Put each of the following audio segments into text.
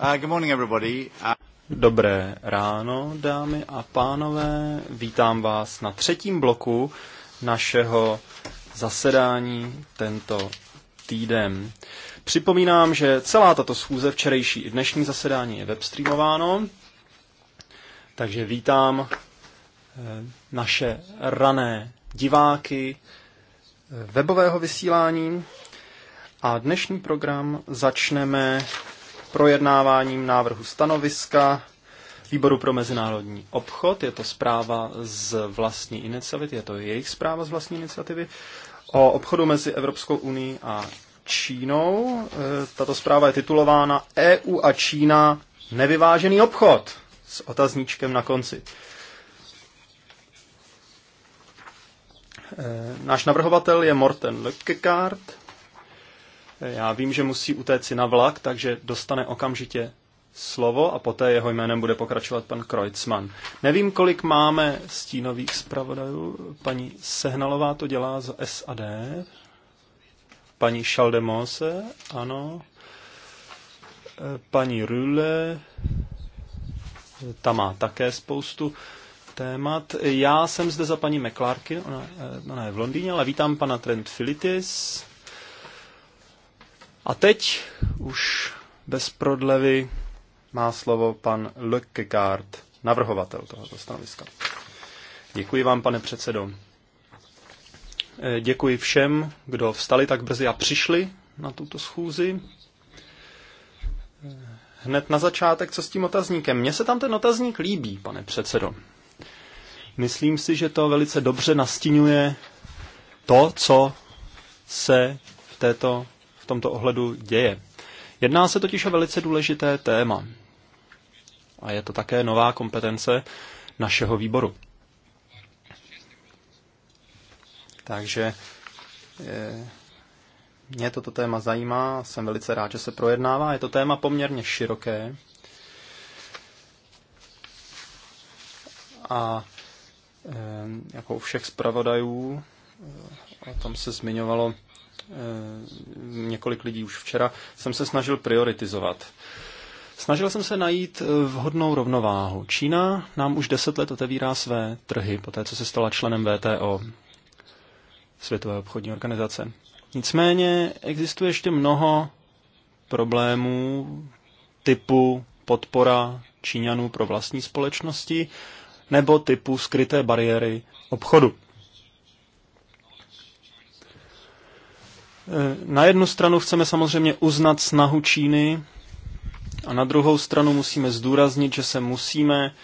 Uh, uh, Dobré ráno, dámy a pánové. Vítám vás na třetím bloku našeho zasedání tento týden. Připomínám, že celá tato schůze, včerejší i dnešní zasedání je webstreamováno, takže vítám eh, naše rané diváky eh, webového vysílání a dnešní program začneme projednáváním návrhu stanoviska Výboru pro mezinárodní obchod. Je to zpráva z vlastní iniciativy, je to jejich zpráva z vlastní iniciativy o obchodu mezi Evropskou unii a Čínou. E, tato zpráva je titulována EU a Čína nevyvážený obchod s otazníčkem na konci. E, náš navrhovatel je Morten Lökkegaard já vím, že musí utéci na vlak, takže dostane okamžitě slovo a poté jeho jménem bude pokračovat pan Kreutzmann. Nevím, kolik máme stínových zpravodajů. Paní Sehnalová to dělá z SAD. Paní Šaldemose, ano. Eh, paní Rühle, eh, ta má také spoustu témat. Já jsem zde za paní McClarky, ona, eh, ona je v Londýně, ale vítám pana Trent Filitis a teď už bez prodlevy má slovo pan Lökkegaard, navrhovatel tohoto stanoviska. Děkuji vám, pane předsedo. Eh, děkuji všem, kdo vstali tak brzy a přišli na tuto schůzi. Eh, hned na začátek, co s tím otazníkem? Mně se tam ten otazník líbí, pane předsedo. Myslím si, že to velice dobře nastínuje to, co se v této tomto ohledu děje. Jedná se totiž o velice důležité téma. A je to také nová kompetence našeho výboru. Takže eh, mě toto téma zajímá, jsem velice rád, že se projednává. Je to téma poměrně široké. A eh, jako u všech zpravodajů, eh, o tom se zmiňovalo Eh, několik lidí už včera, jsem se snažil prioritizovat. Snažil jsem se najít eh, vhodnou rovnováhu. Čína nám už deset let otevírá své trhy, po té, co se stala členem VTO, Světové obchodní organizace. Nicméně existuje ještě mnoho problémů typu podpora Číňanů pro vlastní společnosti nebo typu skryté bariéry obchodu. Eh, na jednu stranu chceme samozřejmě uznat snahu Číny a na druhou stranu musíme zdůraznit, že se musíme,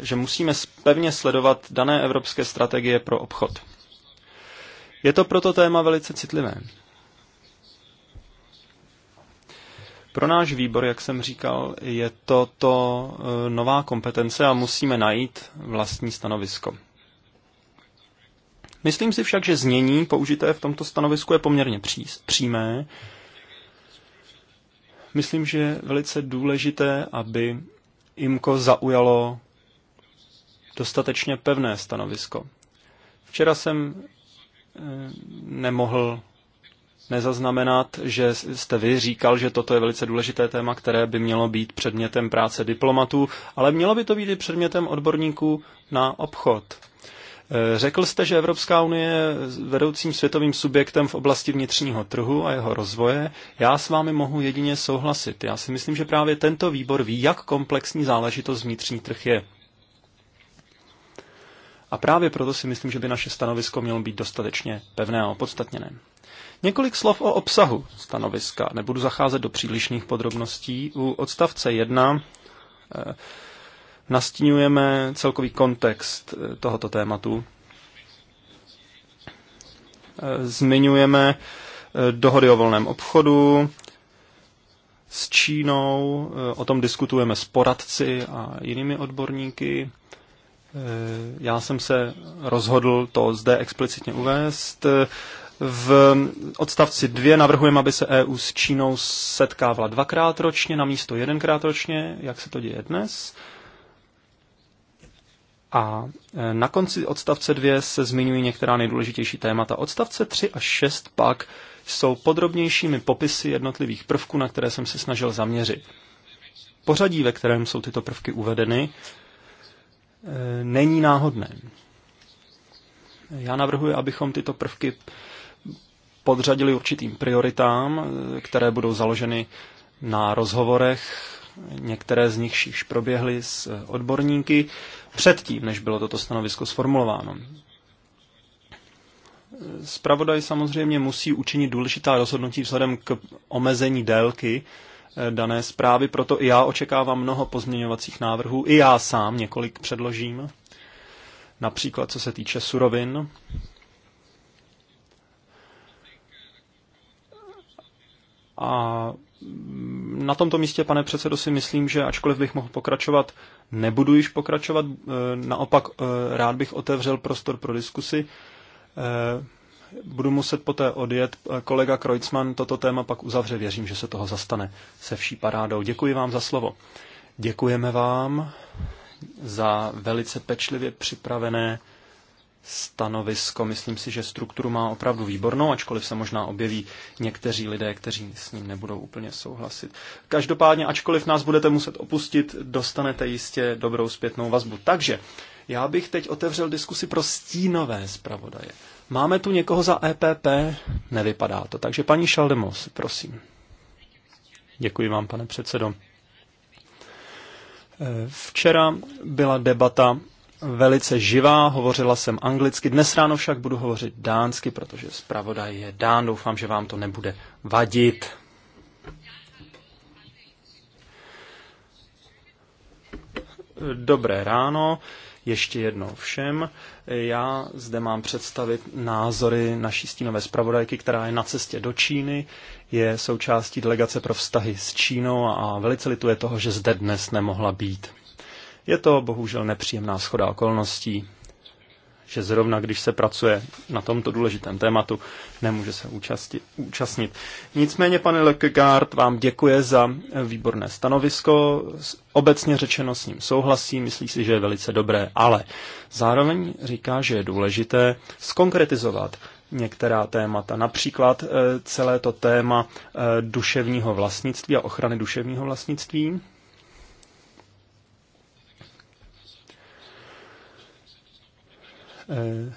že musíme pevně sledovat dané evropské strategie pro obchod. Je to proto téma velice citlivé. Pro náš výbor, jak jsem říkal, je to to eh, nová kompetence a musíme najít vlastní stanovisko. Myslím si však, že znění použité v tomto stanovisku je poměrně pří, přímé. Myslím, že je velice důležité, aby IMKO zaujalo dostatečně pevné stanovisko. Včera jsem eh, nemohl nezaznamenat, že jste vy říkal, že toto je velice důležité téma, které by mělo být předmětem práce diplomatů, ale mělo by to být i předmětem odborníků na obchod. Eh, řekl jste, že Evropská unie je vedoucím světovým subjektem v oblasti vnitřního trhu a jeho rozvoje. Já s vámi mohu jedině souhlasit. Já si myslím, že právě tento výbor ví, jak komplexní záležitost vnitřní trh je. A právě proto si myslím, že by naše stanovisko mělo být dostatečně pevné a opodstatněné. Několik slov o obsahu stanoviska. Nebudu zacházet do přílišných podrobností. U odstavce 1 nastínujeme celkový kontext eh, tohoto tématu. Eh, zmiňujeme eh, dohody o volném obchodu s Čínou, o tom diskutujeme s poradci a jinými odborníky. Já jsem se rozhodl to zde explicitně uvést. V odstavci 2 navrhujeme, aby se EU s Čínou setkávala dvakrát ročně na místo jedenkrát ročně, jak se to děje dnes. A e, na konci odstavce 2 se zmiňují některá nejdůležitější témata. Odstavce 3 a 6 pak jsou podrobnějšími popisy jednotlivých prvků, na které jsem se snažil zaměřit. Pořadí, ve kterém jsou tyto prvky uvedeny, e, není náhodné. Já navrhuji, abychom tyto prvky podřadili určitým prioritám, e, které budou založeny na rozhovorech Některé z nich již proběhly s odborníky předtím, než bylo toto stanovisko sformulováno. Spravodaj samozřejmě musí učinit důležitá rozhodnutí vzhledem k omezení délky eh, dané zprávy, proto i já očekávám mnoho pozměňovacích návrhů, i já sám několik předložím, například co se týče surovin. A na tomto místě, pane předsedo, si myslím, že ačkoliv bych mohl pokračovat, nebudu již pokračovat. Eh, naopak eh, rád bych otevřel prostor pro diskusi. Eh, budu muset poté odjet. Kolega Kreutzmann toto téma pak uzavře. Věřím, že se toho zastane se vší parádou. Děkuji vám za slovo. Děkujeme vám za velice pečlivě připravené stanovisko. Myslím si, že strukturu má opravdu výbornou, ačkoliv se možná objeví někteří lidé, kteří s ním nebudou úplně souhlasit. Každopádně, ačkoliv nás budete muset opustit, dostanete jistě dobrou zpětnou vazbu. Takže já bych teď otevřel diskusi pro stínové zpravodaje. Máme tu někoho za EPP? Nevypadá to. Takže paní Šaldemos, prosím. Děkuji vám, pane předsedo. Včera byla debata velice živá, hovořila jsem anglicky, dnes ráno však budu hovořit dánsky, protože zpravodaj je dán, doufám, že vám to nebude vadit. Dobré ráno, ještě jednou všem. Já zde mám představit názory naší stínové zpravodajky, která je na cestě do Číny, je součástí delegace pro vztahy s Čínou a velice lituje toho, že zde dnes nemohla být. Je to bohužel nepříjemná schoda okolností, že zrovna když se pracuje na tomto důležitém tématu, nemůže se účasti, účastnit. Nicméně, pane Lekegaard, vám děkuje za výborné stanovisko. Obecně řečeno s ním souhlasí, myslí si, že je velice dobré, ale zároveň říká, že je důležité skonkretizovat některá témata. Například eh, celé to téma eh, duševního vlastnictví a ochrany duševního vlastnictví, Eh,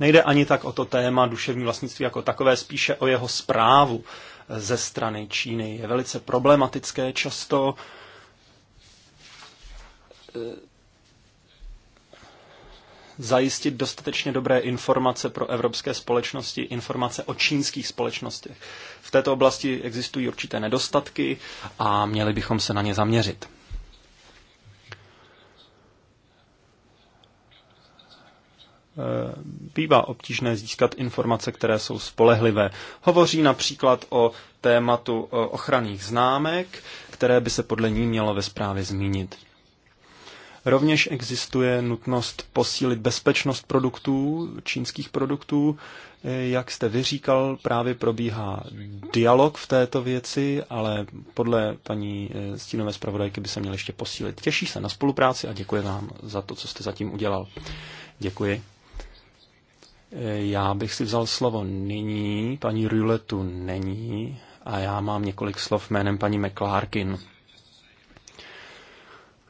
nejde ani tak o to téma duševní vlastnictví jako takové, spíše o jeho zprávu ze strany Číny. Je velice problematické často eh, zajistit dostatečně dobré informace pro evropské společnosti, informace o čínských společnostech. V této oblasti existují určité nedostatky a měli bychom se na ně zaměřit. Eh, bývá obtížné získat informace, které jsou spolehlivé. Hovoří například o tématu eh, ochranných známek, které by se podle ní mělo ve zprávě zmínit. Rovněž existuje nutnost posílit bezpečnost produktů, čínských produktů. Eh, jak jste vyříkal, právě probíhá dialog v této věci, ale podle paní stínové zpravodajky by se měl ještě posílit. Těší se na spolupráci a děkuji vám za to, co jste zatím udělal. Děkuji. Já bych si vzal slovo nyní, paní Ruletu není a já mám několik slov jménem paní McClarkin.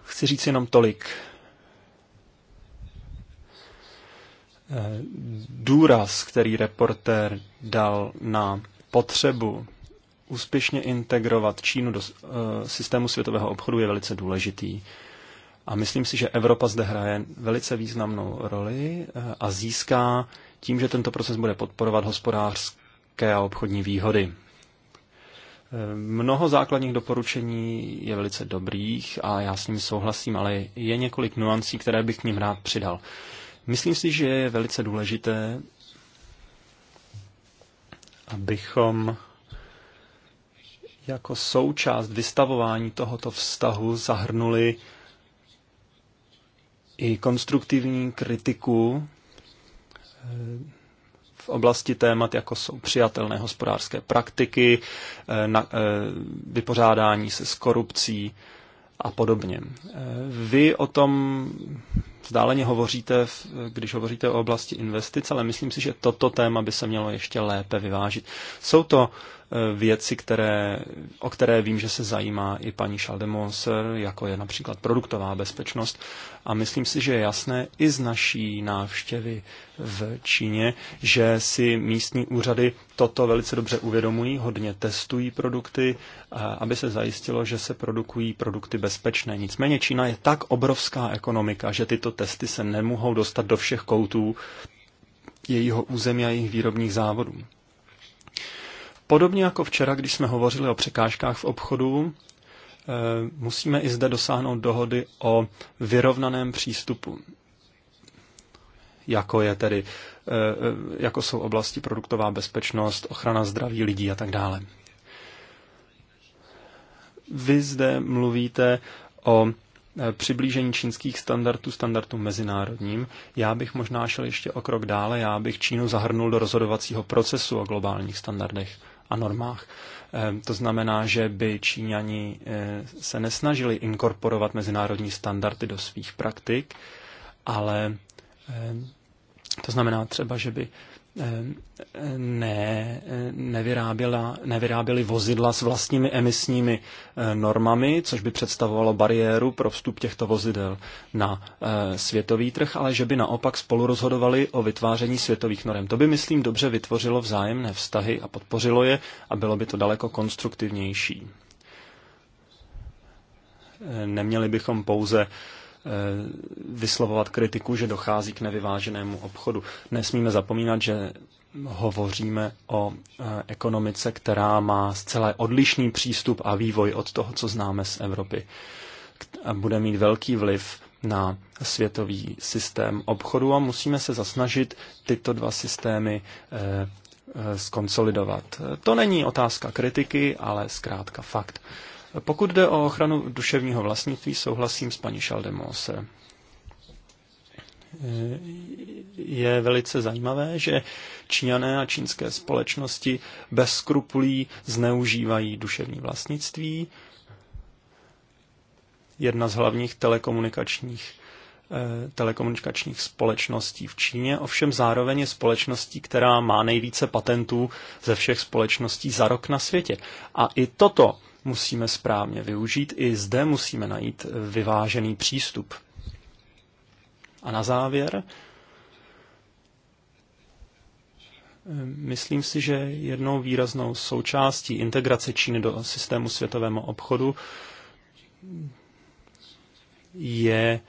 Chci říct jenom tolik. Eh, důraz, který reportér dal na potřebu úspěšně integrovat Čínu do eh, systému světového obchodu, je velice důležitý. A myslím si, že Evropa zde hraje velice významnou roli eh, a získá tím, že tento proces bude podporovat hospodářské a obchodní výhody. Eh, mnoho základních doporučení je velice dobrých a já s nimi souhlasím, ale je několik nuancí, které bych k ním rád přidal. Myslím si, že je velice důležité, abychom jako součást vystavování tohoto vztahu zahrnuli i konstruktivní kritiku v oblasti témat, jako jsou přijatelné hospodářské praktiky, eh, na, eh, vypořádání se s korupcí a podobně. Eh, vy o tom vzdáleně hovoříte, když hovoříte o oblasti investic, ale myslím si, že toto téma by se mělo ještě lépe vyvážit. Jsou to věci, které, o které vím, že se zajímá i paní Šaldemoser, jako je například produktová bezpečnost. A myslím si, že je jasné i z naší návštěvy v Číně, že si místní úřady toto velice dobře uvědomují, hodně testují produkty, aby se zajistilo, že se produkují produkty bezpečné. Nicméně Čína je tak obrovská ekonomika, že tyto testy se nemohou dostat do všech koutů jejího území a jejich výrobních závodů. Podobně jako včera, když jsme hovořili o překážkách v obchodu, eh, musíme i zde dosáhnout dohody o vyrovnaném přístupu, jako je tedy, eh, jako jsou oblasti produktová bezpečnost, ochrana zdraví lidí a tak dále. Vy zde mluvíte o eh, přiblížení čínských standardů standardům mezinárodním. Já bych možná šel ještě o krok dále, já bych Čínu zahrnul do rozhodovacího procesu o globálních standardech a normách. Eh, to znamená, že by Číňani eh, se nesnažili inkorporovat mezinárodní standardy do svých praktik, ale eh, to znamená třeba, že by Eh, ne, eh, nevyráběly vozidla s vlastními emisními eh, normami, což by představovalo bariéru pro vstup těchto vozidel na světový trh, ale že by naopak spolu rozhodovali o vytváření světových norm. To by, myslím, dobře vytvořilo vzájemné vztahy a podpořilo je a bylo by to daleko konstruktivnější. Neměli bychom pouze uh, Eh, vyslovovat kritiku, že dochází k nevyváženému obchodu. Nesmíme zapomínat, že hovoříme o eh, ekonomice, která má zcela odlišný přístup a vývoj od toho, co známe z Evropy. A bude mít velký vliv na světový systém obchodu a musíme se zasnažit tyto dva systémy eh, skonsolidovat. To není otázka kritiky, ale zkrátka fakt. Pokud jde o ochranu duševního vlastnictví, souhlasím s paní Šaldemose. Je velice zajímavé, že Číňané a čínské společnosti bez skrupulí zneužívají duševní vlastnictví. Jedna z hlavních telekomunikačních eh, telekomunikačních společností v Číně, ovšem zároveň je společností, která má nejvíce patentů ze všech společností za rok na světě. A i toto musíme správně využít. I zde musíme najít vyvážený přístup. A na závěr, myslím si, že jednou výraznou součástí integrace Číny do systému světového obchodu je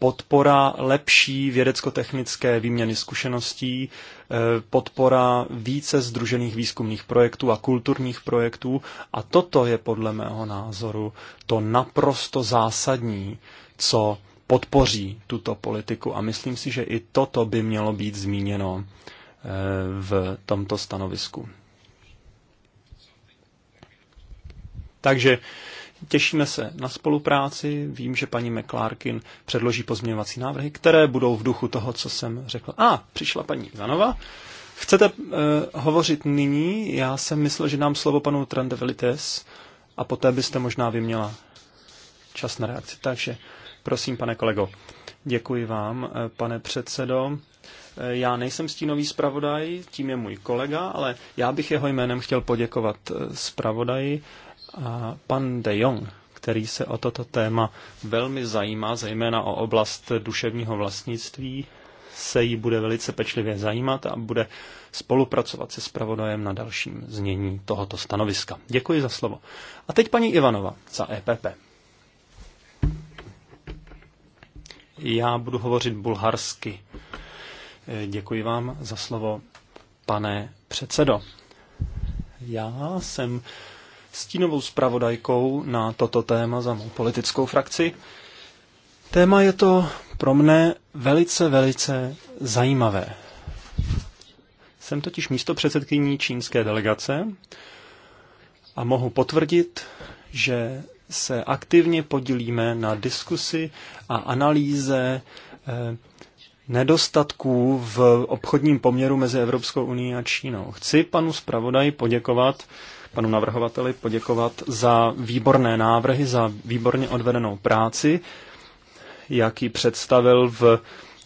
podpora lepší vědecko-technické výměny zkušeností, eh, podpora více združených výzkumných projektů a kulturních projektů. A toto je podle mého názoru to naprosto zásadní, co podpoří tuto politiku. A myslím si, že i toto by mělo být zmíněno eh, v tomto stanovisku. Takže Těšíme se na spolupráci. Vím, že paní McClarkin předloží pozměňovací návrhy, které budou v duchu toho, co jsem řekl. A, ah, přišla paní Zanova. Chcete uh, hovořit nyní? Já jsem myslel, že nám slovo panu Trandevelites a poté byste možná vyměla čas na reakci. Takže prosím, pane kolego. Děkuji vám, eh, pane předsedo. Eh, já nejsem stínový zpravodaj, tím je můj kolega, ale já bych jeho jménem chtěl poděkovat zpravodaji pan De Jong, který se o toto téma velmi zajímá, zejména o oblast duševního vlastnictví, se jí bude velice pečlivě zajímat a bude spolupracovat se spravodajem na dalším znění tohoto stanoviska. Děkuji za slovo. A teď paní Ivanova za EPP. Já budu hovořit bulharsky. Děkuji vám za slovo, pane předsedo. Já jsem stínovou zpravodajkou na toto téma za mou politickou frakci. Téma je to pro mne velice, velice zajímavé. Jsem totiž místo předsedkyní čínské delegace a mohu potvrdit, že se aktivně podílíme na diskusi a analýze eh, nedostatků v obchodním poměru mezi Evropskou unii a Čínou. Chci panu zpravodaji poděkovat panu navrhovateli poděkovat za výborné návrhy, za výborně odvedenou práci, jaký představil v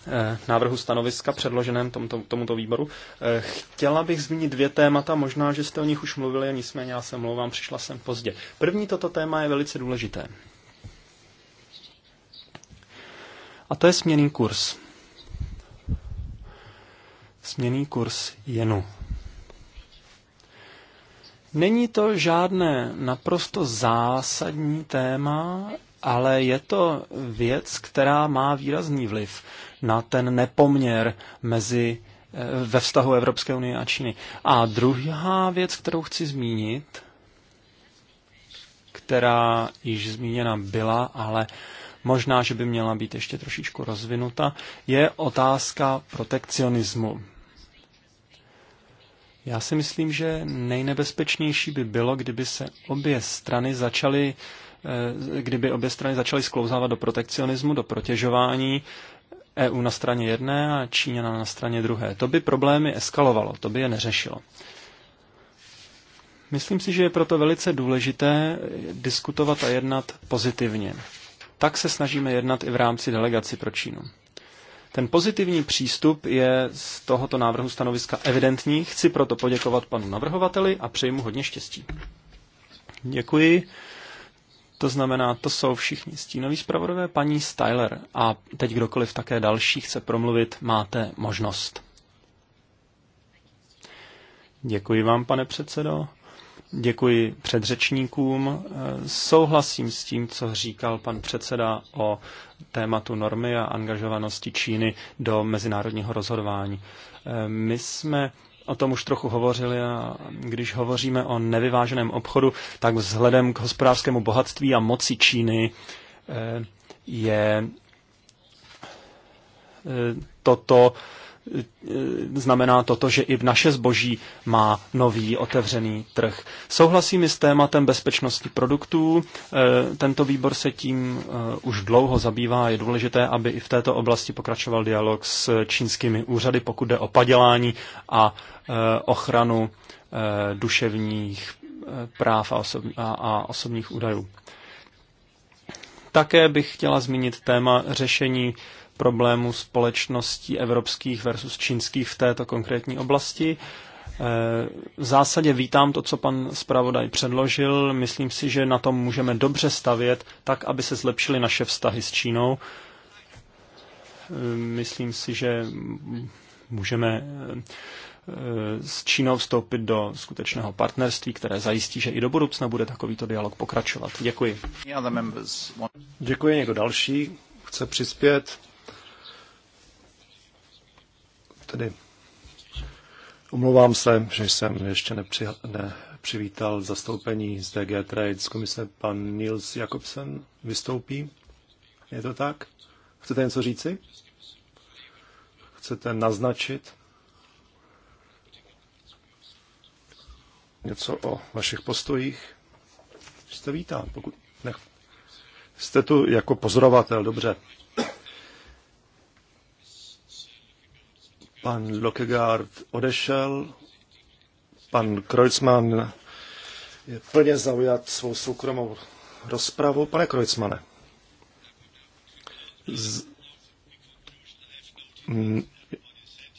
eh, návrhu stanoviska předloženém tomto, tomuto výboru. Eh, chtěla bych zmínit dvě témata, možná, že jste o nich už mluvili, nicméně já se mluvám, přišla jsem pozdě. První toto téma je velice důležité. A to je směný kurz. Směný kurz jenu. Není to žádné naprosto zásadní téma, ale je to věc, která má výrazný vliv na ten nepoměr mezi eh, ve vztahu Evropské unie a Číny. A druhá věc, kterou chci zmínit, která již zmíněna byla, ale možná, že by měla být ještě trošičku rozvinuta, je otázka protekcionismu. Já si myslím, že nejnebezpečnější by bylo, kdyby se obě strany začaly eh, kdyby obě strany začaly sklouzávat do protekcionismu, do protěžování, EU na straně jedné a Číňana na straně druhé. To by problémy eskalovalo, to by je neřešilo. Myslím si, že je proto velice důležité diskutovat a jednat pozitivně. Tak se snažíme jednat i v rámci delegaci pro Čínu. Ten pozitivní přístup je z tohoto návrhu stanoviska evidentní. Chci proto poděkovat panu navrhovateli a přeji mu hodně štěstí. Děkuji. To znamená, to jsou všichni stínoví zpravodové, paní Styler. A teď kdokoliv také další chce promluvit, máte možnost. Děkuji vám, pane předsedo. Děkuji předřečníkům. Souhlasím s tím, co říkal pan předseda o tématu normy a angažovanosti Číny do mezinárodního rozhodování. My jsme o tom už trochu hovořili a když hovoříme o nevyváženém obchodu, tak vzhledem k hospodářskému bohatství a moci Číny eh, je eh, toto znamená toto, že i v naše zboží má nový otevřený trh. Souhlasím i s tématem bezpečnosti produktů. E, tento výbor se tím e, už dlouho zabývá. Je důležité, aby i v této oblasti pokračoval dialog s čínskými úřady, pokud jde o padělání a e, ochranu duševních práv a, a, a osobních údajů. Také bych chtěla zmínit téma řešení problému společností evropských versus čínských v této konkrétní oblasti. E, v zásadě vítám to, co pan zpravodaj předložil. Myslím si, že na tom můžeme dobře stavět, tak, aby se zlepšily naše vztahy s Čínou. E, myslím si, že můžeme e, s Čínou vstoupit do skutečného partnerství, které zajistí, že i do budoucna bude takovýto dialog pokračovat. Děkuji. Děkuji. Někdo další chce přispět? Tedy omlouvám se, že jsem ještě nepři, ne, přivítal zastoupení z DG Trade z komise. Pan Nils Jakobsen vystoupí. Je to tak? Chcete něco říci? Chcete naznačit něco o vašich postojích? Jste vítán, pokud ne. Jste tu jako pozorovatel, dobře. Pan Lokegaard odešel, pan Kreuzmann je plně zaujat svou soukromou rozpravu. Pane Kreuzmane, z...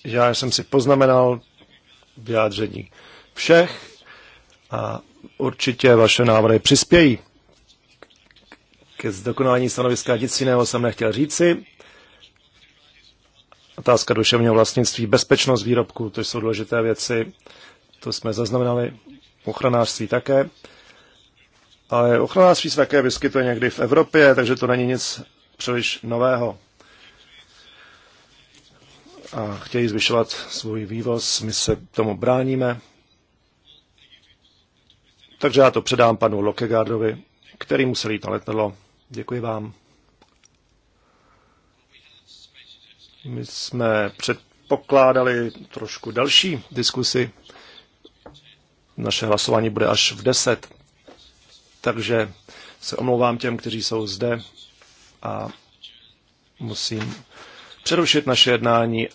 já jsem si poznamenal vyjádření všech a určitě vaše návrhy přispějí ke zdokonalení stanoviska. Nic jiného jsem nechtěl říci. Otázka duševního vlastnictví, bezpečnost výrobků, to jsou důležité věci, to jsme zaznamenali, ochranářství také. Ale ochranářství se také vyskytuje někdy v Evropě, takže to není nic příliš nového. A chtějí zvyšovat svůj vývoz, my se tomu bráníme. Takže já to předám panu Lokegardovi, který musel jít na letadlo. Děkuji vám. My jsme předpokládali trošku další diskusy. Naše hlasování bude až v 10. Takže se omlouvám těm, kteří jsou zde a musím přerušit naše jednání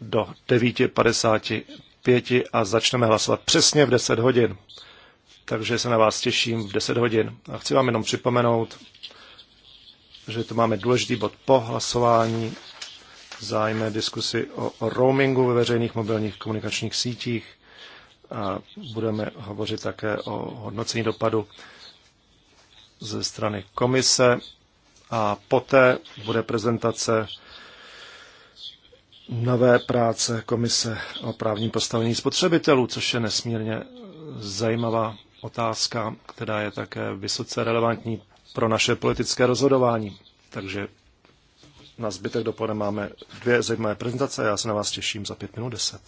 do 9.55 a začneme hlasovat přesně v 10 hodin. Takže se na vás těším v 10 hodin. A chci vám jenom připomenout, že tu máme důležitý bod po hlasování vzájemné diskusy o roamingu ve veřejných mobilních komunikačních sítích a budeme hovořit také o hodnocení dopadu ze strany komise a poté bude prezentace nové práce Komise o právním postavení spotřebitelů, což je nesmírně zajímavá otázka, která je také vysoce relevantní pro naše politické rozhodování. Takže na zbytek dopoledne máme dvě zajímavé prezentace a já se na vás těším za pět minut deset.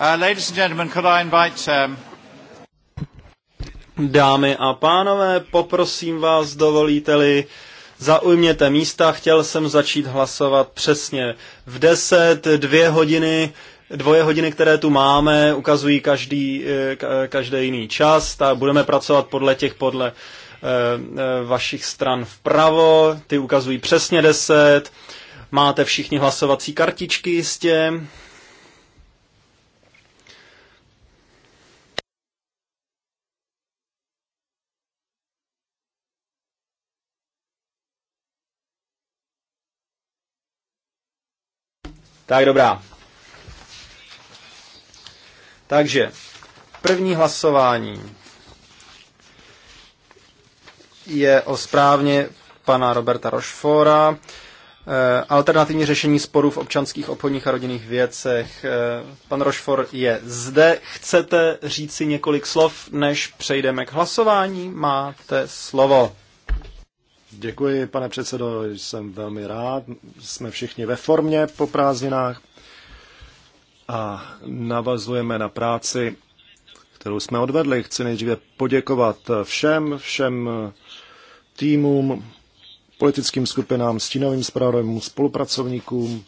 Uh, ladies and gentlemen, could I invite, um, Dámy a pánové, poprosím vás, dovolíte-li, zaujměte místa, chtěl jsem začít hlasovat přesně v 10, dvě hodiny, dvoje hodiny, které tu máme, ukazují každý, eh, každý jiný čas, tak budeme pracovat podle těch, podle eh, eh, vašich stran vpravo, ty ukazují přesně 10, máte všichni hlasovací kartičky jistě, Tak dobrá. Takže první hlasování je o správně pana Roberta Rošfora. Eh, alternativní řešení sporů v občanských, obchodních a rodinných věcech. Eh, pan Rošfor je zde. Chcete říci několik slov, než přejdeme k hlasování? Máte slovo. Děkuji, pane předsedo, jsem velmi rád. Jsme všichni ve formě po prázdninách a navazujeme na práci, kterou jsme odvedli. Chci nejdříve poděkovat všem, všem týmům, politickým skupinám, stínovým zpravodajům, spolupracovníkům.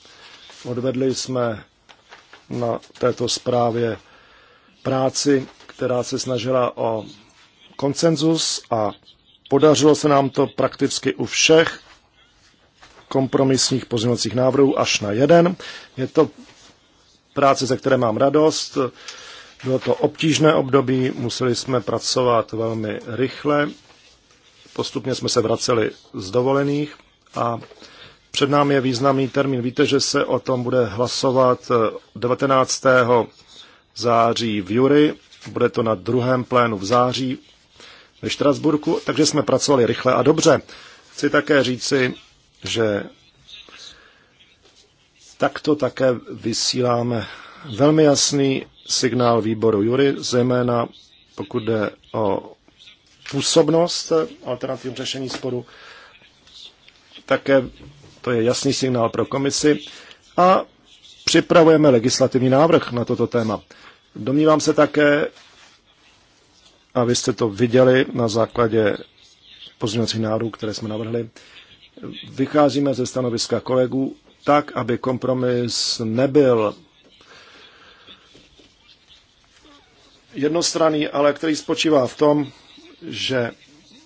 Odvedli jsme na této zprávě práci, která se snažila o konsenzus a Podařilo se nám to prakticky u všech kompromisních pozměňovacích návrhů až na jeden. Je to práce, ze které mám radost. Bylo to obtížné období, museli jsme pracovat velmi rychle. Postupně jsme se vraceli z dovolených a před námi je významný termín. Víte, že se o tom bude hlasovat 19. Eh, září v Jury. Bude to na druhém plénu v září ve Štrasburku, takže jsme pracovali rychle a dobře. Chci také říci, že takto také vysíláme velmi jasný signál výboru Jury, zejména pokud jde o působnost alternativního řešení sporu. Také to je jasný signál pro komisi a připravujeme legislativní návrh na toto téma. Domnívám se také, a vy jste to viděli na základě pozměňovacích návrhů, které jsme navrhli. Vycházíme ze stanoviska kolegů tak, aby kompromis nebyl jednostranný, ale který spočívá v tom, že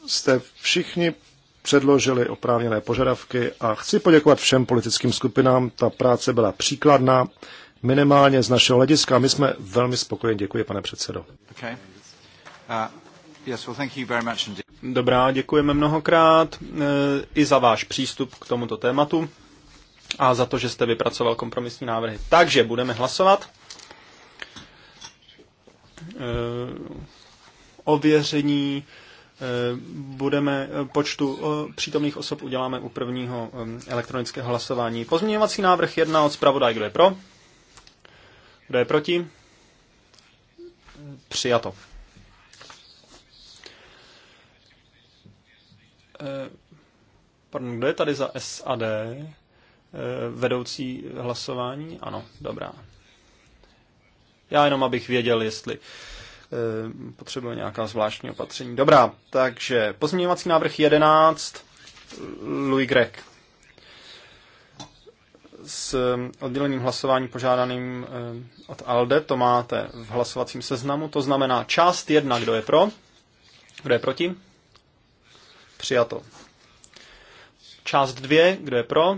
jste všichni předložili oprávněné požadavky a chci poděkovat všem politickým skupinám. Ta práce byla příkladná, minimálně z našeho hlediska. My jsme velmi spokojeni. Děkuji, pane předsedo. Okay. Uh, Dobrá, děkujeme mnohokrát eh, i za váš přístup k tomuto tématu a za to, že jste vypracoval kompromisní návrhy. Takže budeme hlasovat. Eh, ověření eh, budeme počtu přítomných osob uděláme u prvního elektronického hlasování. Pozměňovací návrh 1 od zpravodaj, kdo je pro? Kdo je proti? Přijato. Eh, pardon, kdo je tady za SAD? Eh, vedoucí hlasování? Ano, dobrá. Já jenom abych věděl, jestli eh, potřebuje nějaká zvláštní opatření. Dobrá, takže pozměňovací návrh 11, Louis Greg. S odděleným hlasováním požádaným od ALDE, to máte v hlasovacím seznamu, to znamená část 1, kdo je pro, kdo je proti, Přijato. Část dvě, kdo je pro?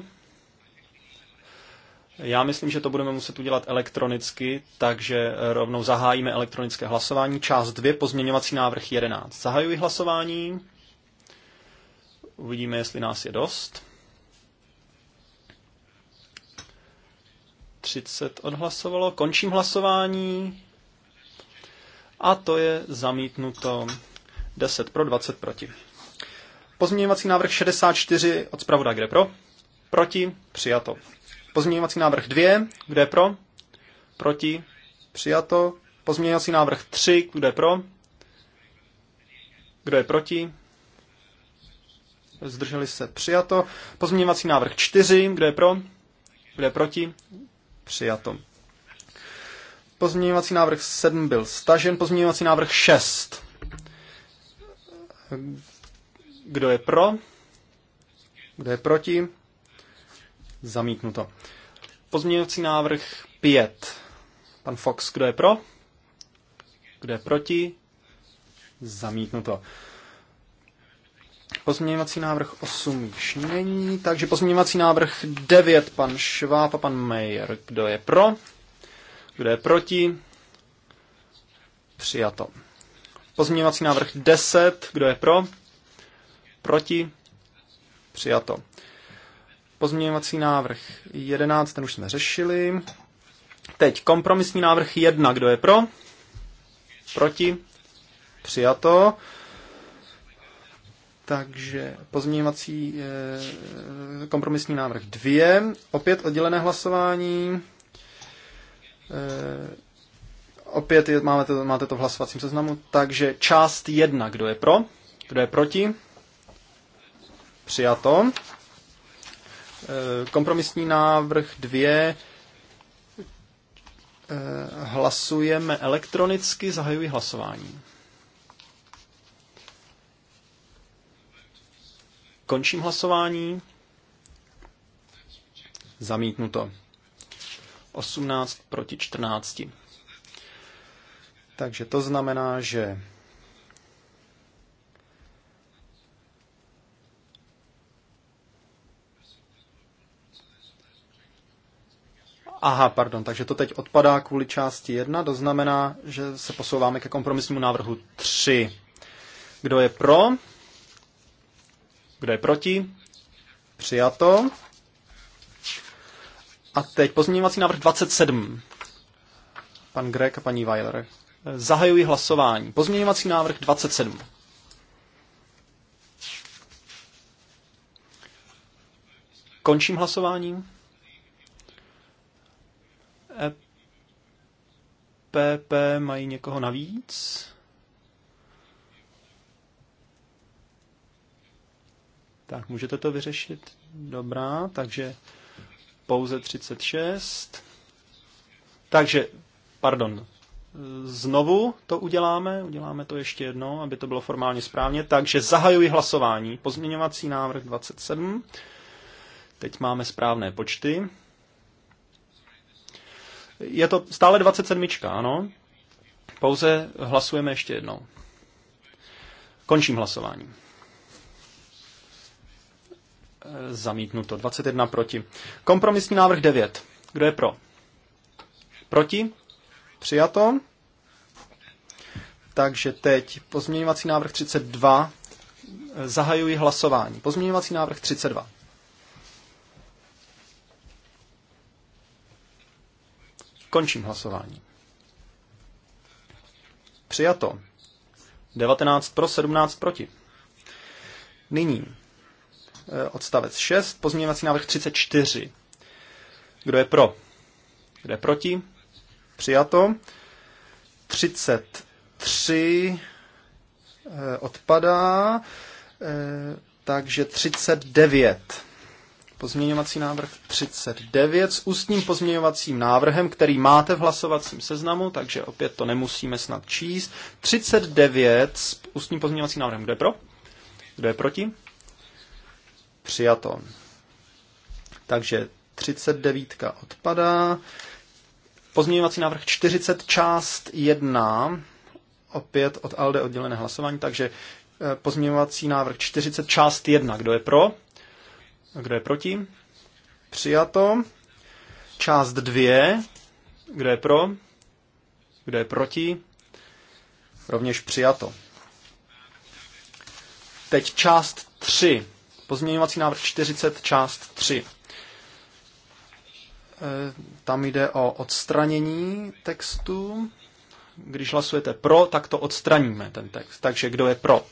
Já myslím, že to budeme muset udělat elektronicky, takže rovnou zahájíme elektronické hlasování. Část 2, pozměňovací návrh 11. Zahajuji hlasování. Uvidíme, jestli nás je dost. 30 odhlasovalo. Končím hlasování. A to je zamítnuto 10 pro 20 proti. Pozměňovací návrh 64 od zpravodaje, kde pro? Proti, přijato. Pozměňovací návrh 2, kde pro? Proti, přijato. Pozměňovací návrh 3, kde pro? Kdo je proti? Zdrželi se, přijato. Pozměňovací návrh 4, kde je pro? Kdo je proti? Přijato. Pozměňovací návrh 7 byl stažen, pozměňovací návrh 6. Kdo je pro? Kdo je proti? Zamítnuto. Pozměňovací návrh 5. Pan Fox, kdo je pro? Kdo je proti? Zamítnuto. Pozměňovací návrh 8 již není, takže pozměňovací návrh 9, pan Šváb a pan Mayer. Kdo je pro? Kdo je proti? Přijato. Pozměňovací návrh 10, kdo je pro? Proti? Přijato. Pozměňovací návrh 11, ten už jsme řešili. Teď kompromisní návrh 1, kdo je pro? Proti? Přijato. Takže pozměňovací eh, kompromisní návrh 2, opět oddělené hlasování. E, Opět je, máme to, máte to v hlasovacím seznamu. Takže část 1, kdo je pro? Kdo je proti? Přijato. E, kompromisní návrh 2. E, hlasujeme elektronicky, zahajuji hlasování. Končím hlasování. Zamítnuto. 18 proti 14. Takže to znamená, že Aha, pardon, takže to teď odpadá kvůli části 1, to znamená, že se posouváme ke kompromisnímu návrhu 3. Kdo je pro? Kdo je proti? Přijato. A teď pozměňovací návrh 27. Pan Greg a paní Weiler. Zahajuji hlasování. Pozměňovací návrh 27. Končím hlasováním. EPP mají někoho navíc? Tak, můžete to vyřešit? Dobrá, takže pouze 36. Takže, pardon, znovu to uděláme, uděláme to ještě jedno, aby to bylo formálně správně. Takže zahajuji hlasování. Pozměňovací návrh 27. Teď máme správné počty. Je to stále 27, ano. Pouze hlasujeme ještě jednou. Končím hlasování. E, zamítnuto. 21 proti. Kompromisní návrh 9. Kdo je pro? Proti? Přijato. Takže teď pozměňovací návrh 32. Zahajuji hlasování. Pozměňovací návrh 32. Končím hlasování. Přijato. 19 pro, 17 proti. Nyní eh, odstavec 6, pozměňovací návrh 34. Kdo je pro? Kdo je proti? Přijato. 33 eh, odpadá, eh, takže 39. Pozměňovací návrh 39 s ústním pozměňovacím návrhem, který máte v hlasovacím seznamu, takže opět to nemusíme snad číst. 39 s ústním pozměňovacím návrhem. Kdo je pro? Kdo je proti? Přijato. Takže 39 odpadá. Pozměňovací návrh 40 část 1, opět od ALDE oddělené hlasování, takže eh, pozměňovací návrh 40 část 1. Kdo je pro? Kdo je proti? Přijato. Část dvě. Kdo je pro? Kdo je proti? Rovněž přijato. Teď část 3. Pozměňovací návrh 40, část 3. E, tam jde o odstranění textu. Když hlasujete pro, tak to odstraníme, ten text. Takže kdo je pro?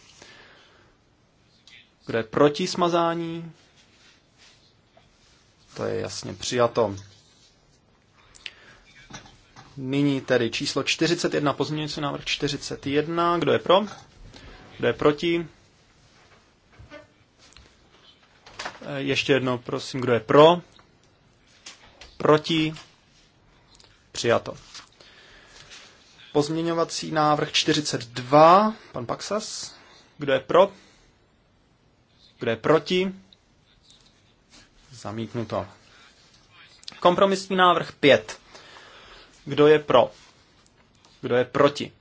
Kdo je proti smazání? To je jasně přijato. Nyní tedy číslo 41, pozměňující návrh 41. Kdo je pro? Kdo je proti? Eh, ještě jedno, prosím, kdo je pro? Proti? Přijato. Pozměňovací návrh 42, pan Paxas. Kdo je pro? Kdo je proti? Zamítnuto. Kompromisní návrh 5. Kdo je pro? Kdo je proti?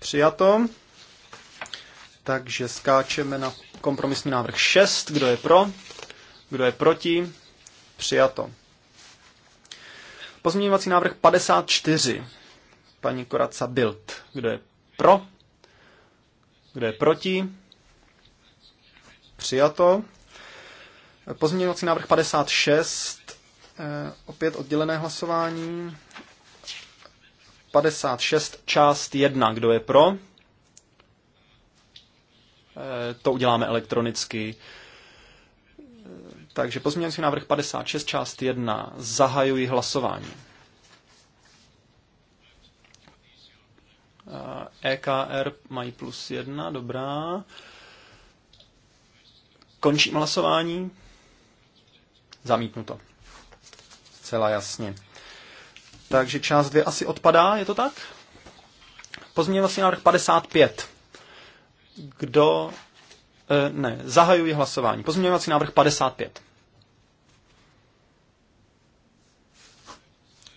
Přijato. Takže skáčeme na kompromisní návrh 6. Kdo je pro? Kdo je proti? Přijato. Pozměňovací návrh 54. Paní Koraca Bild. Kdo je pro? Kdo je proti? Přijato. Pozměňovací návrh 56, eh, opět oddělené hlasování. 56, část 1, kdo je pro? Eh, to uděláme elektronicky. Eh, takže pozměňovací návrh 56, část 1, zahajuji hlasování. EKR e mají plus 1, dobrá. Končím hlasování. Zamítnuto. Celá jasně. Takže část 2 asi odpadá, je to tak? Pozměňovací návrh 55. Kdo... E, ne, zahajuji hlasování. Pozměňovací návrh 55.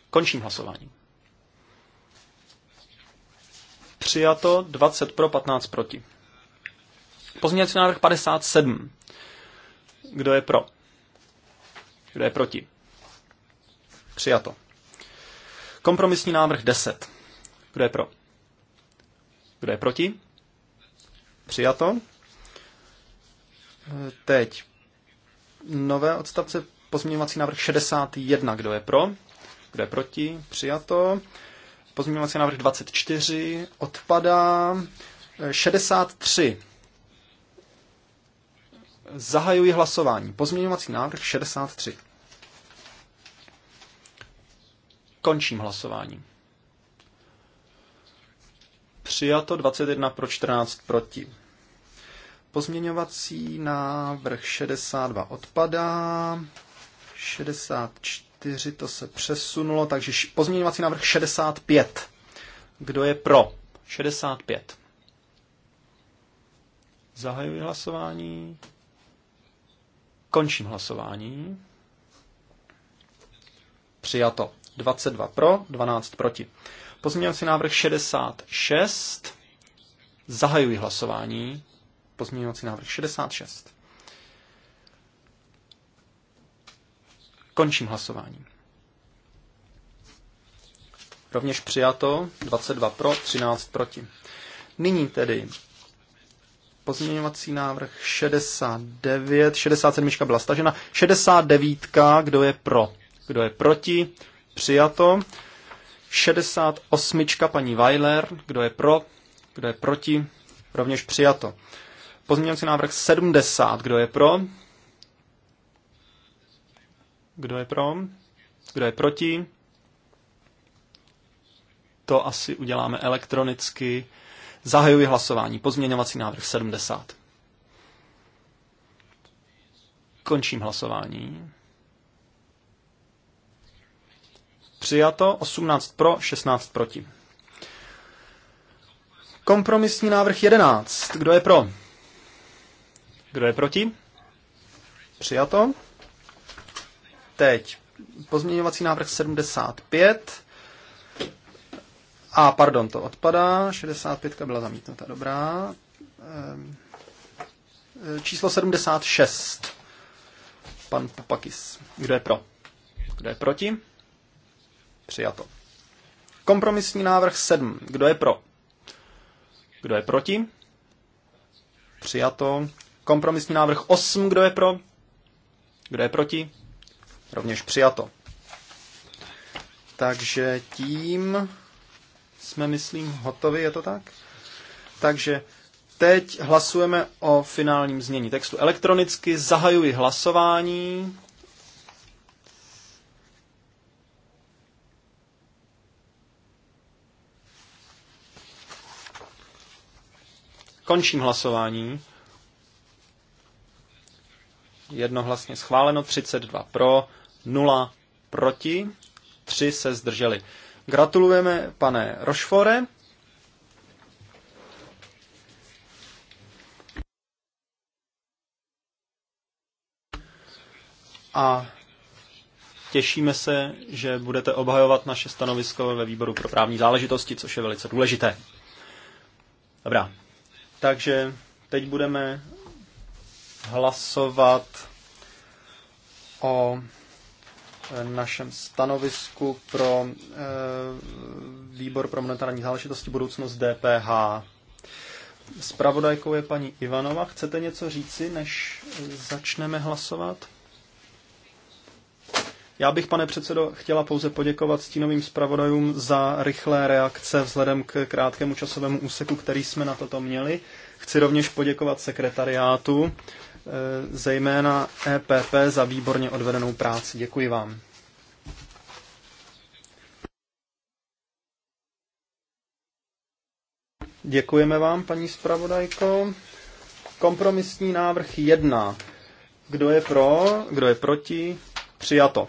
Končím hlasování. Přijato 20 pro, 15 proti. Pozměňovací návrh 57. Kdo je pro? Kdo je proti? Přijato. Kompromisní návrh 10. Kdo je pro? Kdo je proti? Přijato. E, teď nové odstavce pozměňovací návrh 61. Kdo je pro? Kdo je proti? Přijato. Pozměňovací návrh 24 odpadá. 63. E, Zahajuji hlasování. Pozměňovací návrh 63. Končím hlasování. Přijato 21 pro 14 proti. Pozměňovací návrh 62 odpadá. 64 to se přesunulo, takže pozměňovací návrh 65. Kdo je pro? 65. Zahajuji hlasování. Končím hlasování. Přijato. 22 pro, 12 proti. Pozměňovací návrh 66. Zahajuji hlasování. Pozměňovací návrh 66. Končím hlasování. Rovněž přijato 22 pro, 13 proti. Nyní tedy Pozměňovací návrh 69, 67 byla stažena, 69, kdo je pro, kdo je proti, přijato. 68, paní Weiler, kdo je pro, kdo je proti, rovněž přijato. Pozměňovací návrh 70, kdo je pro, kdo je pro, kdo je proti, to asi uděláme elektronicky. Zahajuji hlasování. Pozměňovací návrh 70. Končím hlasování. Přijato 18 pro, 16 proti. Kompromisní návrh 11. Kdo je pro? Kdo je proti? Přijato. Teď pozměňovací návrh 75. A, pardon, to odpadá. 65 byla zamítnuta, dobrá. Ehm, e, číslo 76. Pan Papakis. Kdo je pro? Kdo je proti? Přijato. Kompromisní návrh 7. Kdo je pro? Kdo je proti? Přijato. Kompromisní návrh 8. Kdo je pro? Kdo je proti? Rovněž přijato. Takže tím jsme, myslím, hotovi, je to tak? Takže teď hlasujeme o finálním znění textu. Elektronicky zahajuji hlasování. Končím hlasování. Jednohlasně schváleno, 32 pro, 0 proti, 3 se zdrželi. Gratulujeme, pane Rošfore. A těšíme se, že budete obhajovat naše stanovisko ve výboru pro právní záležitosti, což je velice důležité. Dobrá, takže teď budeme hlasovat o našem stanovisku pro eh, výbor pro monetární záležitosti budoucnost DPH. Spravodajkou je paní Ivanova. Chcete něco říci, než začneme hlasovat? Já bych, pane předsedo, chtěla pouze poděkovat stínovým zpravodajům za rychlé reakce vzhledem k krátkému časovému úseku, který jsme na toto měli. Chci rovněž poděkovat sekretariátu Eh, zejména EPP za výborně odvedenou práci. Děkuji vám. Děkujeme vám, paní zpravodajko. Kompromisní návrh 1. Kdo je pro, kdo je proti? Přijato.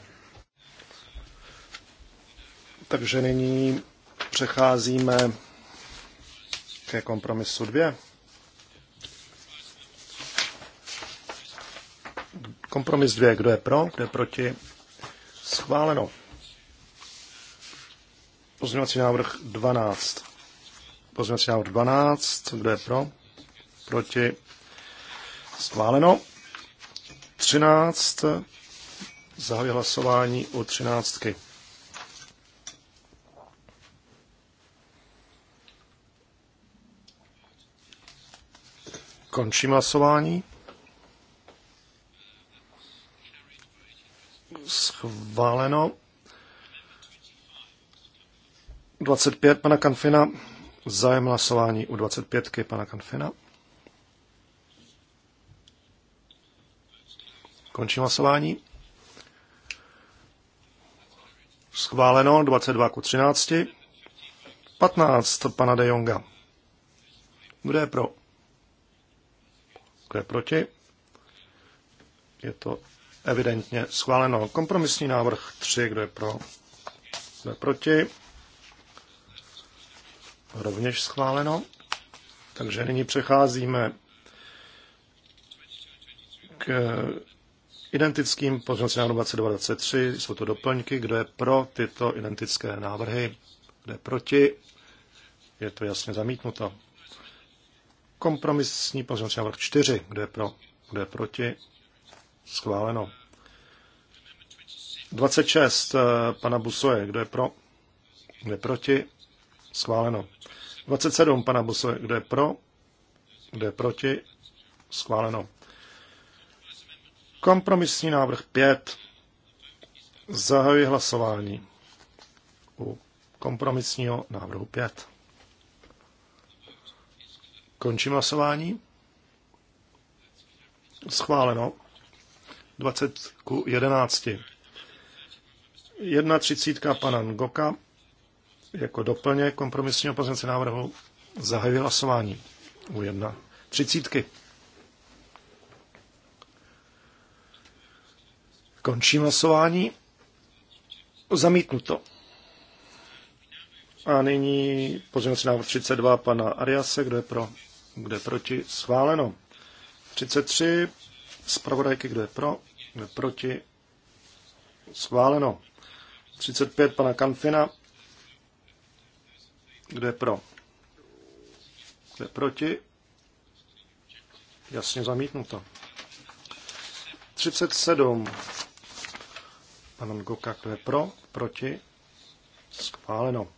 Takže nyní přecházíme ke kompromisu 2. Kompromis dvě, Kdo je pro? Kdo je proti? Schváleno. Pozměňovací návrh 12. Pozměňovací návrh 12. Kdo je pro? Proti? Schváleno. 13. Zahajuji hlasování o 13. Končím hlasování. Schváleno. 25 pana Kanfina. Zájem hlasování u 25 pana Kanfina. Končím hlasování. Schváleno 22 ku 13. 15 pana De Jonga. Kdo je pro? Kdo je proti? Je to Evidentně schváleno. Kompromisní návrh 3, kdo je pro, kdo je proti. Rovněž schváleno. Takže nyní přecházíme k identickým pozměňovacím návrhům 2023. Jsou to doplňky, kdo je pro tyto identické návrhy, kdo je proti. Je to jasně zamítnuto. Kompromisní pozměňovací návrh 4, kdo je pro, kdo je proti, Schváleno. 26 eh, pana Busoje, kdo je pro? Kdo je proti? Schváleno. 27 pana Busoje, kdo je pro? Kdo je proti? Schváleno. Kompromisní návrh 5. Zahajuji hlasování u kompromisního návrhu 5. Končím hlasování. Schváleno. 20 k 11. Jedna třicítka pana Ngoka jako doplně kompromisního pozměnce návrhu zahajuje hlasování u jedna třicítky. Končím hlasování. Zamítnuto. A nyní pozměňovací návrh 32 pana Ariase, kdo je pro, kdo je proti, schváleno. 33 Zpravodajky, kdo je pro, kdo je proti. Schváleno. 35 pana Kanfina. Kdo je pro? Kdo je proti? Jasně zamítnuto. 37. Pan Goka, kdo je pro? Proti? Schváleno.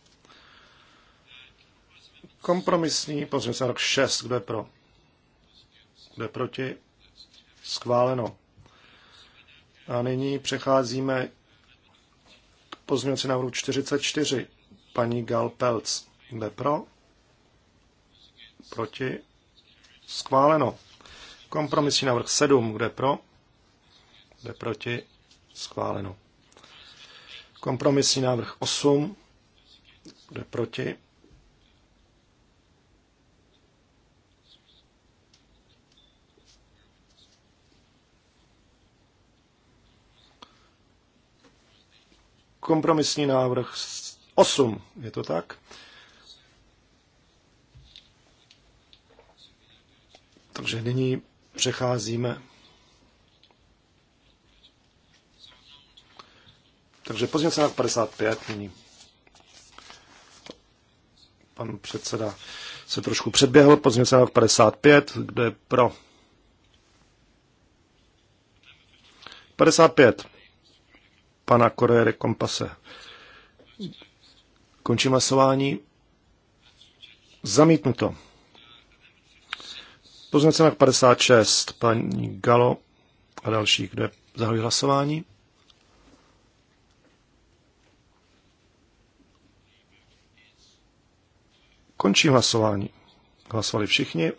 Kompromisní pozměnce rok 6. Kdo je pro? Kdo je proti? Schváleno. A nyní přecházíme k pozměnci návrhu 44. Paní Gal Pelc. Jde pro? Proti? Schváleno. Kompromisní návrh 7. Kde pro? jde proti? Schváleno. Kompromisní návrh 8. Kde proti? kompromisní návrh 8. Je to tak? Takže nyní přecházíme. Takže pozměnce na 55 nyní. Pan předseda se trošku předběhl. Pozměnce na 55, kde pro? 55 pana Correre Kompase. Končím hlasování. Zamítnuto. se na 56, paní Galo a další, kde zahajují hlasování. Končím hlasování. Hlasovali všichni.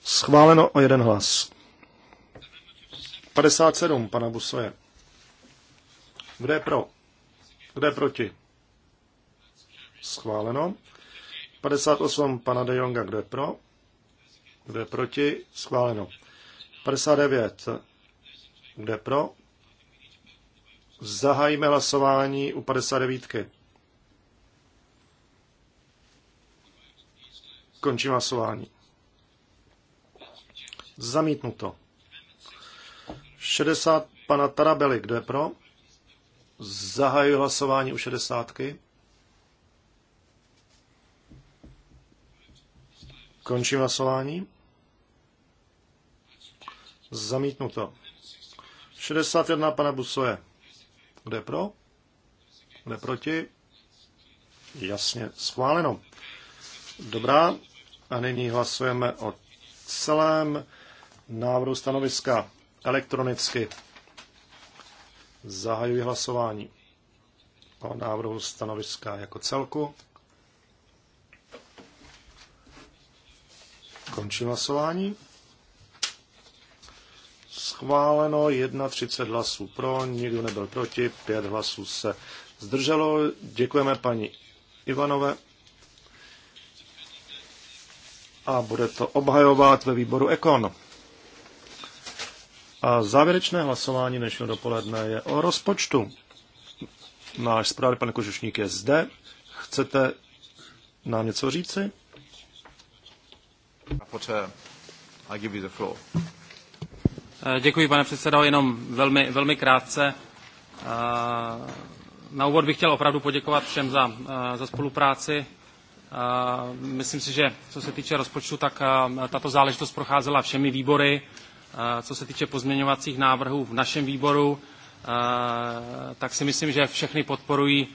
Schváleno o jeden hlas. 57, pana Busoje. Kdo je pro? Kdo je proti? Schváleno. 58 pana de Jonga, kdo je pro? Kdo je proti? Schváleno. 59, kdo je pro? Zahajíme hlasování u 59. Končím hlasování. Zamítnuto. 60 pana Tarabely, kdo je pro? Zahajuji hlasování u šedesátky. Končím hlasování. Zamítnuto. 61 pana Busoje. Kde pro? Kde proti? Jasně, schváleno. Dobrá. A nyní hlasujeme o celém návrhu stanoviska elektronicky. Zahajuji hlasování o návrhu stanoviska jako celku. Končím hlasování. Schváleno 31 hlasů pro, nikdo nebyl proti, 5 hlasů se zdrželo. Děkujeme paní Ivanové. A bude to obhajovat ve výboru Ekon. A závěrečné hlasování dnešního dopoledne je o rozpočtu. Náš zprávy pane Kožušník je zde. Chcete nám něco říci? Eh, děkuji, pane předsedo, jenom velmi, velmi krátce. Eh, na úvod bych chtěl opravdu poděkovat všem za, eh, za spolupráci. Myslím si, že co se týče rozpočtu, tak tato záležitost procházela všemi výbory co se týče pozměňovacích návrhů v našem výboru, tak si myslím, že všechny podporují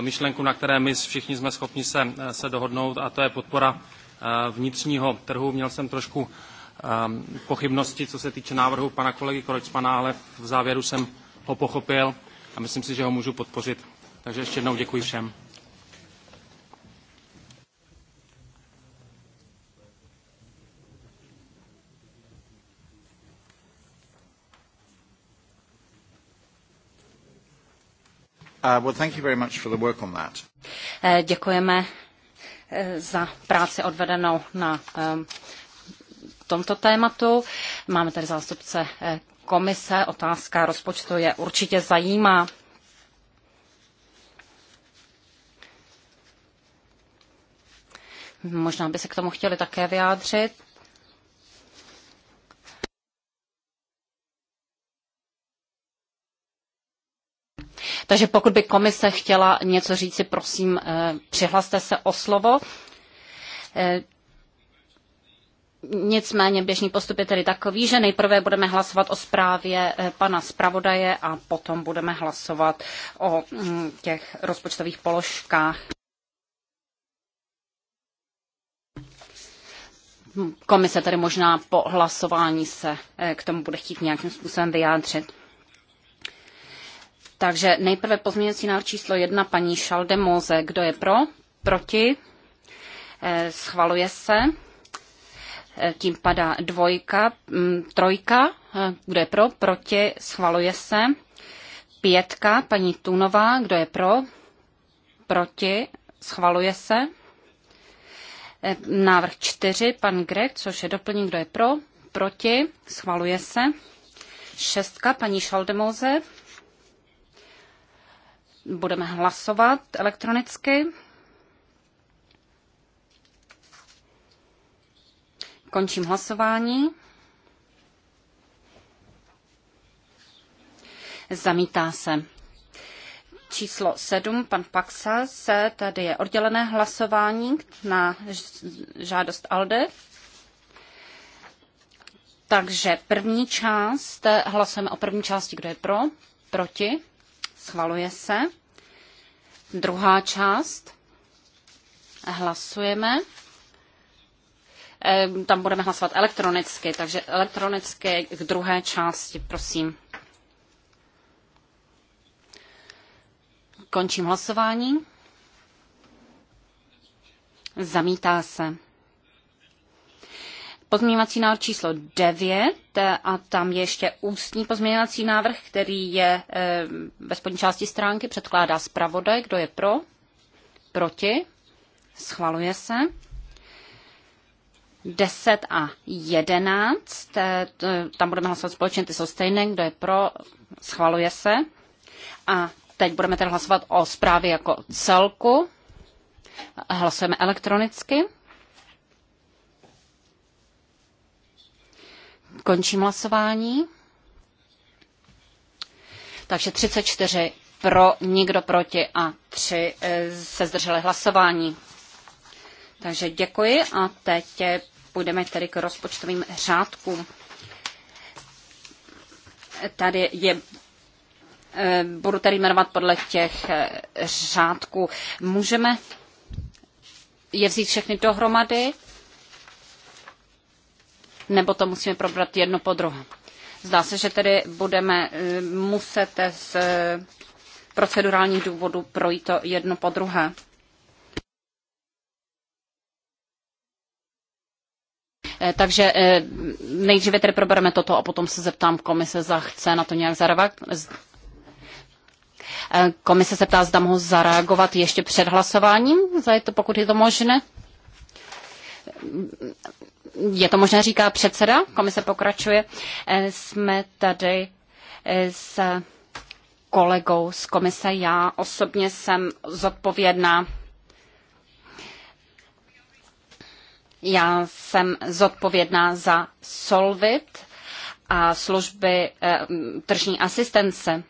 myšlenku, na které my všichni jsme schopni se, se dohodnout, a to je podpora vnitřního trhu. Měl jsem trošku pochybnosti, co se týče návrhu pana kolegy Kročpana, ale v závěru jsem ho pochopil a myslím si, že ho můžu podpořit. Takže ještě jednou děkuji všem. Uh, well, thank you very much for the work on that. Eh, děkujeme eh, za práci odvedenou na ehm, tomto tématu. Máme tady zástupce eh, komise. Otázka rozpočtu je určitě zajímá. Možná by se k tomu chtěli také vyjádřit. Takže pokud by komise chtěla něco říci, prosím, eh, přihlaste se o slovo. Eh, nicméně běžný postup je tedy takový, že nejprve budeme hlasovat o zprávě eh, pana zpravodaje a potom budeme hlasovat o mm, těch rozpočtových položkách. Hm, komise tedy možná po hlasování se k tomu bude chtít nějakým způsobem vyjádřit. Takže nejprve pozměňovací návrh číslo jedna paní Šaldemoze. Kdo je pro? Proti? Eh, schvaluje se. Eh, tím padá dvojka, mm, trojka. Eh, kdo je pro? Proti? Schvaluje se. Pětka, paní Tunová. Kdo je pro? Proti? Schvaluje se. Návrh čtyři, pan Grek, což je doplnění, kdo je pro, proti, schvaluje se. Šestka, paní Šaldemoze. Budeme hlasovat elektronicky. Končím hlasování. Zamítá se. Číslo 7, pan Paxa, se tady je oddělené hlasování na žádost ALDE. Takže první část, hlasujeme o první části, kdo je pro, proti, schvaluje se. Druhá část, hlasujeme. Eh, tam budeme hlasovat elektronicky, takže elektronicky k druhé části, prosím. Končím hlasování. Zamítá se. Pozměňovací návrh číslo 9 eh, a tam je ještě ústní pozměňovací návrh, který je eh, ve spodní části stránky, předkládá zpravodaj, kdo je pro, proti, schvaluje se. 10 a 11, eh, tam budeme hlasovat společně, ty jsou stejné, kdo je pro, schvaluje se. A teď budeme tedy hlasovat o zprávě jako celku. Hlasujeme elektronicky. Končím hlasování. Takže 34 pro, nikdo proti a 3 eh, se zdrželi hlasování. Takže děkuji a teď eh, půjdeme tedy k rozpočtovým řádkům. Tady je eh, budu tady jmenovat podle těch řádků. Můžeme je vzít všechny dohromady? nebo to musíme probrat jedno po druhém. Zdá se, že tedy budeme eh, muset z eh, procedurálních důvodů projít to jedno po druhé. Eh, takže nejdříve tedy probereme toto a potom se zeptám komise, zda chce na to nějak zareagovat. Komise se ptá, zda mohu zareagovat ještě před hlasováním, zda je to, pokud je to možné je to možné, říká předseda, komise pokračuje, eh, jsme tady eh, s kolegou z komise. Já osobně jsem zodpovědná Já jsem zodpovědná za Solvit a služby e, tržní asistence.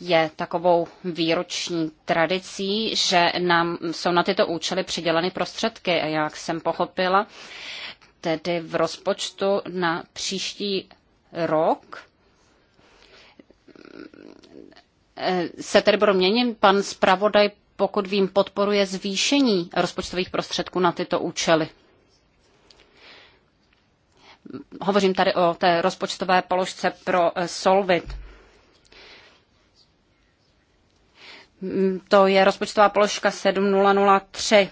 Je takovou výroční tradicí, že nám jsou na tyto účely přiděleny prostředky. A jak jsem pochopila, tedy v rozpočtu na příští rok se tedy budou měnit. Pan zpravodaj, pokud vím, podporuje zvýšení rozpočtových prostředků na tyto účely. Hovořím tady o té rozpočtové položce pro eh, Solvit. Hmm, to je rozpočtová položka 7003.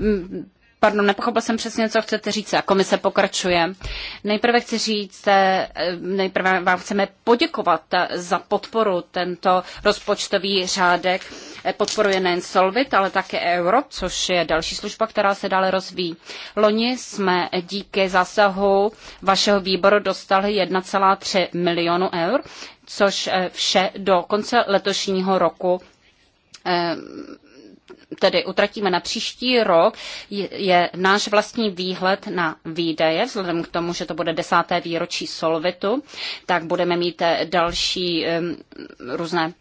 Mm, pardon, nepochopil jsem přesně, co chcete říct a komise pokračuje. Nejprve chci říct, eh, nejprve vám chceme poděkovat za podporu. Tento rozpočtový řádek eh, podporuje nejen Solvit, ale také Euro, což je další služba, která se dále rozvíjí. Loni jsme díky zásahu vašeho výboru dostali 1,3 milionu eur, což eh, vše do konce letošního roku tedy utratíme na příští rok, je náš vlastní výhled na výdaje, vzhledem k tomu, že to bude desáté výročí Solvitu, tak budeme mít eh, další různé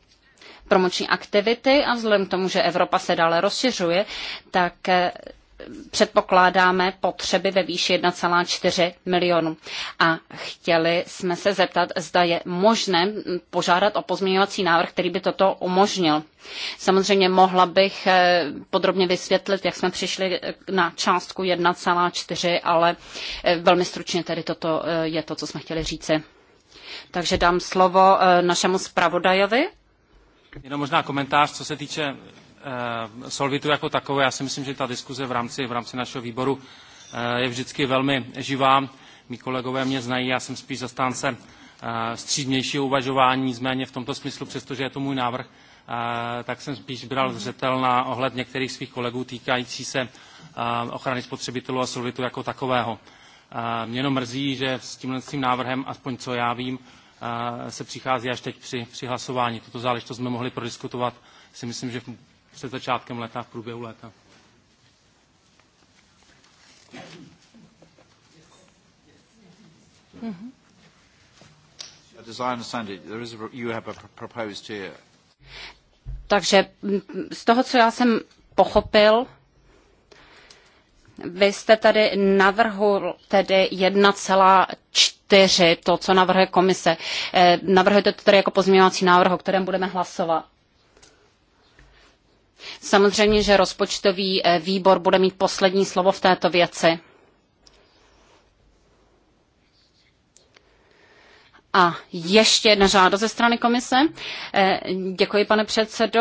promoční aktivity a vzhledem k tomu, že Evropa se dále rozšiřuje, tak eh, předpokládáme potřeby ve výši 1,4 milionu. A chtěli jsme se zeptat, zda je možné požádat o pozměňovací návrh, který by toto umožnil. Samozřejmě mohla bych eh, podrobně vysvětlit, jak jsme přišli eh, na částku 1,4, ale eh, velmi stručně tedy toto je to, co jsme chtěli říci. Takže dám slovo našemu zpravodajovi. Jenom možná komentář, co se týče Eh, solvitu jako takové. Já si myslím, že ta diskuze v rámci, v rámci našeho výboru eh, je vždycky velmi živá. Mí kolegové mě znají, já jsem spíš zastánce eh, střídnějšího uvažování, nicméně v tomto smyslu, přestože je to můj návrh, tak jsem spíš bral zřetel na ohled některých svých kolegů týkající se ochrany spotřebitelů a solvitu jako takového. Mě jenom mrzí, že s tímhle tím návrhem, aspoň co já vím, se přichází až teď při, při hlasování. Tuto záležitost jsme mohli prodiskutovat si myslím, že před začátkem leta, v průběhu léta. Mm-hmm. Takže z toho, co já jsem pochopil, vy jste tady navrhl tedy 1,4, to, co navrhuje komise. Eh, navrhujete to tady jako pozměňovací návrh, o kterém budeme hlasovat. Samozřejmě, že rozpočtový eh, výbor bude mít poslední slovo v této věci. A ještě jedna žádost ze strany komise. Eh, děkuji, pane předsedo.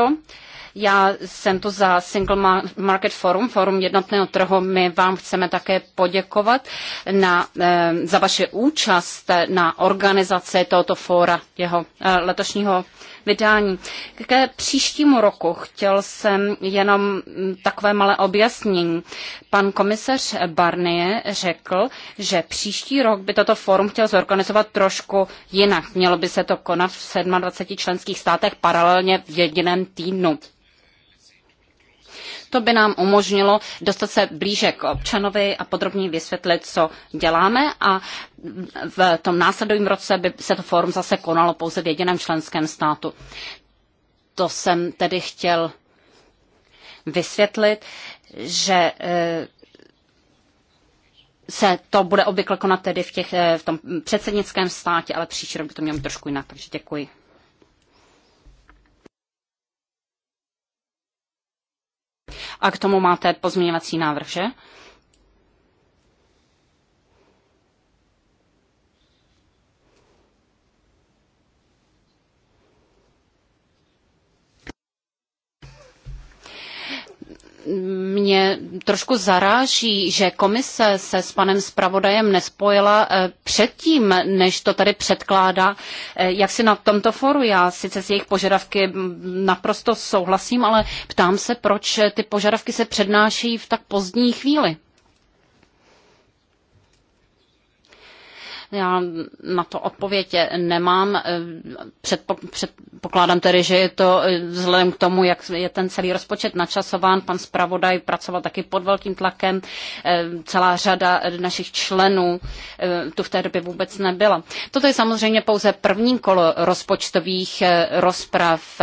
Já jsem tu za Single Market Forum, Forum jednotného trhu. My vám chceme také poděkovat na, eh, za vaše účast na organizaci tohoto fóra, jeho letošního vydání. Ke příštímu roku chtěl jsem jenom takové malé objasnění. Pan komisař Barnier řekl, že příští rok by toto fórum chtěl zorganizovat trošku jinak. Mělo by se to konat v 27 členských státech paralelně v jediném týdnu. To by nám umožnilo dostat se blíže k občanovi a podrobně vysvětlit, co děláme a v tom následujícím roce by se to fórum zase konalo pouze v jediném členském státu. To jsem tedy chtěl vysvětlit, že eh, se to bude obvykle konat tedy v, těch, eh, v tom předsednickém státě, ale příští rok by to mělo být trošku jinak, takže děkuji. A k tomu máte pozměňovací návrh, že? mě trošku zaráží, že komise se s panem zpravodajem nespojila eh, předtím, než to tady předkládá. Eh, jak si na tomto foru? Já sice s jejich požadavky mm, naprosto souhlasím, ale ptám se, proč eh, ty požadavky se přednáší v tak pozdní chvíli. Já na to odpověď nemám. Eh, předpokládám tedy, že je to eh, vzhledem k tomu, jak je ten celý rozpočet načasován. Pan zpravodaj pracoval taky pod velkým tlakem. Eh, celá řada našich členů tu v té době vůbec nebyla. Toto je samozřejmě pouze první kolo rozpočtových rozprav.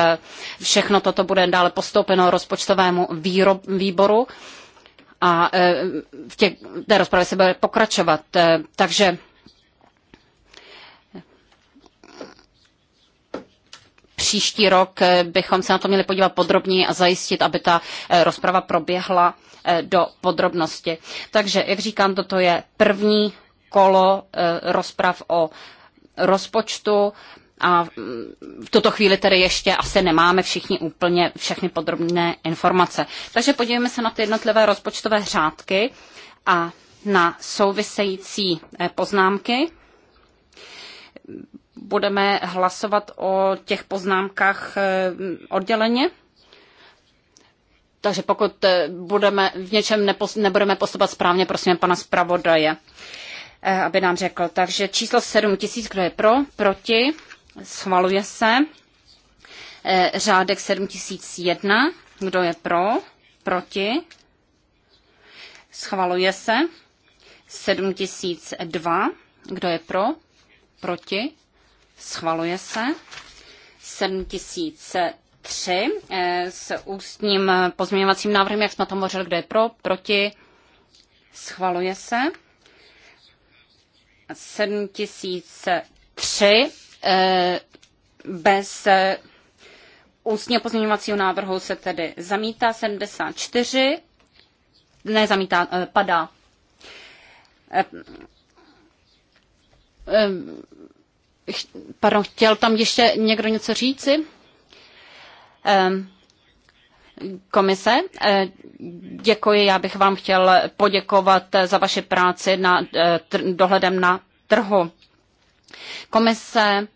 Všechno toto bude dále postoupeno rozpočtovému výrob, výboru a v těch, té rozpravě se bude pokračovat. Takže příští rok eh, bychom se na to měli podívat podrobněji a zajistit, aby ta eh, rozprava proběhla eh, do podrobnosti. Takže, jak říkám, toto je první kolo rozprav o rozpočtu a mm, v tuto chvíli tedy ještě asi nemáme všichni úplně všechny podrobné informace. Takže podívejme se na ty jednotlivé rozpočtové řádky a na související poznámky budeme hlasovat o těch poznámkách eh, odděleně? Takže pokud eh, budeme v něčem nepos- nebudeme postupovat správně, prosím pana zpravodaje, eh, aby nám řekl. Takže číslo 7000, kdo je pro, proti, schvaluje se. Řádek 7001, kdo je pro, proti, schvaluje se. 7002, kdo je pro, proti, Schvaluje se. 7003 eh, s ústním pozměňovacím návrhem, jak jsme to hovořili, kdo je pro, proti. Schvaluje se. 7003 eh, bez eh, ústního pozměňovacího návrhu se tedy zamítá 74, ne zamítá, padá. Pardon, chtěl tam ještě někdo něco říci? Ehm, komise, ehm, děkuji, já bych vám chtěl poděkovat za vaši práci na, e, dohledem na trhu. Komise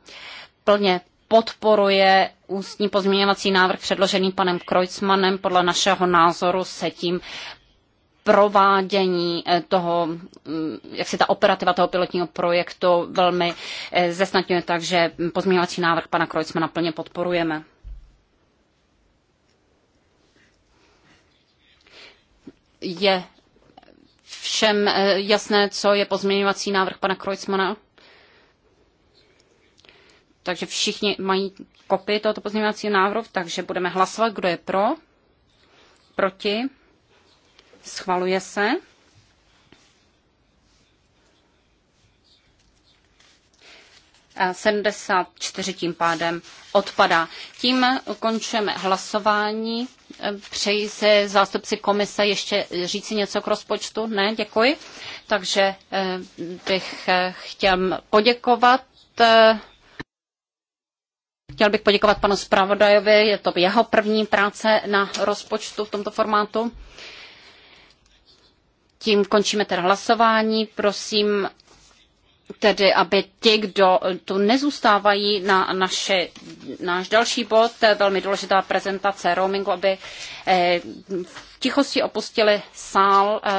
plně podporuje ústní pozměňovací návrh předložený panem Kreutzmanem. Podle našeho názoru se tím provádění eh, toho, mm, jak se ta operativa toho pilotního projektu velmi eh, zesnadňuje, takže pozměňovací návrh pana Krojcmana plně podporujeme. Je všem eh, jasné, co je pozměňovací návrh pana Krojcmana? Takže všichni mají kopii tohoto pozměňovacího návrhu, takže budeme hlasovat, kdo je pro, proti Schvaluje se. A 74 tím pádem odpadá. Tím končíme hlasování. Přeji se zástupci komise ještě říci něco k rozpočtu? Ne, děkuji. Takže eh, bych eh, chtěl poděkovat eh, Chtěl bych poděkovat panu zpravodajovi, je to jeho první práce na rozpočtu v tomto formátu. Tím končíme tedy hlasování. Prosím tedy, aby ti, kdo tu nezůstávají na naše, náš další bod, to je velmi důležitá prezentace roamingu, aby eh, v tichosti opustili sál. Eh,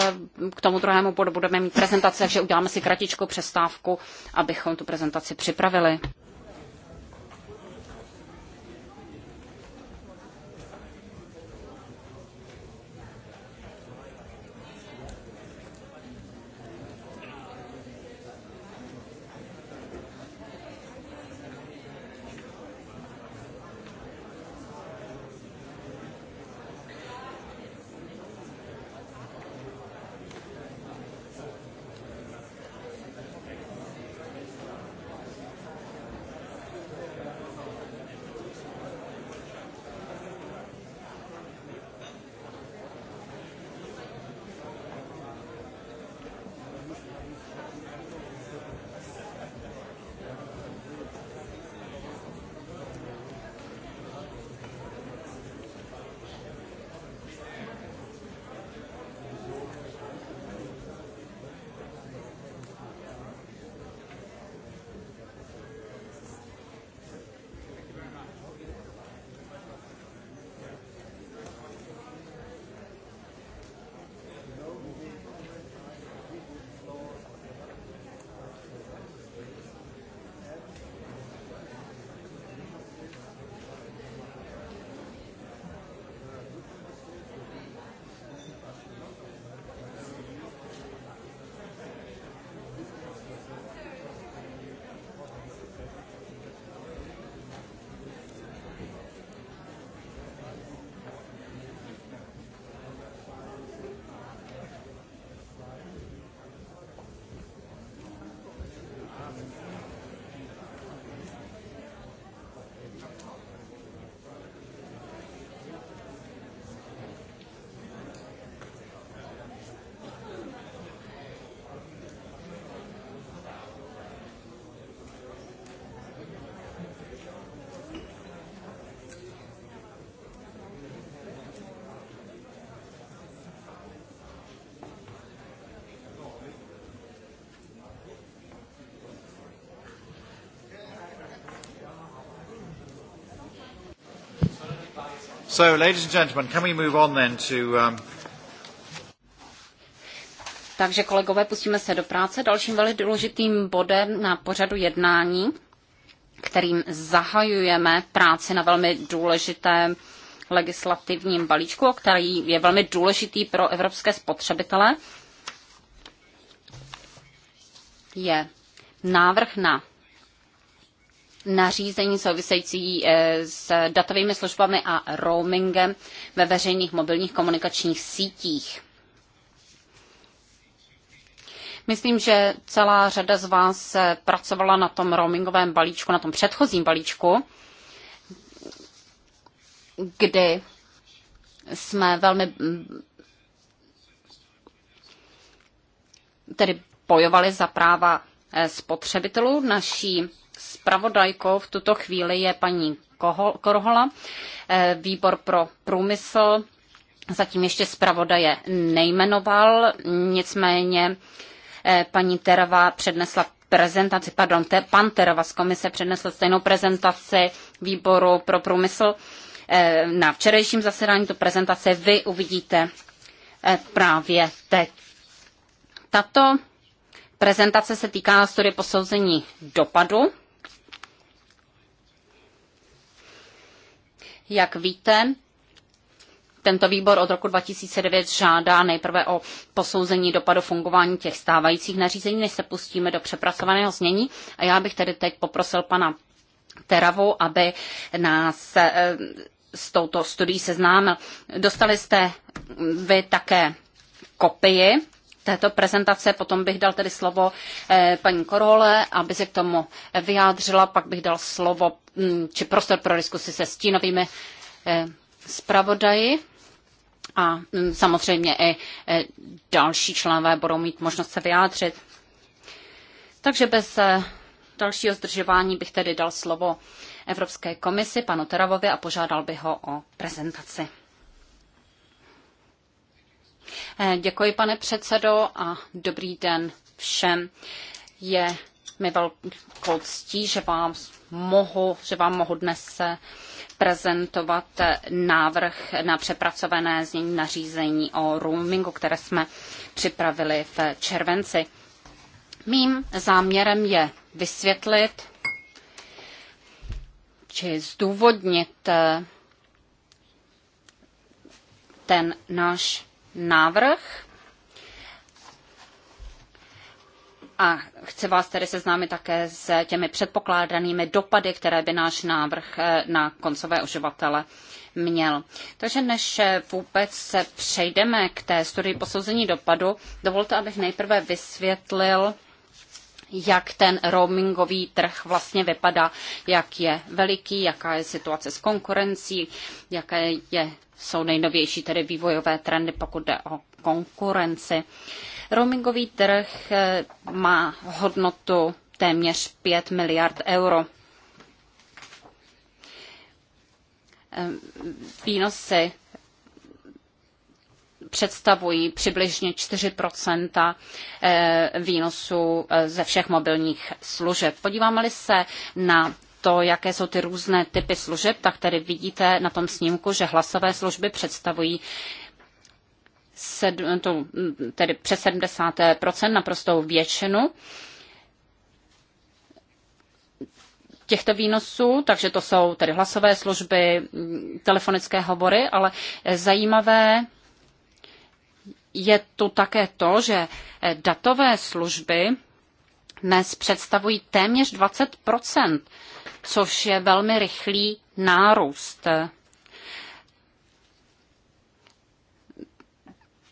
k tomu druhému bodu budeme mít prezentaci, takže uděláme si kratičkou přestávku, abychom tu prezentaci připravili. So, ladies and gentlemen, can we move on then to... Um... Takže kolegové, pustíme se do práce. Dalším velmi důležitým bodem na pořadu jednání, kterým zahajujeme práci na velmi důležitém legislativním balíčku, který je velmi důležitý pro evropské spotřebitele, je návrh na nařízení související eh, s datovými službami a roamingem ve veřejných mobilních komunikačních sítích. Myslím, že celá řada z vás eh, pracovala na tom roamingovém balíčku, na tom předchozím balíčku, kdy jsme velmi mm, tedy bojovali za práva eh, spotřebitelů. Naší Spravodajkou v tuto chvíli je paní Korhola, eh, výbor pro průmysl. Zatím ještě zpravodaje nejmenoval, nicméně eh, paní Terva přednesla prezentaci, pardon, te, pan Terva z komise přednesl stejnou prezentaci výboru pro průmysl. Eh, na včerejším zasedání tu prezentaci vy uvidíte právě teď. Tato prezentace se týká studie posouzení dopadu Jak víte, tento výbor od roku 2009 žádá nejprve o posouzení dopadu fungování těch stávajících nařízení, než se pustíme do přepracovaného znění. A já bych tedy teď poprosil pana Teravu, aby nás eh, s touto studií seznámil. Dostali jste vy také kopii této prezentace. Potom bych dal tedy slovo eh, paní Korole, aby se k tomu vyjádřila. Pak bych dal slovo mm, či prostor pro diskusi se stínovými eh, zpravodaji. A mm, samozřejmě i eh, další členové budou mít možnost se vyjádřit. Takže bez dalšího zdržování bych tedy dal slovo Evropské komisi panu Teravovi a požádal bych ho o prezentaci. Eh, děkuji, pane předsedo, a dobrý den všem. Je mi velkou ctí, že vám mohu, že vám mohu dnes eh, prezentovat eh, návrh na přepracované znění nařízení o roamingu, které jsme připravili v červenci. Mým záměrem je vysvětlit či zdůvodnit ten náš návrh. A chci vás tedy seznámit také s těmi předpokládanými dopady, které by náš návrh eh, na koncové uživatele měl. Takže než eh, vůbec se přejdeme k té studii posouzení dopadu, dovolte, abych nejprve vysvětlil, jak ten roamingový trh vlastně vypadá, jak je veliký, jaká je situace s konkurencí, jaké je, jsou nejnovější tedy vývojové trendy, pokud jde o konkurenci. Roamingový trh eh, má hodnotu téměř 5 miliard euro. Eh, výnosy představují přibližně 4 eh, výnosu eh, ze všech mobilních služeb. Podíváme-li se na to, jaké jsou ty různé typy služeb, tak tady vidíte na tom snímku, že hlasové služby představují sedm, to, tedy přes 70 naprostou většinu těchto výnosů, takže to jsou tedy hlasové služby, telefonické hovory, ale eh, zajímavé je tu také to, že eh, datové služby dnes představují téměř 20 což je velmi rychlý nárůst.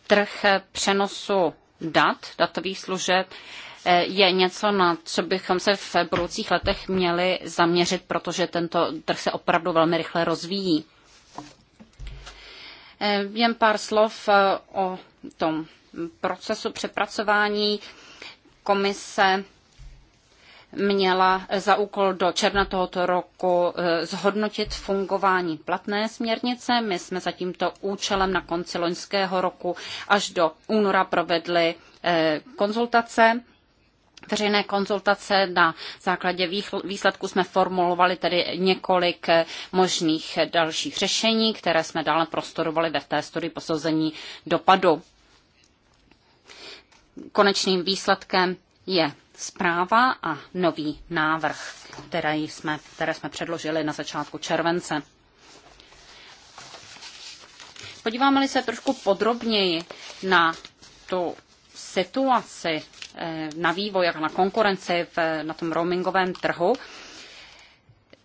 Trh eh, přenosu dat, datových služeb, eh, je něco, na co bychom se v budoucích letech měli zaměřit, protože tento trh se opravdu velmi rychle rozvíjí. Jen pár slov o tom procesu přepracování komise měla za úkol do června tohoto roku e, zhodnotit fungování platné směrnice. My jsme za tímto účelem na konci loňského roku až do února provedli e, konzultace veřejné konzultace. Na základě výsledku jsme formulovali tedy několik eh, možných eh, dalších řešení, které jsme dále prostorovali ve té studii posouzení dopadu. Konečným výsledkem je zpráva a nový návrh, které jsme, které jsme předložili na začátku července. Podíváme-li se trošku podrobněji na tu situaci Eh, na vývoj a na konkurenci v, na tom roamingovém trhu.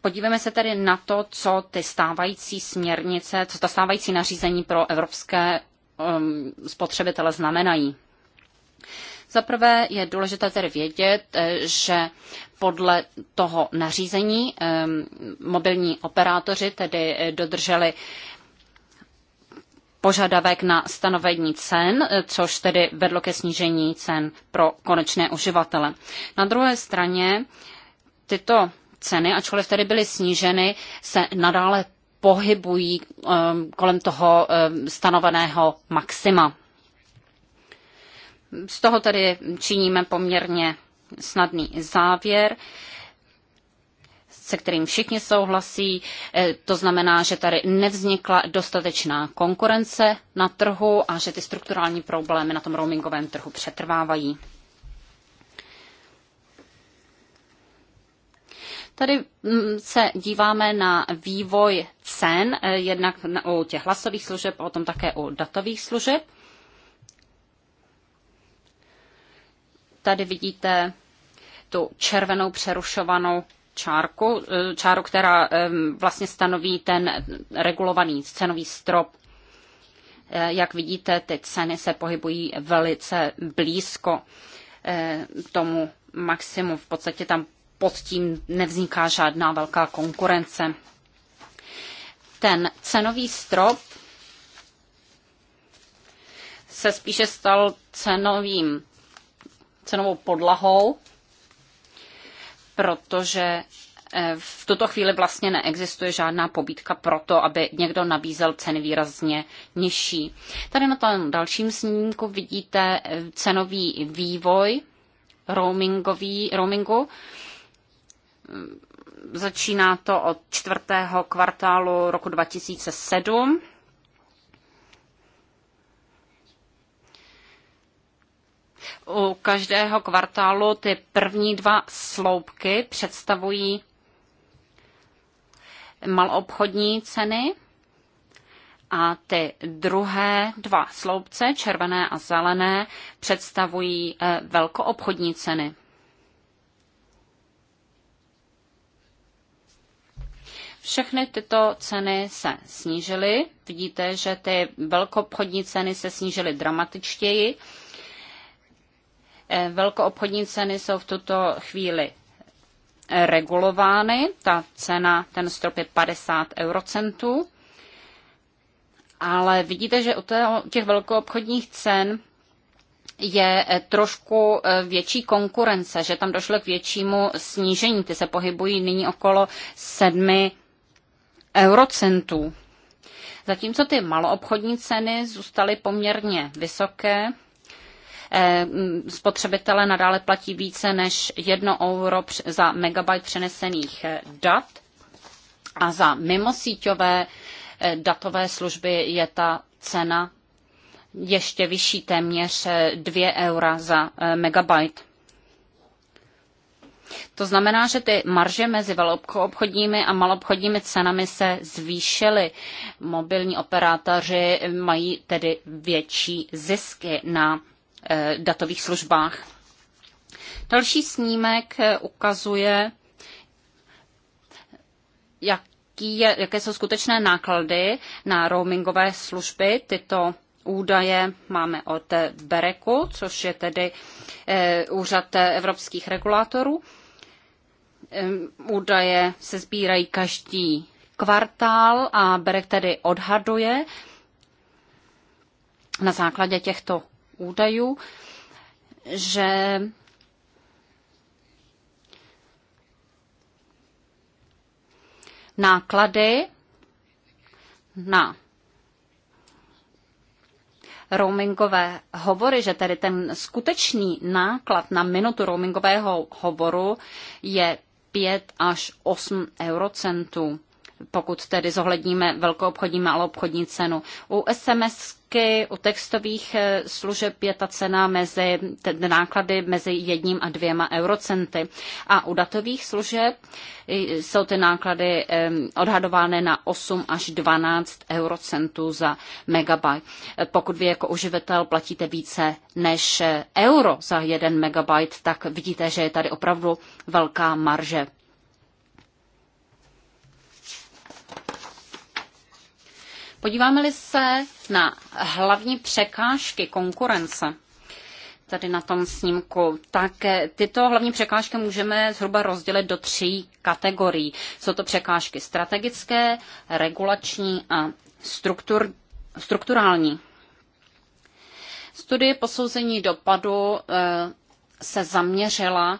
Podívejme se tedy na to, co ty stávající směrnice, co ta stávající nařízení pro evropské um, spotřebitele znamenají. Za prvé je důležité tedy vědět, eh, že podle toho nařízení eh, mobilní operátoři tedy dodrželi požadavek na stanovení cen, eh, což tedy vedlo ke snížení cen pro konečné uživatele. Na druhé straně tyto ceny, ačkoliv tedy byly sníženy, se nadále pohybují ehm, kolem toho ehm, stanoveného maxima. Z toho tedy činíme poměrně snadný závěr se kterým všichni souhlasí. Eh, to znamená, že tady nevznikla dostatečná konkurence na trhu a že ty strukturální problémy na tom roamingovém trhu přetrvávají. Tady mm, se díváme na vývoj cen, eh, jednak u těch hlasových služeb, a také u datových služeb. Tady vidíte tu červenou přerušovanou čárku, eh, čáru, která eh, vlastně stanoví ten regulovaný cenový strop. Eh, jak vidíte, ty ceny se pohybují velice blízko tomu maximu. V podstatě tam pod tím nevzniká žádná velká konkurence. Ten cenový strop se spíše stal cenovým, cenovou podlahou protože eh, v tuto chvíli vlastně neexistuje žádná pobídka pro to, aby někdo nabízel ceny výrazně nižší. Tady na tom dalším snímku vidíte eh, cenový vývoj roamingový, roamingu. Začíná to od čtvrtého kvartálu roku 2007 U každého kvartálu ty první dva sloupky představují malobchodní ceny a ty druhé dva sloupce, červené a zelené, představují eh, velkoobchodní ceny. Všechny tyto ceny se snížily. Vidíte, že ty velkoobchodní ceny se snížily dramatičtěji Eh, velkoobchodní ceny jsou v tuto chvíli eh, regulovány. Ta cena, ten strop je 50 eurocentů. Ale vidíte, že u těch velkoobchodních cen je eh, trošku větší konkurence, že tam došlo k většímu snížení. Ty se pohybují nyní okolo 7 eurocentů. Zatímco ty maloobchodní ceny zůstaly poměrně vysoké, Eh, spotřebitele nadále platí více než 1 euro za megabyte přenesených eh, dat a za mimosíťové eh, datové služby je ta cena ještě vyšší, téměř 2 eura za megabyte. To znamená, že ty marže mezi velobchodními a malobchodními cenami se zvýšily. Mobilní operátoři mají tedy větší zisky na Eh, datových službách. Další snímek eh, ukazuje, jaký je, jaké jsou skutečné náklady na roamingové služby. Tyto údaje máme od BEREKu, což je tedy eh, Úřad evropských regulátorů. Ehm, údaje se sbírají každý kvartál a BEREK tedy odhaduje na základě těchto údajů, že náklady na roamingové hovory, že tedy ten skutečný náklad na minutu roamingového hovoru je 5 až 8 eurocentů pokud tedy zohledníme velkou obchodní, malou obchodní cenu. U SMS u textových eh, služeb je ta cena mezi náklady mezi jedním a dvěma eurocenty. A u datových služeb eh, jsou ty náklady odhadovány na 8 až 12 eurocentů za megabyte. Eh, pokud vy jako uživatel platíte více než euro za jeden megabyte, tak vidíte, že je tady opravdu velká marže Podíváme-li se na hlavní překážky konkurence, tady na tom snímku, tak eh, tyto hlavní překážky můžeme zhruba rozdělit do tří kategorií. Jsou to překážky strategické, regulační a struktur, strukturální. Studie posouzení dopadu eh, se zaměřila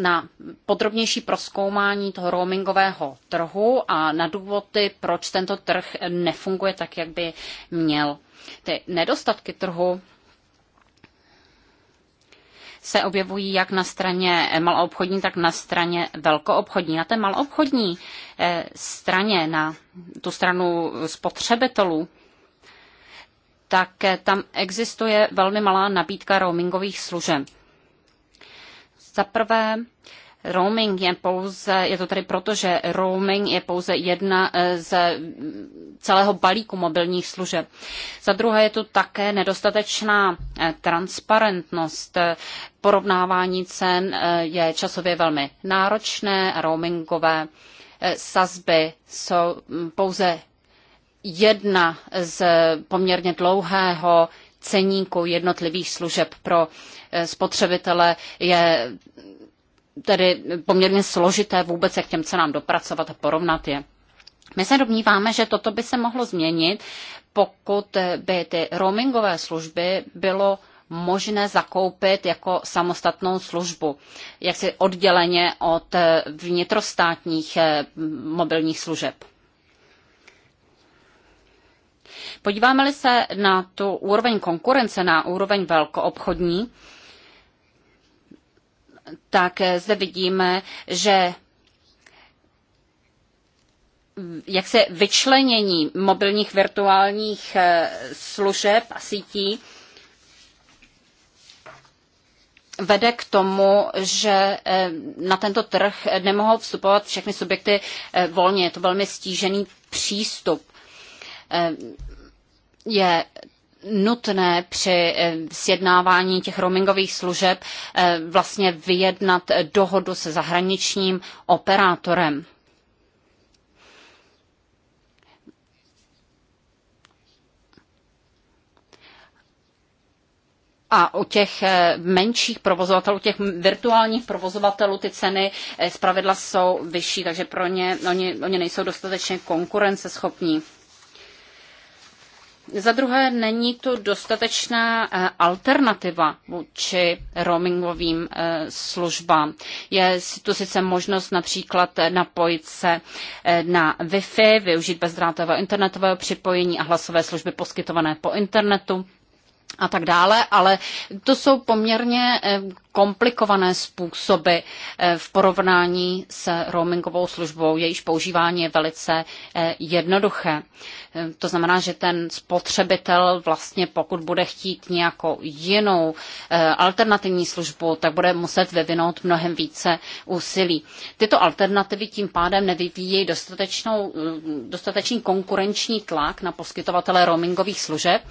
na podrobnější proskoumání toho roamingového trhu a na důvody, proč tento trh nefunguje tak, jak by měl. Ty nedostatky trhu se objevují jak na straně maloobchodní, tak na straně velkoobchodní. Na té maloobchodní eh, straně, na tu stranu spotřebitelů, tak eh, tam existuje velmi malá nabídka roamingových služeb. Za prvé, Roaming je pouze, je to tady proto, že roaming je pouze jedna eh, z celého balíku mobilních služeb. Za druhé je tu také nedostatečná eh, transparentnost. Porovnávání cen eh, je časově velmi náročné a roamingové sazby jsou mm, pouze jedna z poměrně dlouhého ceníku jednotlivých služeb pro eh, spotřebitele je tedy poměrně složité vůbec se k těm cenám dopracovat a porovnat je. My se domníváme, že toto by se mohlo změnit, pokud eh, by ty roamingové služby bylo možné zakoupit jako samostatnou službu, jaksi odděleně od eh, vnitrostátních mobilních služeb. Podíváme-li se na tu úroveň konkurence, na úroveň velkoobchodní, tak zde vidíme, že jak se vyčlenění mobilních virtuálních eh, služeb a sítí vede k tomu, že eh, na tento trh nemohou vstupovat všechny subjekty eh, volně. Je to velmi stížený přístup je nutné při eh, sjednávání těch roamingových služeb eh, vlastně vyjednat dohodu se zahraničním operátorem. A u těch eh, menších provozovatelů, těch virtuálních provozovatelů, ty ceny zpravidla jsou vyšší, takže pro ně oni, oni nejsou dostatečně konkurenceschopní. Za druhé, není to dostatečná eh, alternativa vůči roamingovým eh, službám. Je tu sice možnost například napojit se eh, na Wi-Fi, využít bezdrátového internetového připojení a hlasové služby poskytované po internetu a tak dále, ale to jsou poměrně komplikované způsoby eh, v porovnání s roamingovou službou. Jejíž používání je velice eh, jednoduché. Eh, to znamená, že ten spotřebitel vlastně pokud bude chtít nějakou jinou alternativní službu, tak bude muset vyvinout mnohem více úsilí. Tyto alternativy tím pádem nevyvíjejí dostatečnou, dostatečný konkurenční tlak na poskytovatele roamingových služeb.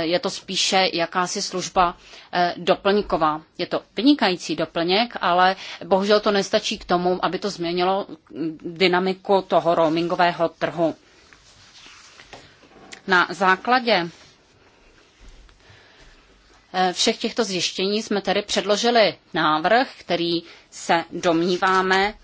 Je to spíše jakási služba doplňková. Je to vynikající doplněk, ale bohužel to nestačí k tomu, aby to změnilo dynamiku toho roamingového trhu. Na základě eh, všech těchto zjištění jsme tedy předložili návrh, který se domníváme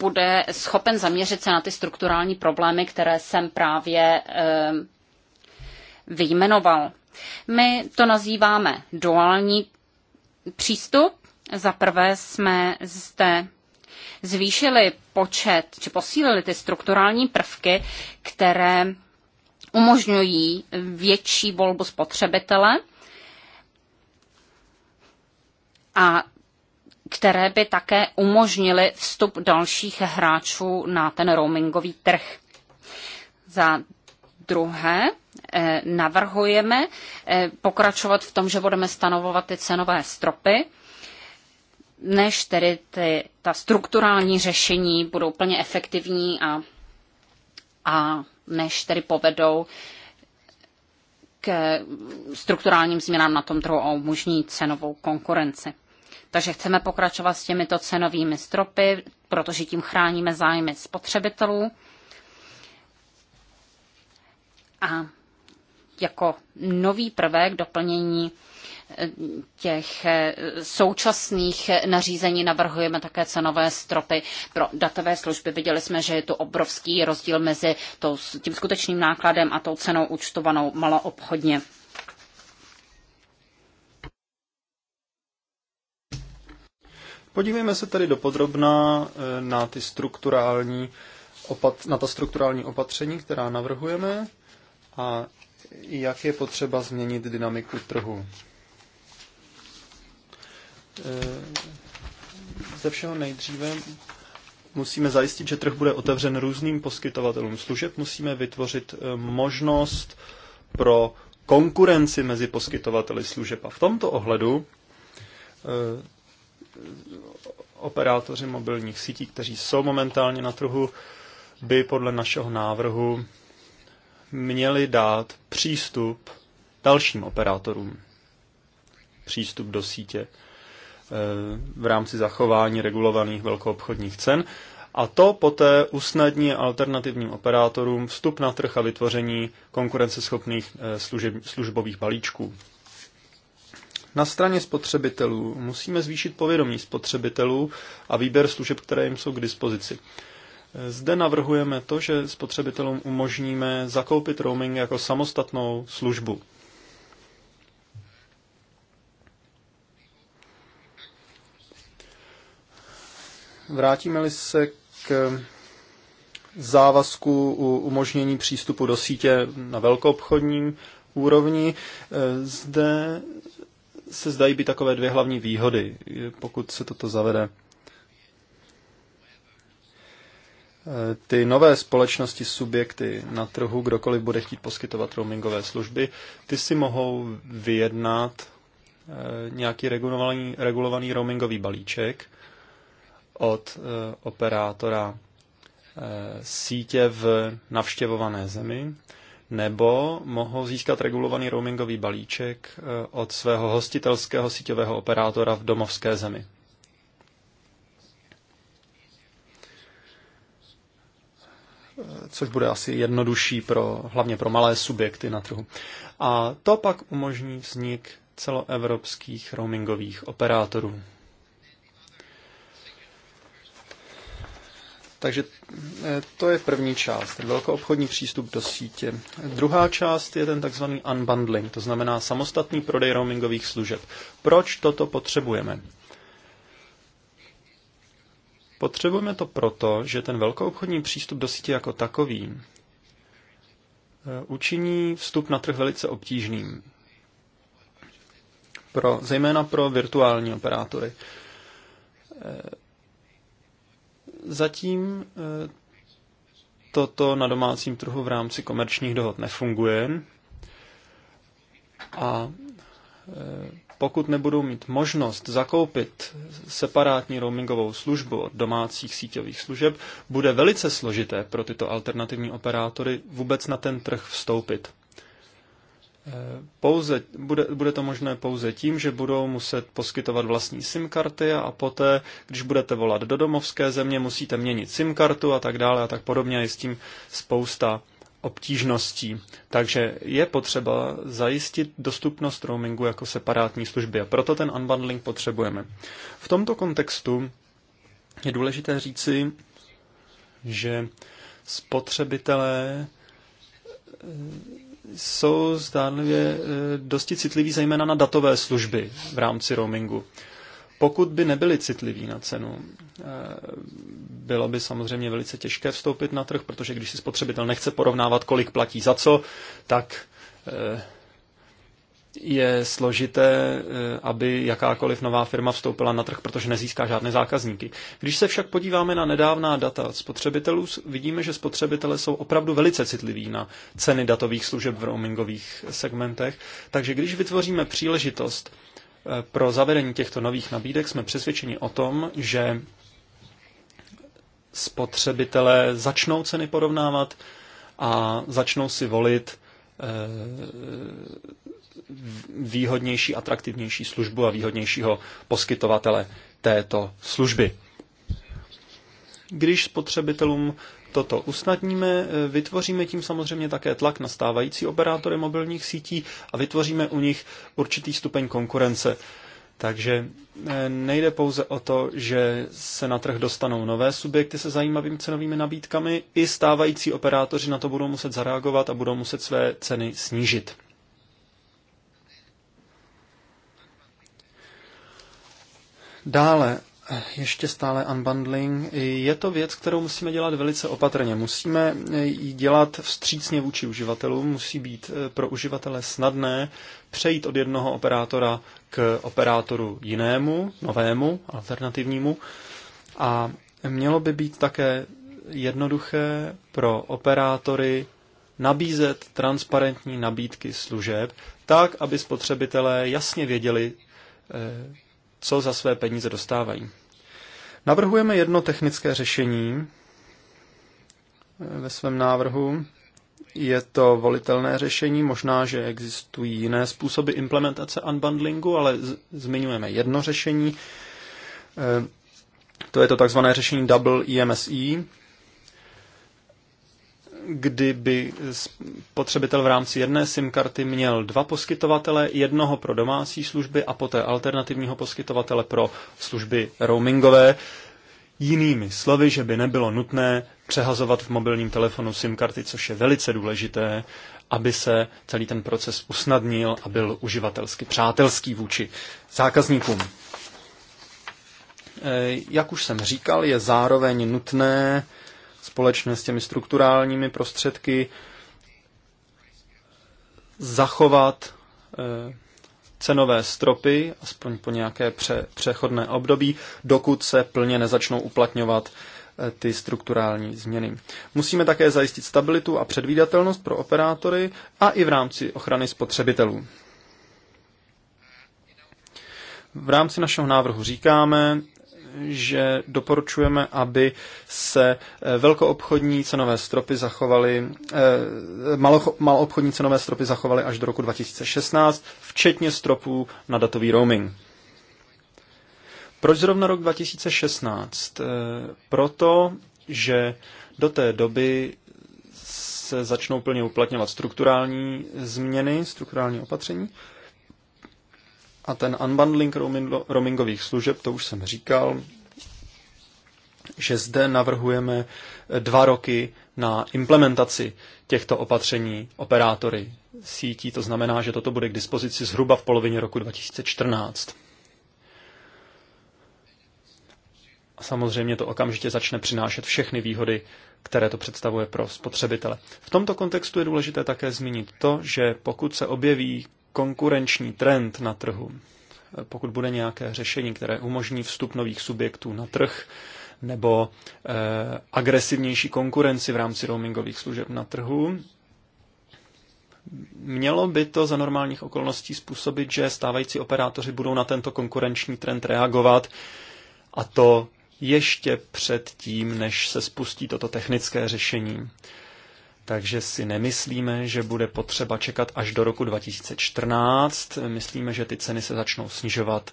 bude schopen zaměřit se na ty strukturální problémy, které jsem právě eh, vyjmenoval. My to nazýváme duální přístup. Za prvé jsme zde zvýšili počet, či posílili ty strukturální prvky, které umožňují větší volbu spotřebitele a které by také umožnily vstup dalších hráčů na ten roamingový trh. Za druhé, Eh, navrhujeme eh, pokračovat v tom, že budeme stanovovat ty cenové stropy, než tedy ty, ta strukturální řešení budou plně efektivní a, a než tedy povedou k strukturálním změnám na tom trhu a umožní cenovou konkurenci. Takže chceme pokračovat s těmito cenovými stropy, protože tím chráníme zájmy spotřebitelů. A jako nový prvek doplnění eh, těch eh, současných nařízení navrhujeme také cenové stropy pro datové služby. Viděli jsme, že je tu obrovský rozdíl mezi tím skutečným nákladem a tou cenou účtovanou maloobchodně. Podívejme se tedy dopodrobná eh, na ty strukturální opat- na ta strukturální opatření, která navrhujeme. A jak je potřeba změnit dynamiku trhu. Eh, ze všeho nejdříve musíme zajistit, že trh bude otevřen různým poskytovatelům služeb. Musíme vytvořit eh, možnost pro konkurenci mezi poskytovateli služeb. A v tomto ohledu eh, operátoři mobilních sítí, kteří jsou momentálně na trhu, by podle našeho návrhu měli dát přístup dalším operátorům. Přístup do sítě eh, v rámci zachování regulovaných velkoobchodních cen a to poté usnadní alternativním operátorům vstup na trh a vytvoření konkurenceschopných eh, služeb, službových balíčků. Na straně spotřebitelů musíme zvýšit povědomí spotřebitelů a výběr služeb, které jim jsou k dispozici. Zde navrhujeme to, že spotřebitelům umožníme zakoupit roaming jako samostatnou službu. Vrátíme-li se k závazku u umožnění přístupu do sítě na velkoobchodním úrovni, zde se zdají být takové dvě hlavní výhody, pokud se toto zavede. ty nové společnosti, subjekty na trhu, kdokoliv bude chtít poskytovat roamingové služby, ty si mohou vyjednat eh, nějaký regulovaný, regulovaný roamingový balíček od eh, operátora eh, sítě v navštěvované zemi, nebo mohou získat regulovaný roamingový balíček od svého hostitelského síťového operátora v domovské zemi. což bude asi jednodušší pro, hlavně pro malé subjekty na trhu. A to pak umožní vznik celoevropských roamingových operátorů. Takže e, to je první část, ten velkoobchodní přístup do sítě. Druhá část je ten takzvaný unbundling, to znamená samostatný prodej roamingových služeb. Proč toto potřebujeme? Potřebujeme to proto, že ten velkoobchodní přístup do sítě jako takový eh, učiní vstup na trh velice obtížným. Pro, zejména pro virtuální operátory. Eh, zatím eh, toto na domácím trhu v rámci komerčních dohod nefunguje a pokud nebudou mít možnost zakoupit separátní roamingovou službu od domácích síťových služeb, bude velice složité pro tyto alternativní operátory vůbec na ten trh vstoupit. Eh, pouze, bude, bude to možné pouze tím, že budou muset poskytovat vlastní SIM karty a poté, když budete volat do domovské země, musíte měnit SIM kartu a tak dále a tak podobně. Je s tím spousta obtížností. Takže je potřeba zajistit dostupnost roamingu jako separátní služby a proto ten unbundling potřebujeme. V tomto kontextu je důležité říci, že spotřebitelé eh, jsou zdánlivě eh, dosti citliví zejména na datové služby v rámci roamingu. Pokud by nebyli citliví na cenu, eh, bylo by samozřejmě velice těžké vstoupit na trh, protože když si spotřebitel nechce porovnávat, kolik platí za co, tak eh, je složité, eh, aby jakákoliv nová firma vstoupila na trh, protože nezíská žádné zákazníky. Když se však podíváme na nedávná data spotřebitelů, vidíme, že spotřebitelé jsou opravdu velice citliví na ceny datových služeb v roamingových segmentech, takže když vytvoříme příležitost pro zavedení těchto nových nabídek jsme přesvědčeni o tom, že spotřebitelé začnou ceny porovnávat a začnou si volit eh, výhodnější, atraktivnější službu a výhodnějšího poskytovatele této služby. Když spotřebitelům toto usnadníme. Eh, vytvoříme tím samozřejmě také tlak na stávající operátory mobilních sítí a vytvoříme u nich určitý stupeň konkurence. Takže eh, nejde pouze o to, že se na trh dostanou nové subjekty se zajímavými cenovými nabídkami, i stávající operátoři na to budou muset zareagovat a budou muset své ceny snížit. Dále ještě stále unbundling. Je to věc, kterou musíme dělat velice opatrně. Musíme ji dělat vstřícně vůči uživatelům. Musí být eh, pro uživatele snadné přejít od jednoho operátora k operátoru jinému, novému, alternativnímu. A mělo by být také jednoduché pro operátory nabízet transparentní nabídky služeb, tak, aby spotřebitelé jasně věděli, eh, co za své peníze dostávají. Navrhujeme jedno technické řešení eh, ve svém návrhu. Je to volitelné řešení, možná, že existují jiné způsoby implementace unbundlingu, ale zmiňujeme jedno řešení. Eh, to je to takzvané řešení Double EMSE, kdyby spotřebitel v rámci jedné SIM karty měl dva poskytovatele, jednoho pro domácí služby a poté alternativního poskytovatele pro služby roamingové. Jinými slovy, že by nebylo nutné přehazovat v mobilním telefonu SIM karty, což je velice důležité, aby se celý ten proces usnadnil a byl uživatelsky přátelský vůči zákazníkům. Eh, jak už jsem říkal, je zároveň nutné společné s těmi strukturálními prostředky zachovat eh, cenové stropy, aspoň po nějaké pře- přechodné období, dokud se plně nezačnou uplatňovat eh, ty strukturální změny. Musíme také zajistit stabilitu a předvídatelnost pro operátory a i v rámci ochrany spotřebitelů. V rámci našeho návrhu říkáme, že doporučujeme, aby se eh, velkoobchodní cenové stropy zachovaly, eh, maloobchodní cenové stropy zachovaly až do roku 2016, včetně stropů na datový roaming. Proč zrovna rok 2016? Eh, proto, že do té doby se začnou plně uplatňovat strukturální změny, strukturální opatření, a ten unbundling roamingových služeb, to už jsem říkal, že zde navrhujeme eh, dva roky na implementaci těchto opatření operátory sítí. To znamená, že toto bude k dispozici zhruba v polovině roku 2014. A samozřejmě to okamžitě začne přinášet všechny výhody, které to představuje pro spotřebitele. V tomto kontextu je důležité také zmínit to, že pokud se objeví konkurenční trend na trhu, pokud bude nějaké řešení, které umožní vstup nových subjektů na trh, nebo eh, agresivnější konkurenci v rámci roamingových služeb na trhu. Mělo by to za normálních okolností způsobit, že stávající operátoři budou na tento konkurenční trend reagovat a to ještě před tím, než se spustí toto technické řešení takže si nemyslíme, že bude potřeba čekat až do roku 2014. Myslíme, že ty ceny se začnou snižovat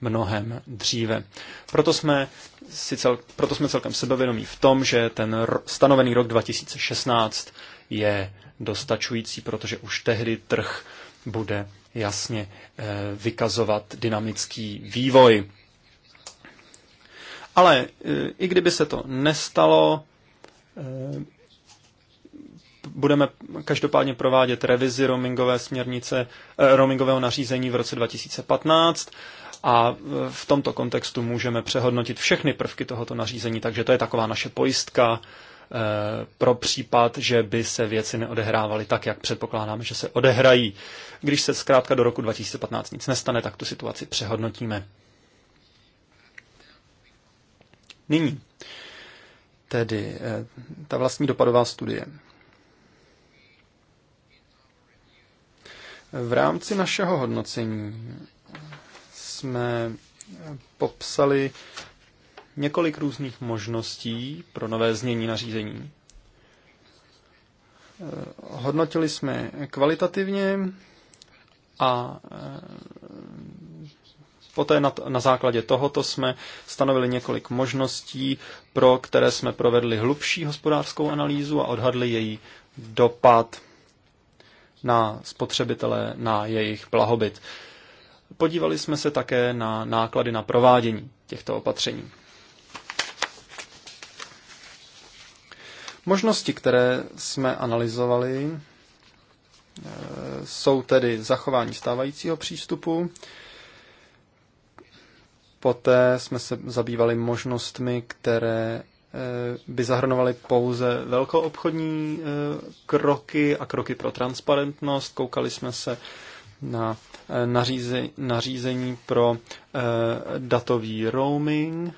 mnohem dříve. Proto jsme, si cel, proto jsme celkem sebevědomí v tom, že ten stanovený rok 2016 je dostačující, protože už tehdy trh bude jasně eh, vykazovat dynamický vývoj. Ale eh, i kdyby se to nestalo, eh, budeme každopádně provádět revizi roamingové směrnice, eh, roamingového nařízení v roce 2015 a eh, v tomto kontextu můžeme přehodnotit všechny prvky tohoto nařízení, takže to je taková naše pojistka eh, pro případ, že by se věci neodehrávaly tak, jak předpokládáme, že se odehrají. Když se zkrátka do roku 2015 nic nestane, tak tu situaci přehodnotíme. Nyní tedy ta vlastní dopadová studie. V rámci našeho hodnocení jsme popsali několik různých možností pro nové znění nařízení. Hodnotili jsme kvalitativně a eh, poté na, na základě tohoto jsme stanovili několik možností, pro které jsme provedli hlubší hospodářskou analýzu a odhadli její dopad na spotřebitele, na jejich blahobyt. Podívali jsme se také na náklady na provádění těchto opatření. Možnosti, které jsme analyzovali, eh, jsou tedy zachování stávajícího přístupu. Poté jsme se zabývali možnostmi, které by zahrnovaly pouze velkoobchodní eh, kroky a kroky pro transparentnost. Koukali jsme se na eh, nařízení, nařízení pro eh, datový roaming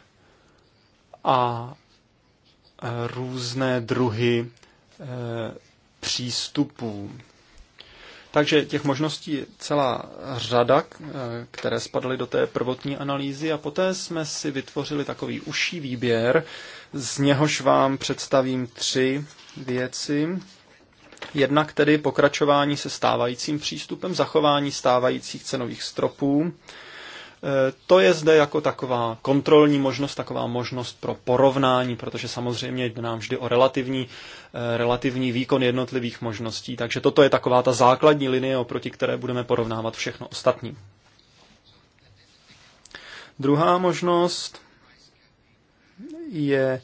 a různé druhy přístupů takže těch možností je celá řada, eh, které spadly do té prvotní analýzy a poté jsme si vytvořili takový užší výběr, z něhož vám představím tři věci. Jednak tedy pokračování se stávajícím přístupem, zachování stávajících cenových stropů, Eh, to je zde jako taková kontrolní možnost, taková možnost pro porovnání, protože samozřejmě jde nám vždy o relativní, eh, relativní výkon jednotlivých možností. Takže toto je taková ta základní linie, oproti které budeme porovnávat všechno ostatní. Druhá možnost je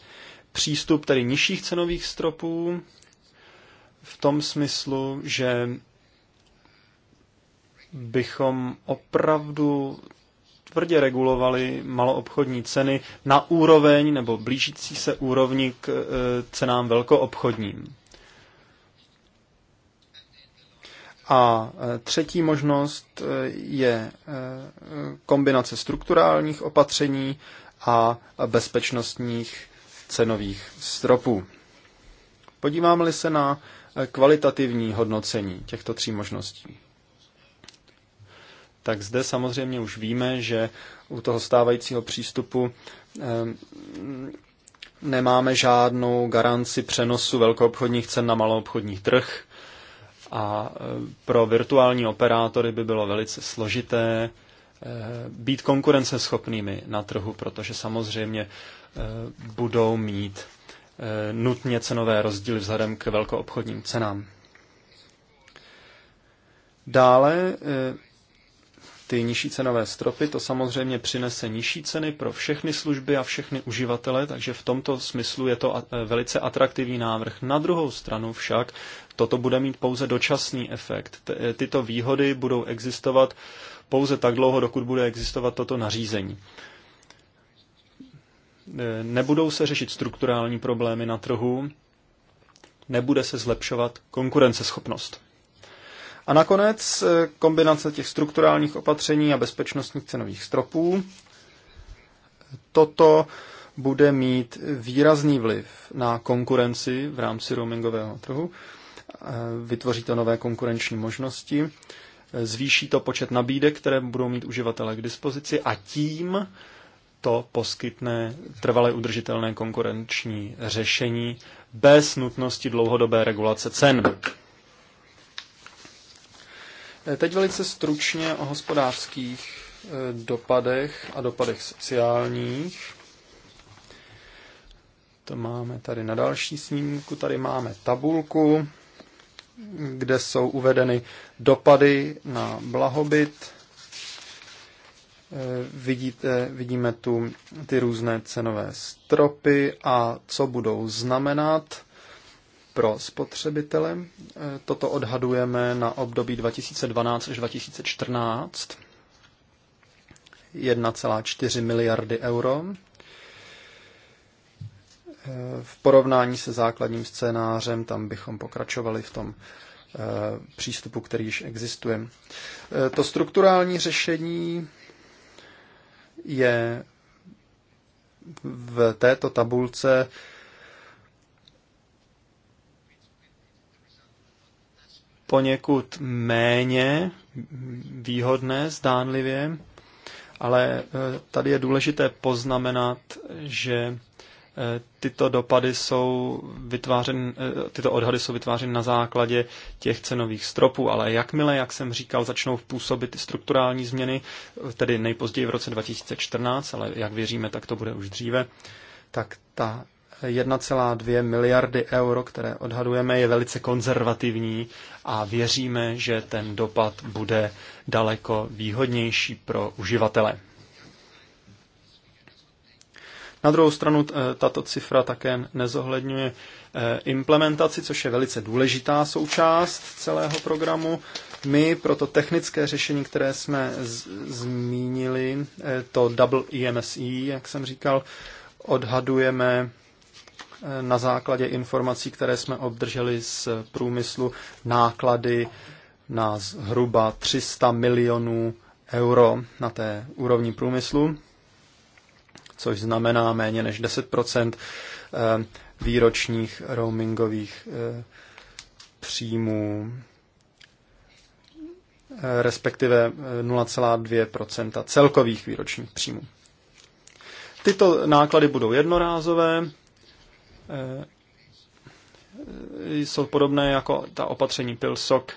přístup tedy nižších cenových stropů v tom smyslu, že bychom opravdu tvrdě regulovali maloobchodní ceny na úroveň nebo blížící se úrovni k e, cenám velkoobchodním. A e, třetí možnost e, je kombinace strukturálních opatření a bezpečnostních cenových stropů. Podíváme-li se na kvalitativní hodnocení těchto tří možností tak zde samozřejmě už víme, že u toho stávajícího přístupu ehm, nemáme žádnou garanci přenosu velkoobchodních cen na maloobchodní trh a e, pro virtuální operátory by bylo velice složité e, být konkurenceschopnými na trhu, protože samozřejmě e, budou mít nutně cenové rozdíly vzhledem k velkoobchodním cenám. Dále ty nižší cenové stropy, to samozřejmě přinese nižší ceny pro všechny služby a všechny uživatele, takže v tomto smyslu je to e, velice atraktivní návrh. Na druhou stranu však toto bude mít pouze dočasný efekt. E, tyto výhody budou existovat pouze tak dlouho, dokud bude existovat toto nařízení. E, nebudou se řešit strukturální problémy na trhu, nebude se zlepšovat konkurenceschopnost. A nakonec eh, kombinace těch strukturálních opatření a bezpečnostních cenových stropů. Toto bude mít výrazný vliv na konkurenci v rámci roamingového trhu. Eh, vytvoří to nové konkurenční možnosti, eh, zvýší to počet nabídek, které budou mít uživatelé k dispozici a tím to poskytne trvalé, udržitelné konkurenční řešení bez nutnosti dlouhodobé regulace cen. Eh, teď velice stručně o hospodářských eh, dopadech a dopadech sociálních. To máme tady na další snímku. Tady máme tabulku, kde jsou uvedeny dopady na blahobyt. Eh, vidíte, vidíme tu ty různé cenové stropy a co budou znamenat pro spotřebitele. E, toto odhadujeme na období 2012 až 2014. 1,4 miliardy euro. E, v porovnání se základním scénářem tam bychom pokračovali v tom e, přístupu, který již existuje. To strukturální řešení je v této tabulce poněkud méně výhodné zdánlivě, ale e, tady je důležité poznamenat, že e, tyto dopady jsou vytvářeny, e, tyto odhady jsou vytvářeny na základě těch cenových stropů, ale jakmile, jak jsem říkal, začnou působit strukturální změny, tedy nejpozději v roce 2014, ale jak věříme, tak to bude už dříve, tak ta 1,2 miliardy euro, které odhadujeme, je velice konzervativní a věříme, že ten dopad bude daleko výhodnější pro uživatele. Na druhou stranu eh, tato cifra také nezohledňuje eh, implementaci, což je velice důležitá součást celého programu. My pro to technické řešení, které jsme zmínili, eh, to double EMSI, jak jsem říkal, odhadujeme na základě informací, které jsme obdrželi z průmyslu, náklady na zhruba 300 milionů euro na té úrovni průmyslu, což znamená méně než 10 eh, výročních roamingových eh, příjmů, eh, respektive 0,2 celkových výročních příjmů. Tyto náklady budou jednorázové Eh, jsou podobné jako ta opatření PILSOC, eh,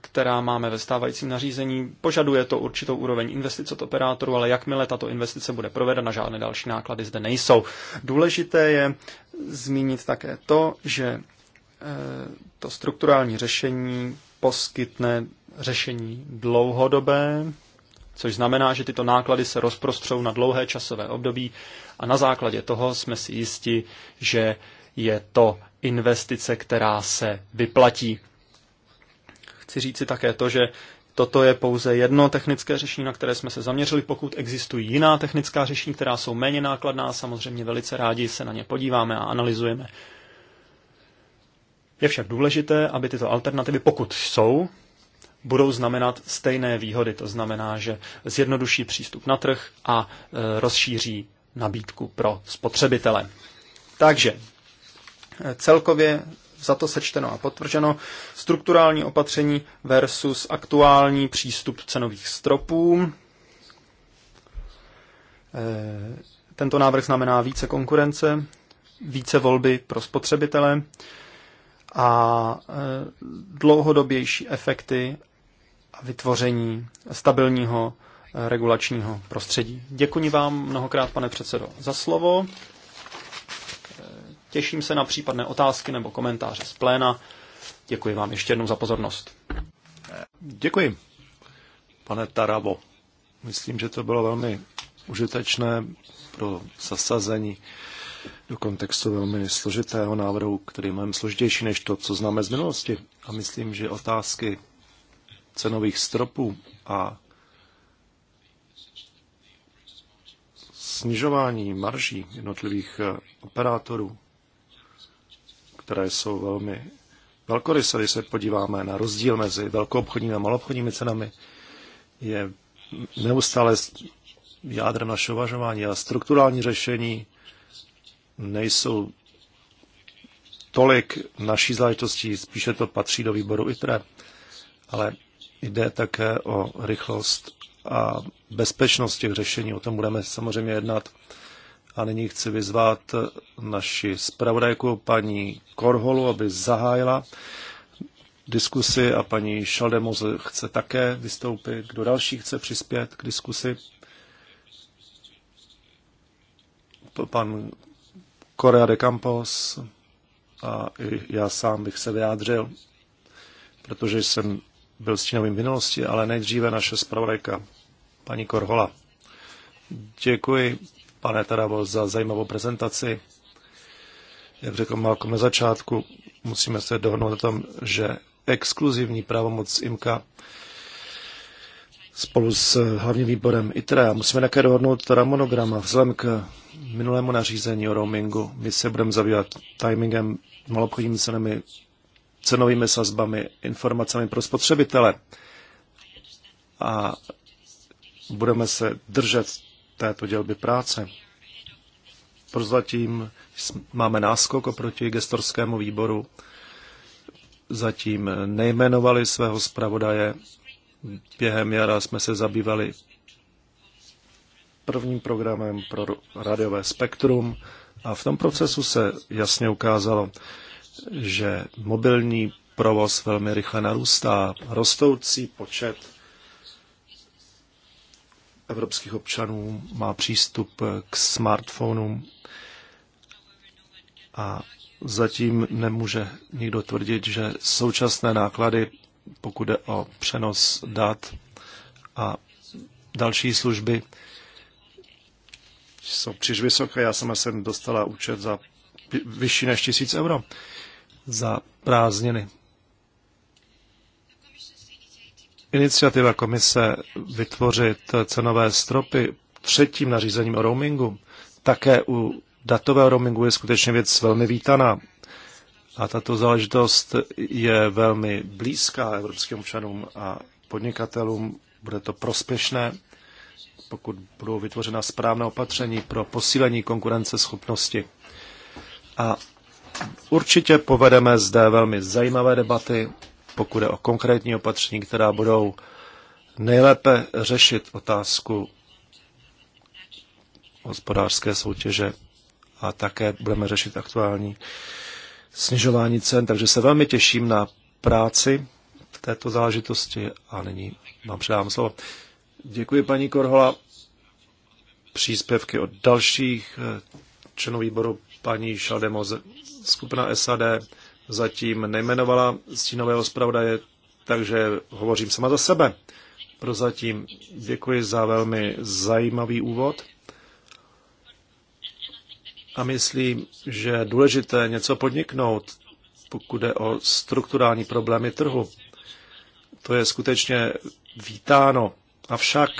která máme ve stávajícím nařízení. Požaduje to určitou úroveň investic od operátoru, ale jakmile tato investice bude provedena, žádné další náklady zde nejsou. Důležité je zmínit také to, že eh, to strukturální řešení poskytne řešení dlouhodobé, což znamená, že tyto náklady se rozprostřou na dlouhé časové období a na základě toho jsme si jisti, že je to investice, která se vyplatí. Chci říci také to, že Toto je pouze jedno technické řešení, na které jsme se zaměřili. Pokud existují jiná technická řešení, která jsou méně nákladná, samozřejmě velice rádi se na ně podíváme a analyzujeme. Je však důležité, aby tyto alternativy, pokud jsou, budou znamenat stejné výhody. To znamená, že zjednoduší přístup na trh a e, rozšíří nabídku pro spotřebitele. Takže eh, celkově za to sečteno a potvrzeno strukturální opatření versus aktuální přístup cenových stropů. Eh, tento návrh znamená více konkurence, více volby pro spotřebitele a eh, dlouhodobější efekty a vytvoření stabilního regulačního prostředí. Děkuji vám mnohokrát, pane předsedo, za slovo. Těším se na případné otázky nebo komentáře z pléna. Děkuji vám ještě jednou za pozornost. Děkuji, pane Tarabo. Myslím, že to bylo velmi užitečné pro zasazení do kontextu velmi složitého návrhu, který je mnohem složitější než to, co známe z minulosti. A myslím, že otázky cenových stropů a snižování marží jednotlivých eh, operátorů, které jsou velmi velkoryse, když se podíváme na rozdíl mezi obchodními a malobchodními cenami, je neustále jádrem našeho uvažování a strukturální řešení nejsou tolik naší záležitostí, spíše to patří do výboru ITRE, ale jde také o rychlost a bezpečnost těch řešení. O tom budeme samozřejmě jednat. A nyní chci vyzvat naši zpravodajku paní Korholu, aby zahájila diskusi a paní Šaldemoz chce také vystoupit. Kdo další chce přispět k diskusi? Pan Korea de Campos a i já sám bych se vyjádřil, protože jsem byl stínovým v minulosti, ale nejdříve naše zpravodajka, paní Korhola. Děkuji, pane Tarabo, za zajímavou prezentaci. Jak řekl Malko na začátku, musíme se dohodnout na tom, že exkluzivní pravomoc IMKA spolu s hlavním výborem ITRA. musíme také dohodnout ramonograma vzhledem k minulému nařízení o roamingu. My se budeme zabývat timingem, malobchodními cenami, cenovými sazbami, informacemi pro spotřebitele. A budeme se držet této dělby práce. Prozatím máme náskok oproti gestorskému výboru. Zatím nejmenovali svého zpravodaje. Během jara jsme se zabývali prvním programem pro radiové spektrum a v tom procesu se jasně ukázalo, že mobilní provoz velmi rychle narůstá. Rostoucí počet evropských občanů má přístup k smartphonům a zatím nemůže nikdo tvrdit, že současné náklady, pokud jde o přenos dat a další služby, jsou příliš vysoké. Já sama jsem dostala účet za vyšší než tisíc euro za prázdniny. Iniciativa komise vytvořit cenové stropy třetím nařízením o roamingu, také u datového roamingu je skutečně věc velmi vítaná. A tato záležitost je velmi blízká evropským občanům a podnikatelům. Bude to prospěšné, pokud budou vytvořena správná opatření pro posílení konkurenceschopnosti. A Určitě povedeme zde velmi zajímavé debaty, pokud je o konkrétní opatření, která budou nejlépe řešit otázku hospodářské soutěže a také budeme řešit aktuální snižování cen. Takže se velmi těším na práci v této záležitosti a nyní vám předám slovo. Děkuji paní Korhola. Příspěvky od dalších eh, členů výboru paní Šaldemoze Skupina SAD zatím nejmenovala stínového zpravodaje, takže hovořím sama za sebe. Prozatím děkuji za velmi zajímavý úvod a myslím, že je důležité něco podniknout, pokud jde o strukturální problémy trhu. To je skutečně vítáno. Avšak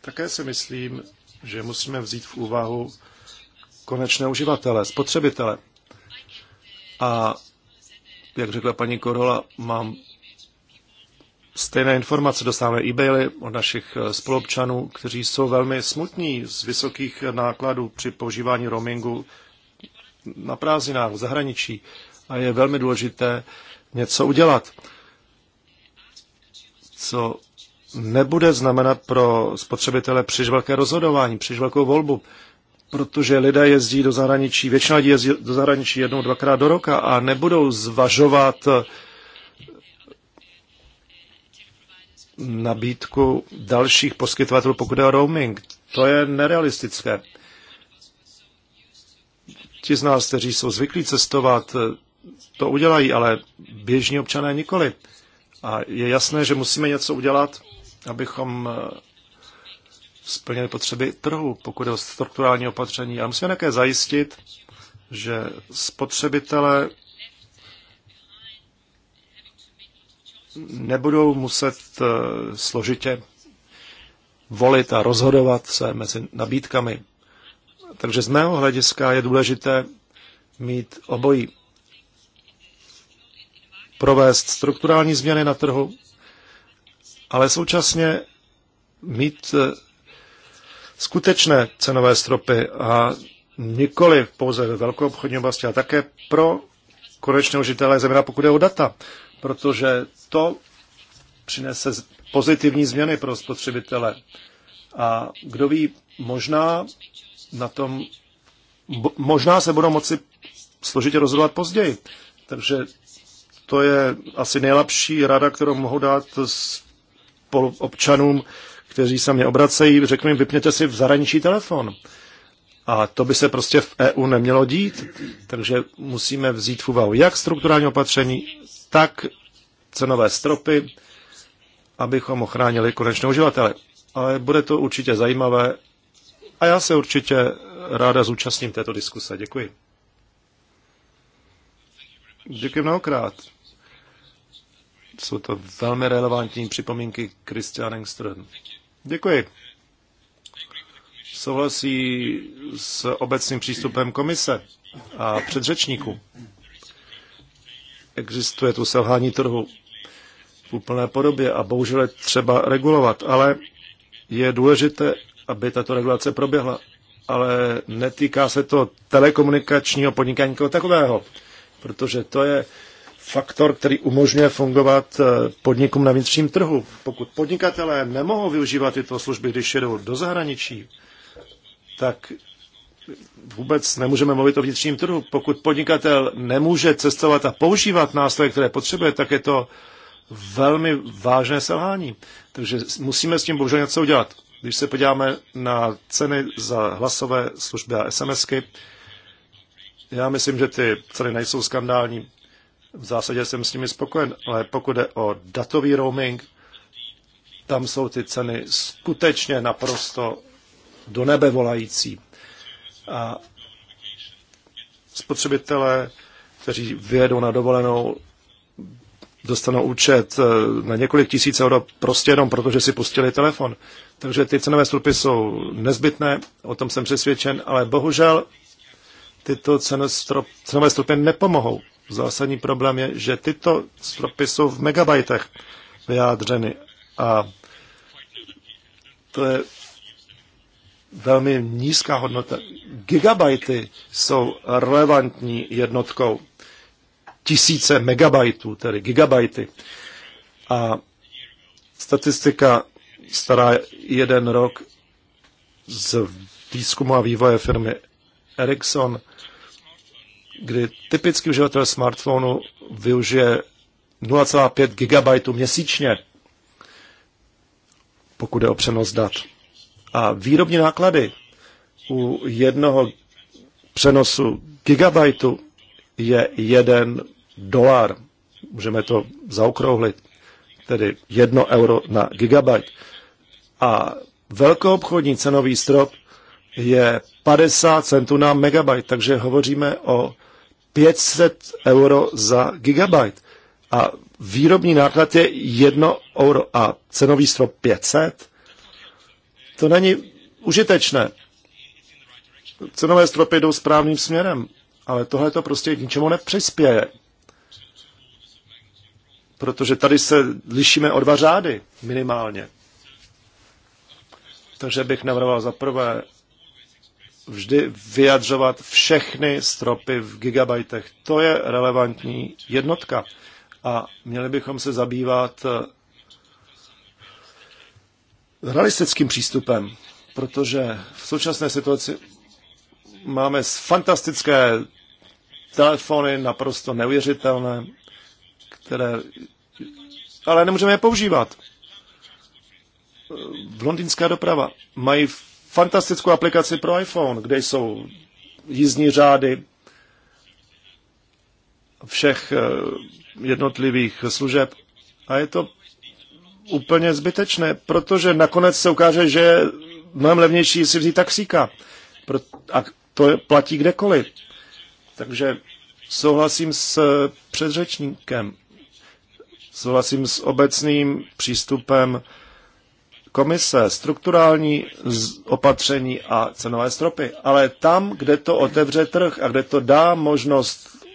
také si myslím, že musíme vzít v úvahu konečné uživatele, spotřebitele. A jak řekla paní Korola, mám stejné informace, dostáváme e-maily od našich eh, spolupčanů, kteří jsou velmi smutní z vysokých nákladů při používání roamingu na prázdninách v zahraničí a je velmi důležité něco udělat, co nebude znamenat pro spotřebitele příliš velké rozhodování, příliš velkou volbu protože lidé jezdí do zahraničí, většina lidí jezdí do zahraničí jednou, dvakrát do roka a nebudou zvažovat nabídku dalších poskytovatelů, pokud je o roaming. To je nerealistické. Ti z nás, kteří jsou zvyklí cestovat, to udělají, ale běžní občané nikoli. A je jasné, že musíme něco udělat, abychom splněny potřeby trhu, pokud je o strukturální opatření. A musíme také zajistit, že spotřebitele nebudou muset eh, složitě volit a rozhodovat se mezi nabídkami. Takže z mého hlediska je důležité mít obojí. Provést strukturální změny na trhu, ale současně mít eh, skutečné cenové stropy a nikoli pouze ve velkou obchodní oblasti, ale také pro konečné užitele, zejména pokud je o data, protože to přinese pozitivní změny pro spotřebitele. A kdo ví, možná na tom, možná se budou moci složitě rozhodovat později. Takže to je asi nejlepší rada, kterou mohu dát občanům kteří se mě obracejí, řeknu jim, vypněte si v zahraničí telefon. A to by se prostě v EU nemělo dít. Takže musíme vzít v úvahu jak strukturální opatření, tak cenové stropy, abychom ochránili konečné uživatele. Ale bude to určitě zajímavé a já se určitě ráda zúčastním této diskuse. Děkuji. Děkuji mnohokrát. Jsou to velmi relevantní připomínky Christian Engström. Děkuji. Souhlasí s obecným přístupem komise a předřečníků. Existuje tu selhání trhu v úplné podobě a bohužel je třeba regulovat, ale je důležité, aby tato regulace proběhla. Ale netýká se to telekomunikačního podnikání jako takového, protože to je faktor, který umožňuje fungovat eh, podnikům na vnitřním trhu. Pokud podnikatelé nemohou využívat tyto služby, když jedou do zahraničí, tak vůbec nemůžeme mluvit o vnitřním trhu. Pokud podnikatel nemůže cestovat a používat nástroje, které potřebuje, tak je to velmi vážné selhání. Takže musíme s tím bohužel něco udělat. Když se podíváme na ceny za hlasové služby a SMSky, já myslím, že ty ceny nejsou skandální v zásadě jsem s nimi spokojen, ale pokud jde o datový roaming, tam jsou ty ceny skutečně naprosto do nebe volající. A spotřebitelé, kteří vyjedou na dovolenou, dostanou účet eh, na několik tisíc euro prostě jenom proto, že si pustili telefon. Takže ty cenové stupy jsou nezbytné, o tom jsem přesvědčen, ale bohužel tyto cenové stropy nepomohou zásadní problém je, že tyto stropy jsou v megabajtech vyjádřeny a to je velmi nízká hodnota. Gigabajty jsou relevantní jednotkou tisíce megabajtů, tedy gigabajty. A statistika stará jeden rok z výzkumu a vývoje firmy Ericsson kdy typický uživatel smartphonu využije 0,5 GB měsíčně, pokud je o přenos dat. A výrobní náklady u jednoho přenosu gigabajtu je jeden dolar. Můžeme to zaokrouhlit, tedy jedno euro na gigabajt. A obchodní cenový strop je 50 centů na megabajt, takže hovoříme o 500 euro za gigabyte. A výrobní náklad je 1 euro a cenový strop 500. To není užitečné. Cenové stropy jdou správným směrem, ale tohle to prostě k ničemu nepřispěje. Protože tady se lišíme o dva řády minimálně. Takže bych navrhoval za prvé vždy vyjadřovat všechny stropy v gigabajtech. To je relevantní jednotka. A měli bychom se zabývat eh, realistickým přístupem, protože v současné situaci máme fantastické telefony, naprosto neuvěřitelné, které ale nemůžeme je používat. Eh, Londýnská doprava mají fantastickou aplikaci pro iPhone, kde jsou jízdní řády všech eh, jednotlivých služeb. A je to úplně zbytečné, protože nakonec se ukáže, že je mnohem levnější si vzít taxíka. A to platí kdekoliv. Takže souhlasím s předřečníkem. Souhlasím s obecným přístupem komise, strukturální opatření a cenové stropy, ale tam, kde to otevře trh a kde to dá možnost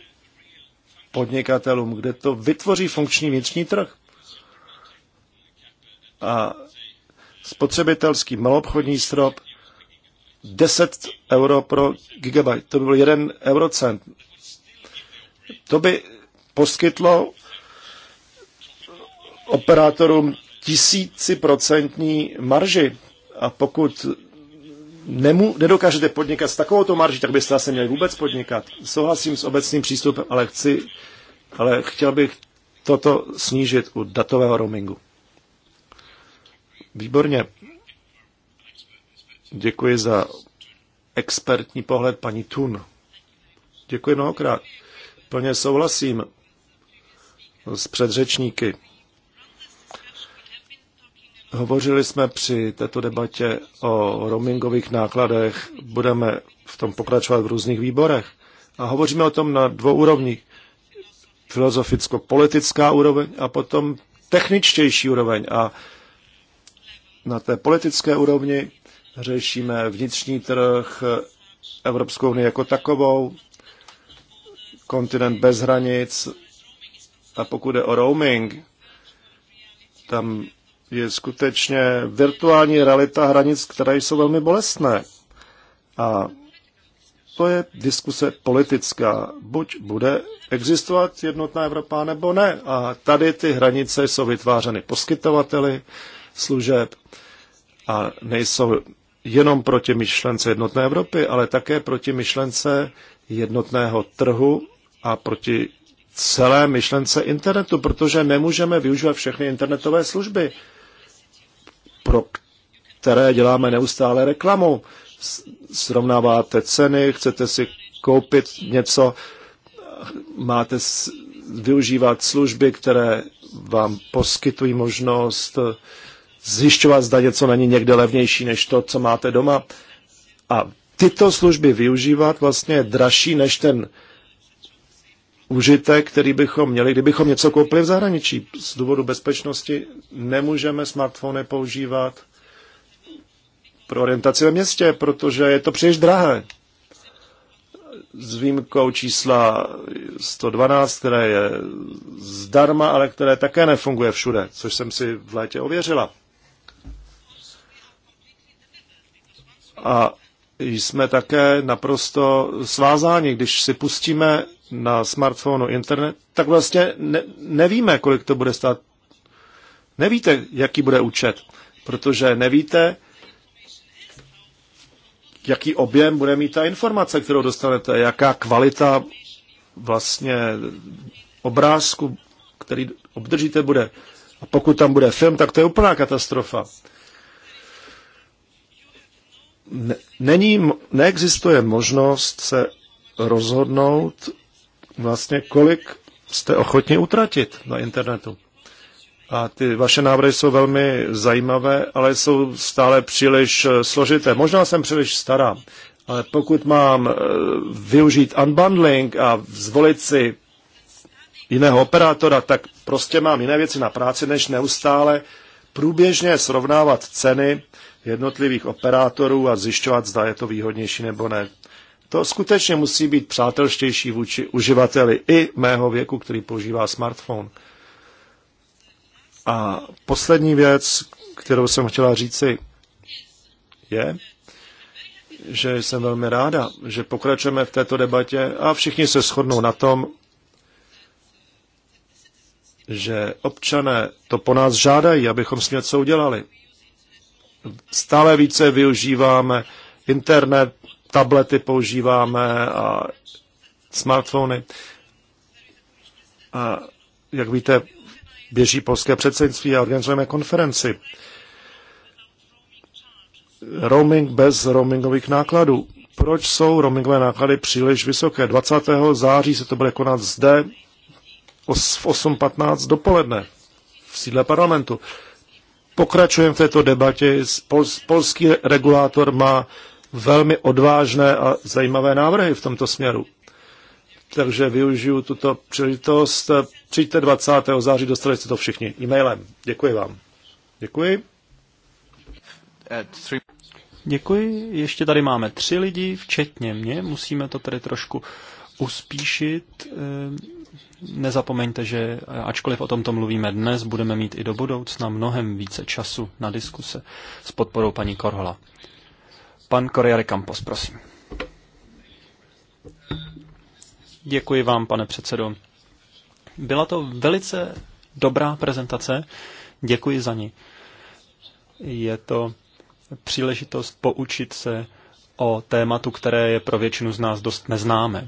podnikatelům, kde to vytvoří funkční vnitřní trh. A spotřebitelský malobchodní strop 10 euro pro gigabyte, to by byl 1 eurocent. To by poskytlo operátorům tisíciprocentní marži. A pokud nemu, nedokážete podnikat s takovouto marží, tak byste asi měli vůbec podnikat. Souhlasím s obecným přístupem, ale, chci, ale chtěl bych toto snížit u datového roamingu. Výborně. Děkuji za expertní pohled paní Tun. Děkuji mnohokrát. Plně souhlasím s předřečníky. Hovořili jsme při této debatě o roamingových nákladech, budeme v tom pokračovat v různých výborech. A hovoříme o tom na dvou úrovních. Filozoficko-politická úroveň a potom techničtější úroveň. A na té politické úrovni řešíme vnitřní trh, Evropskou unii jako takovou, kontinent bez hranic. A pokud je o roaming, tam je skutečně virtuální realita hranic, které jsou velmi bolestné. A to je diskuse politická. Buď bude existovat jednotná Evropa, nebo ne. A tady ty hranice jsou vytvářeny poskytovateli služeb a nejsou jenom proti myšlence jednotné Evropy, ale také proti myšlence jednotného trhu a proti celé myšlence internetu, protože nemůžeme využívat všechny internetové služby pro které děláme neustále reklamu. Srovnáváte ceny, chcete si koupit něco, máte využívat služby, které vám poskytují možnost zjišťovat, zda něco není někde levnější než to, co máte doma. A tyto služby využívat vlastně je dražší než ten užitek, který bychom měli, kdybychom něco koupili v zahraničí. Z důvodu bezpečnosti nemůžeme smartfony používat pro orientaci ve městě, protože je to příliš drahé. S výjimkou čísla 112, které je zdarma, ale které také nefunguje všude, což jsem si v létě ověřila. A jsme také naprosto svázáni, když si pustíme na smartphonu internet, tak vlastně ne, nevíme, kolik to bude stát. Nevíte, jaký bude účet, protože nevíte, jaký objem bude mít ta informace, kterou dostanete, jaká kvalita vlastně obrázku, který obdržíte, bude. A pokud tam bude film, tak to je úplná katastrofa. Není, neexistuje možnost se rozhodnout, vlastně kolik jste ochotni utratit na internetu. A ty vaše návrhy jsou velmi zajímavé, ale jsou stále příliš eh, složité. Možná jsem příliš stará, ale pokud mám eh, využít unbundling a zvolit si jiného operátora, tak prostě mám jiné věci na práci, než neustále průběžně srovnávat ceny jednotlivých operátorů a zjišťovat, zda je to výhodnější nebo ne. To skutečně musí být přátelštější vůči uživateli i mého věku, který používá smartphone. A poslední věc, kterou jsem chtěla říci, je, že jsem velmi ráda, že pokračujeme v této debatě a všichni se shodnou na tom, že občané to po nás žádají, abychom s něco udělali. Stále více využíváme internet, tablety používáme a smartfony. A jak víte, běží polské předsednictví a organizujeme konferenci. Roaming bez roamingových nákladů. Proč jsou roamingové náklady příliš vysoké? 20. září se to bude konat zde v 8.15 dopoledne v sídle parlamentu. Pokračujeme v této debatě. Polský regulátor má velmi odvážné a zajímavé návrhy v tomto směru. Takže využiju tuto příležitost. Přijďte 20. září, dostali jste to všichni e-mailem. Děkuji vám. Děkuji. Děkuji. Ještě tady máme tři lidi, včetně mě. Musíme to tady trošku uspíšit. Ehm, nezapomeňte, že ačkoliv o tomto mluvíme dnes, budeme mít i do budoucna mnohem více času na diskuse s podporou paní Korhola. Pan Correa Campos, prosím. Děkuji vám, pane předsedo. Byla to velice dobrá prezentace. Děkuji za ní. Je to příležitost poučit se o tématu, které je pro většinu z nás dost neznámé.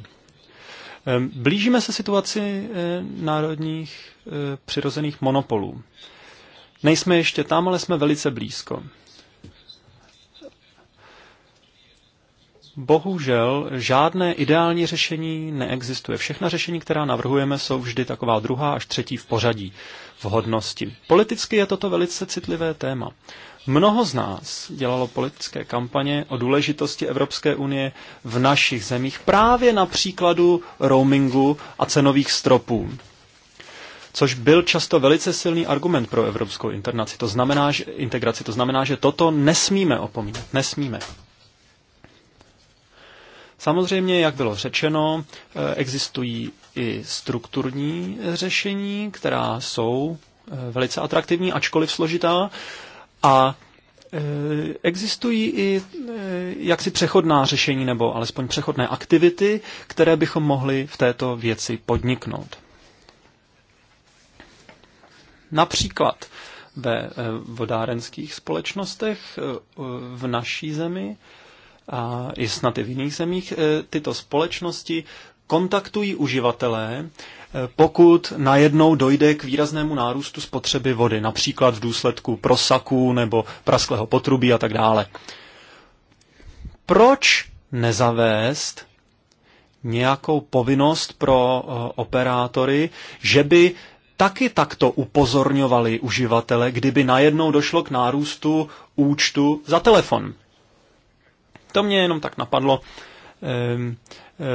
Ehm, blížíme se situaci ehm, národních ehm, přirozených monopolů. Nejsme ještě tam, ale jsme velice blízko. Bohužel žádné ideální řešení neexistuje. Všechna řešení, která navrhujeme, jsou vždy taková druhá až třetí v pořadí vhodnosti. Politicky je toto velice citlivé téma. Mnoho z nás dělalo politické kampaně o důležitosti Evropské unie v našich zemích právě na příkladu roamingu a cenových stropů což byl často velice silný argument pro evropskou internaci. To znamená, že, integraci. To znamená, že toto nesmíme opomínat. Nesmíme. Samozřejmě, jak bylo řečeno, eh, existují i strukturní řešení, která jsou eh, velice atraktivní, ačkoliv složitá. A eh, Existují i jaksi přechodná řešení nebo alespoň přechodné aktivity, které bychom mohli v této věci podniknout. Například ve vodárenských společnostech v naší zemi a i snad i v jiných zemích, e, tyto společnosti kontaktují uživatelé, e, pokud najednou dojde k výraznému nárůstu spotřeby vody, například v důsledku prosaků nebo prasklého potrubí a tak dále. Proč nezavést nějakou povinnost pro e, operátory, že by taky takto upozorňovali uživatele, kdyby najednou došlo k nárůstu účtu za telefon. To mě jenom tak napadlo. Ehm, eh,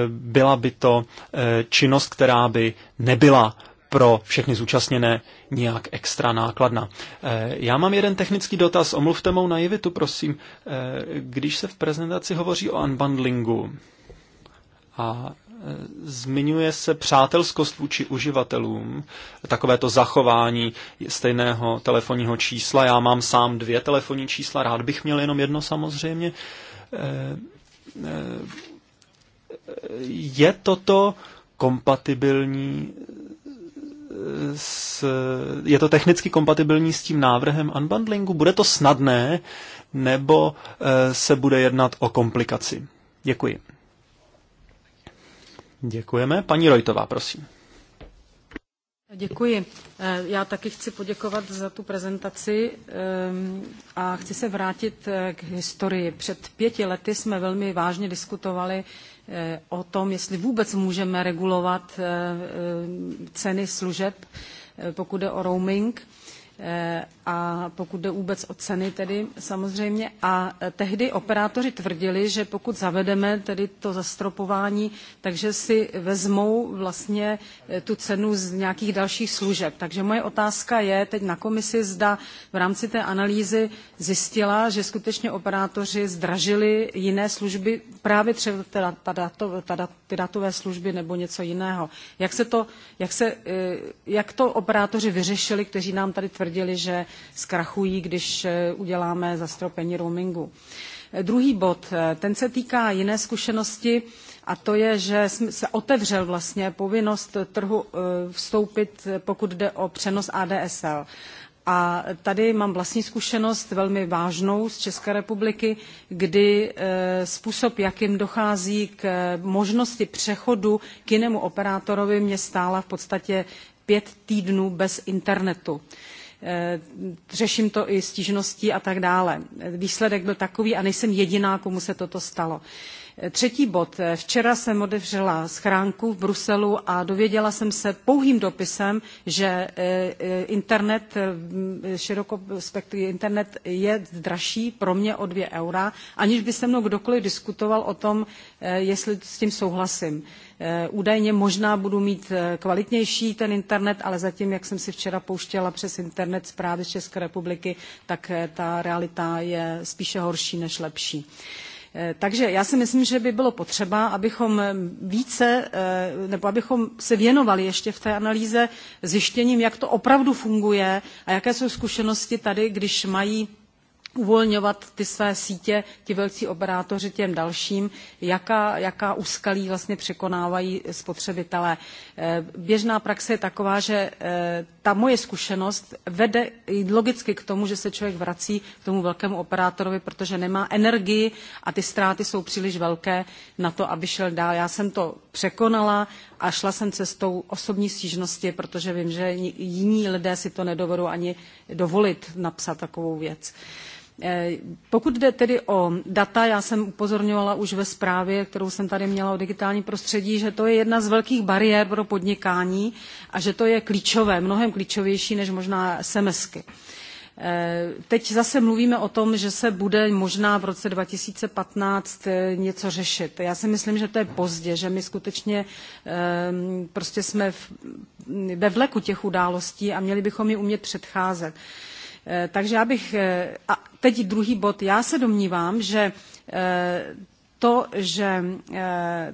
byla by to eh, činnost, která by nebyla pro všechny zúčastněné nějak extra nákladná. Eh, já mám jeden technický dotaz, omluvte mou naivitu, prosím. Když se v prezentaci hovoří o unbundlingu a zmiňuje se přátelskost vůči uživatelům, takové to zachování stejného telefonního čísla. Já mám sám dvě telefonní čísla, rád bych měl jenom jedno samozřejmě. Je toto kompatibilní s, je to technicky kompatibilní s tím návrhem unbundlingu? Bude to snadné, nebo eh, se bude jednat o komplikaci? Děkuji. Děkujeme. Paní Rojtová, prosím. Děkuji. Eh, já taky chci poděkovat za tu prezentaci eh, a chci se vrátit eh, k historii. Před pěti lety jsme velmi vážně diskutovali o tom, jestli vůbec můžeme regulovat ceny služeb, pokud jde o roaming a pokud jde vůbec o ceny tedy samozřejmě. A e, tehdy operátoři tvrdili, že pokud zavedeme tedy to zastropování, takže si vezmou vlastně e, tu cenu z nějakých dalších služeb. Takže moje otázka je teď na komisi, zda v rámci té analýzy zjistila, že skutečně operátoři zdražili jiné služby, právě třeba teda, ta teda, ty datové služby nebo něco jiného. Jak, se to, jak, se, e, jak to operátoři vyřešili, kteří nám tady tvrdili, že zkrachují, když eh, uděláme zastropení roamingu. Eh, druhý bod, eh, ten se týká jiné zkušenosti a to je, že se otevřel vlastně povinnost trhu vstoupit, pokud jde o přenos ADSL. A tady mám vlastní zkušenost velmi vážnou z České republiky, kdy způsob, jakým dochází k možnosti přechodu k jinému operátorovi, mě stála v podstatě pět týdnů bez internetu. Eh, řeším to i stížností a tak dále. Výsledek byl takový a nejsem jediná, komu se toto stalo. Eh, třetí bod. Eh, včera jsem otevřela schránku v Bruselu a dověděla jsem se pouhým dopisem, že internet, širokospektrý internet je dražší pro mě o dvě eura, aniž by se mnou kdokoliv diskutoval o tom, jestli s tím souhlasím. Eh, údajně možná budu mít eh, kvalitnější ten internet, ale zatím, jak jsem si včera pouštěla přes internet zprávy z České republiky, tak eh, ta realita je spíše horší než lepší. Takže já si myslím, že by bylo potřeba, abychom více, nebo abychom se věnovali ještě v té analýze zjištěním, jak to opravdu funguje a jaké jsou zkušenosti tady, když mají uvolňovat ty své sítě, ti velcí operátoři těm dalším, jaká, jaká úskalí vlastně překonávají spotřebitelé. Eh, běžná praxe je taková, že eh, ta moje zkušenost vede logicky k tomu, že se člověk vrací k tomu velkému operátorovi, protože nemá energii a ty ztráty jsou příliš velké na to, aby šel dál. Já jsem to překonala a šla jsem cestou osobní stížnosti, protože vím, že jiní lidé si to nedovedou ani dovolit napsat takovou věc. Eh, pokud jde tedy o data, já jsem upozorňovala už ve zprávě, kterou jsem tady měla o digitální prostředí, že to je jedna z velkých bariér pro podnikání a že to je klíčové, mnohem klíčovější než možná SMSky. Eh, teď zase mluvíme o tom, že se bude možná v roce 2015 eh, něco řešit. Já si myslím, že to je pozdě, že my skutečně prostě jsme ve vleku těch událostí a měli bychom je umět předcházet. Eh, takže já bych, eh, a teď druhý bod, já se domnívám, že eh, to, že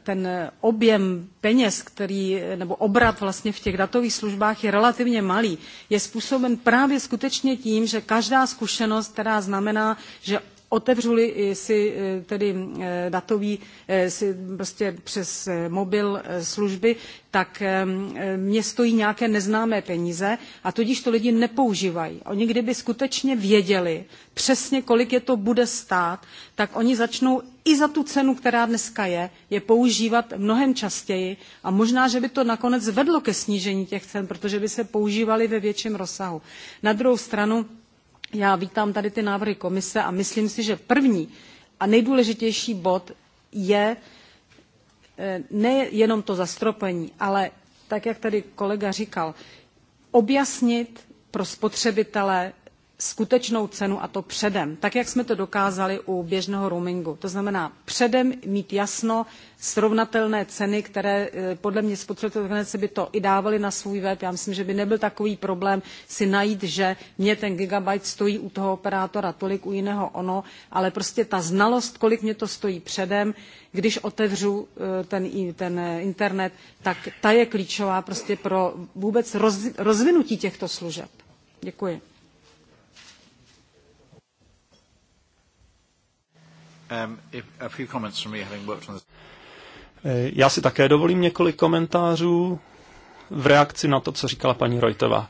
ten objem peněz, který, nebo obrat vlastně v těch datových službách je relativně malý, je způsoben právě skutečně tím, že každá zkušenost, která znamená, že otevřuli eh, si eh, tedy eh, datový si prostě přes mobil služby, tak mě stojí nějaké neznámé peníze a tudíž to lidi nepoužívají. Oni kdyby skutečně věděli přesně, kolik je to bude stát, tak oni začnou i za tu cenu, která dneska je, je používat mnohem častěji a možná, že by to nakonec vedlo ke snížení těch cen, protože by se používaly ve větším rozsahu. Na druhou stranu, já vítám tady ty návrhy komise a myslím si, že první a nejdůležitější bod je eh, nejenom to zastropení, ale tak, jak tady kolega říkal, objasnit pro spotřebitele skutečnou cenu a to předem, tak jak jsme to dokázali u běžného roamingu. To znamená předem mít jasno srovnatelné ceny, které eh, podle mě spotřebitelé se by to i dávali na svůj web. Já myslím, že by nebyl takový problém si najít, že mě ten gigabyte stojí u toho operátora tolik, u jiného ono, ale prostě ta znalost, kolik mě to stojí předem, když otevřu eh, ten, ten eh, internet, tak ta je klíčová prostě pro vůbec rozvinutí těchto služeb. Děkuji. Já si také dovolím několik komentářů v reakci na to, co říkala paní Rojtová.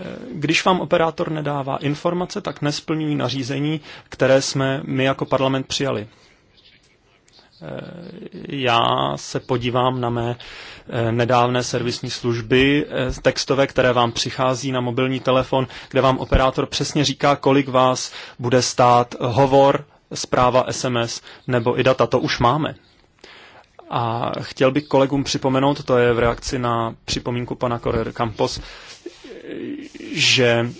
Eh, když vám operátor nedává informace, tak nesplňují nařízení, které jsme my jako parlament přijali. Eh, já se podívám na mé eh, nedávné servisní služby textové, které vám přichází na mobilní telefon, kde vám operátor přesně říká, kolik vás bude stát hovor zpráva SMS nebo i data, to už máme. A chtěl bych kolegům připomenout, to je v reakci na připomínku pana Correr Campos, že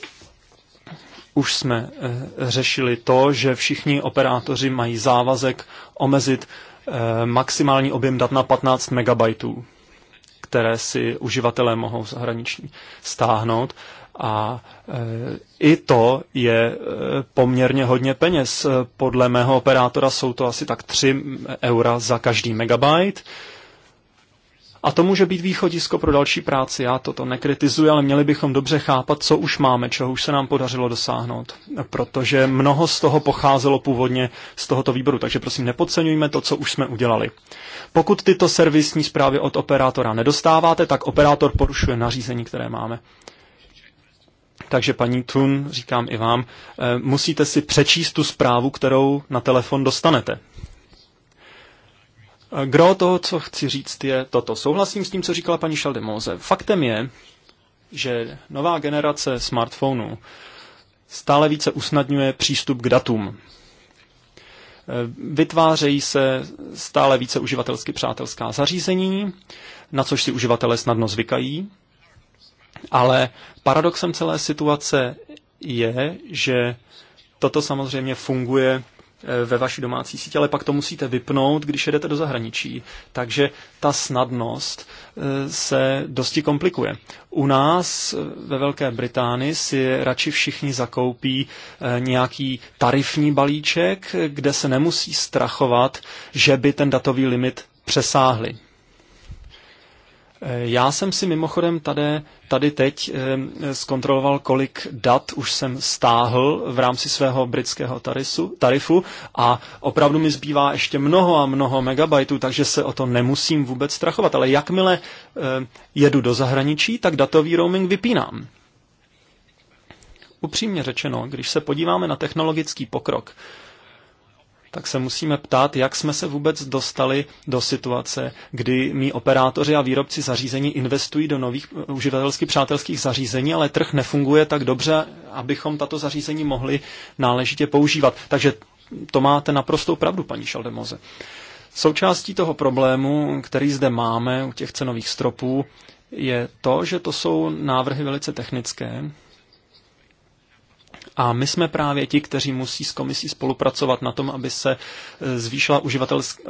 už jsme eh, řešili to, že všichni operátoři mají závazek omezit eh, maximální objem dat na 15 MB, které si uživatelé mohou zahraniční stáhnout. A e, i to je e, poměrně hodně peněz. E, podle mého operátora jsou to asi tak 3 eura za každý megabyte. A to může být východisko pro další práci. Já toto nekritizuji, ale měli bychom dobře chápat, co už máme, čeho už se nám podařilo dosáhnout. Protože mnoho z toho pocházelo původně z tohoto výboru, takže prosím nepodceňujme to, co už jsme udělali. Pokud tyto servisní zprávy od operátora nedostáváte, tak operátor porušuje nařízení, které máme. Takže paní Tun, říkám i vám, eh, musíte si přečíst tu zprávu, kterou na telefon dostanete. Eh, gro toho, co chci říct, je toto. Souhlasím s tím, co říkala paní Šaldemóze. Faktem je, že nová generace smartphonů stále více usnadňuje přístup k datům. Eh, vytvářejí se stále více uživatelsky přátelská zařízení, na což si uživatelé snadno zvykají. Ale paradoxem celé situace je, že toto samozřejmě funguje e, ve vaší domácí síti, ale pak to musíte vypnout, když jedete do zahraničí. Takže ta snadnost e, se dosti komplikuje. U nás e, ve Velké Británii si radši všichni zakoupí nějaký tarifní balíček, kde se nemusí strachovat, že by ten datový limit přesáhli. Eh, já jsem si mimochodem tady, tady teď eh, zkontroloval, kolik dat už jsem stáhl v rámci svého britského tarisu, tarifu a opravdu mi zbývá ještě mnoho a mnoho megabajtů, takže se o to nemusím vůbec strachovat. Ale jakmile eh, jedu do zahraničí, tak datový roaming vypínám. Upřímně řečeno, když se podíváme na technologický pokrok, tak se musíme ptát, jak jsme se vůbec dostali do situace, kdy mý operátoři a výrobci zařízení investují do nových uh, uživatelsky přátelských zařízení, ale trh nefunguje tak dobře, abychom tato zařízení mohli náležitě používat. Takže to máte naprostou pravdu, paní Šaldemoze. Součástí toho problému, který zde máme u těch cenových stropů, je to, že to jsou návrhy velice technické, a my jsme právě ti, kteří musí s komisí spolupracovat na tom, aby se eh, zvýšila uživatelsk, eh,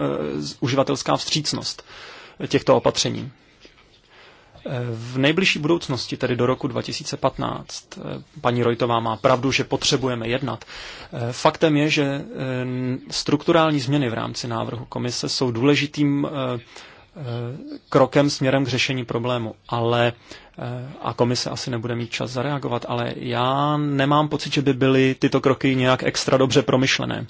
uživatelská vstřícnost eh, těchto opatření. V nejbližší budoucnosti, tedy do roku 2015, paní Rojtová má pravdu, že potřebujeme jednat. Faktem je, že strukturální změny v rámci návrhu komise jsou důležitým Eh, krokem směrem k řešení problému, ale eh, a komise asi nebude mít čas zareagovat, ale já nemám pocit, že by byly tyto kroky nějak extra dobře promyšlené.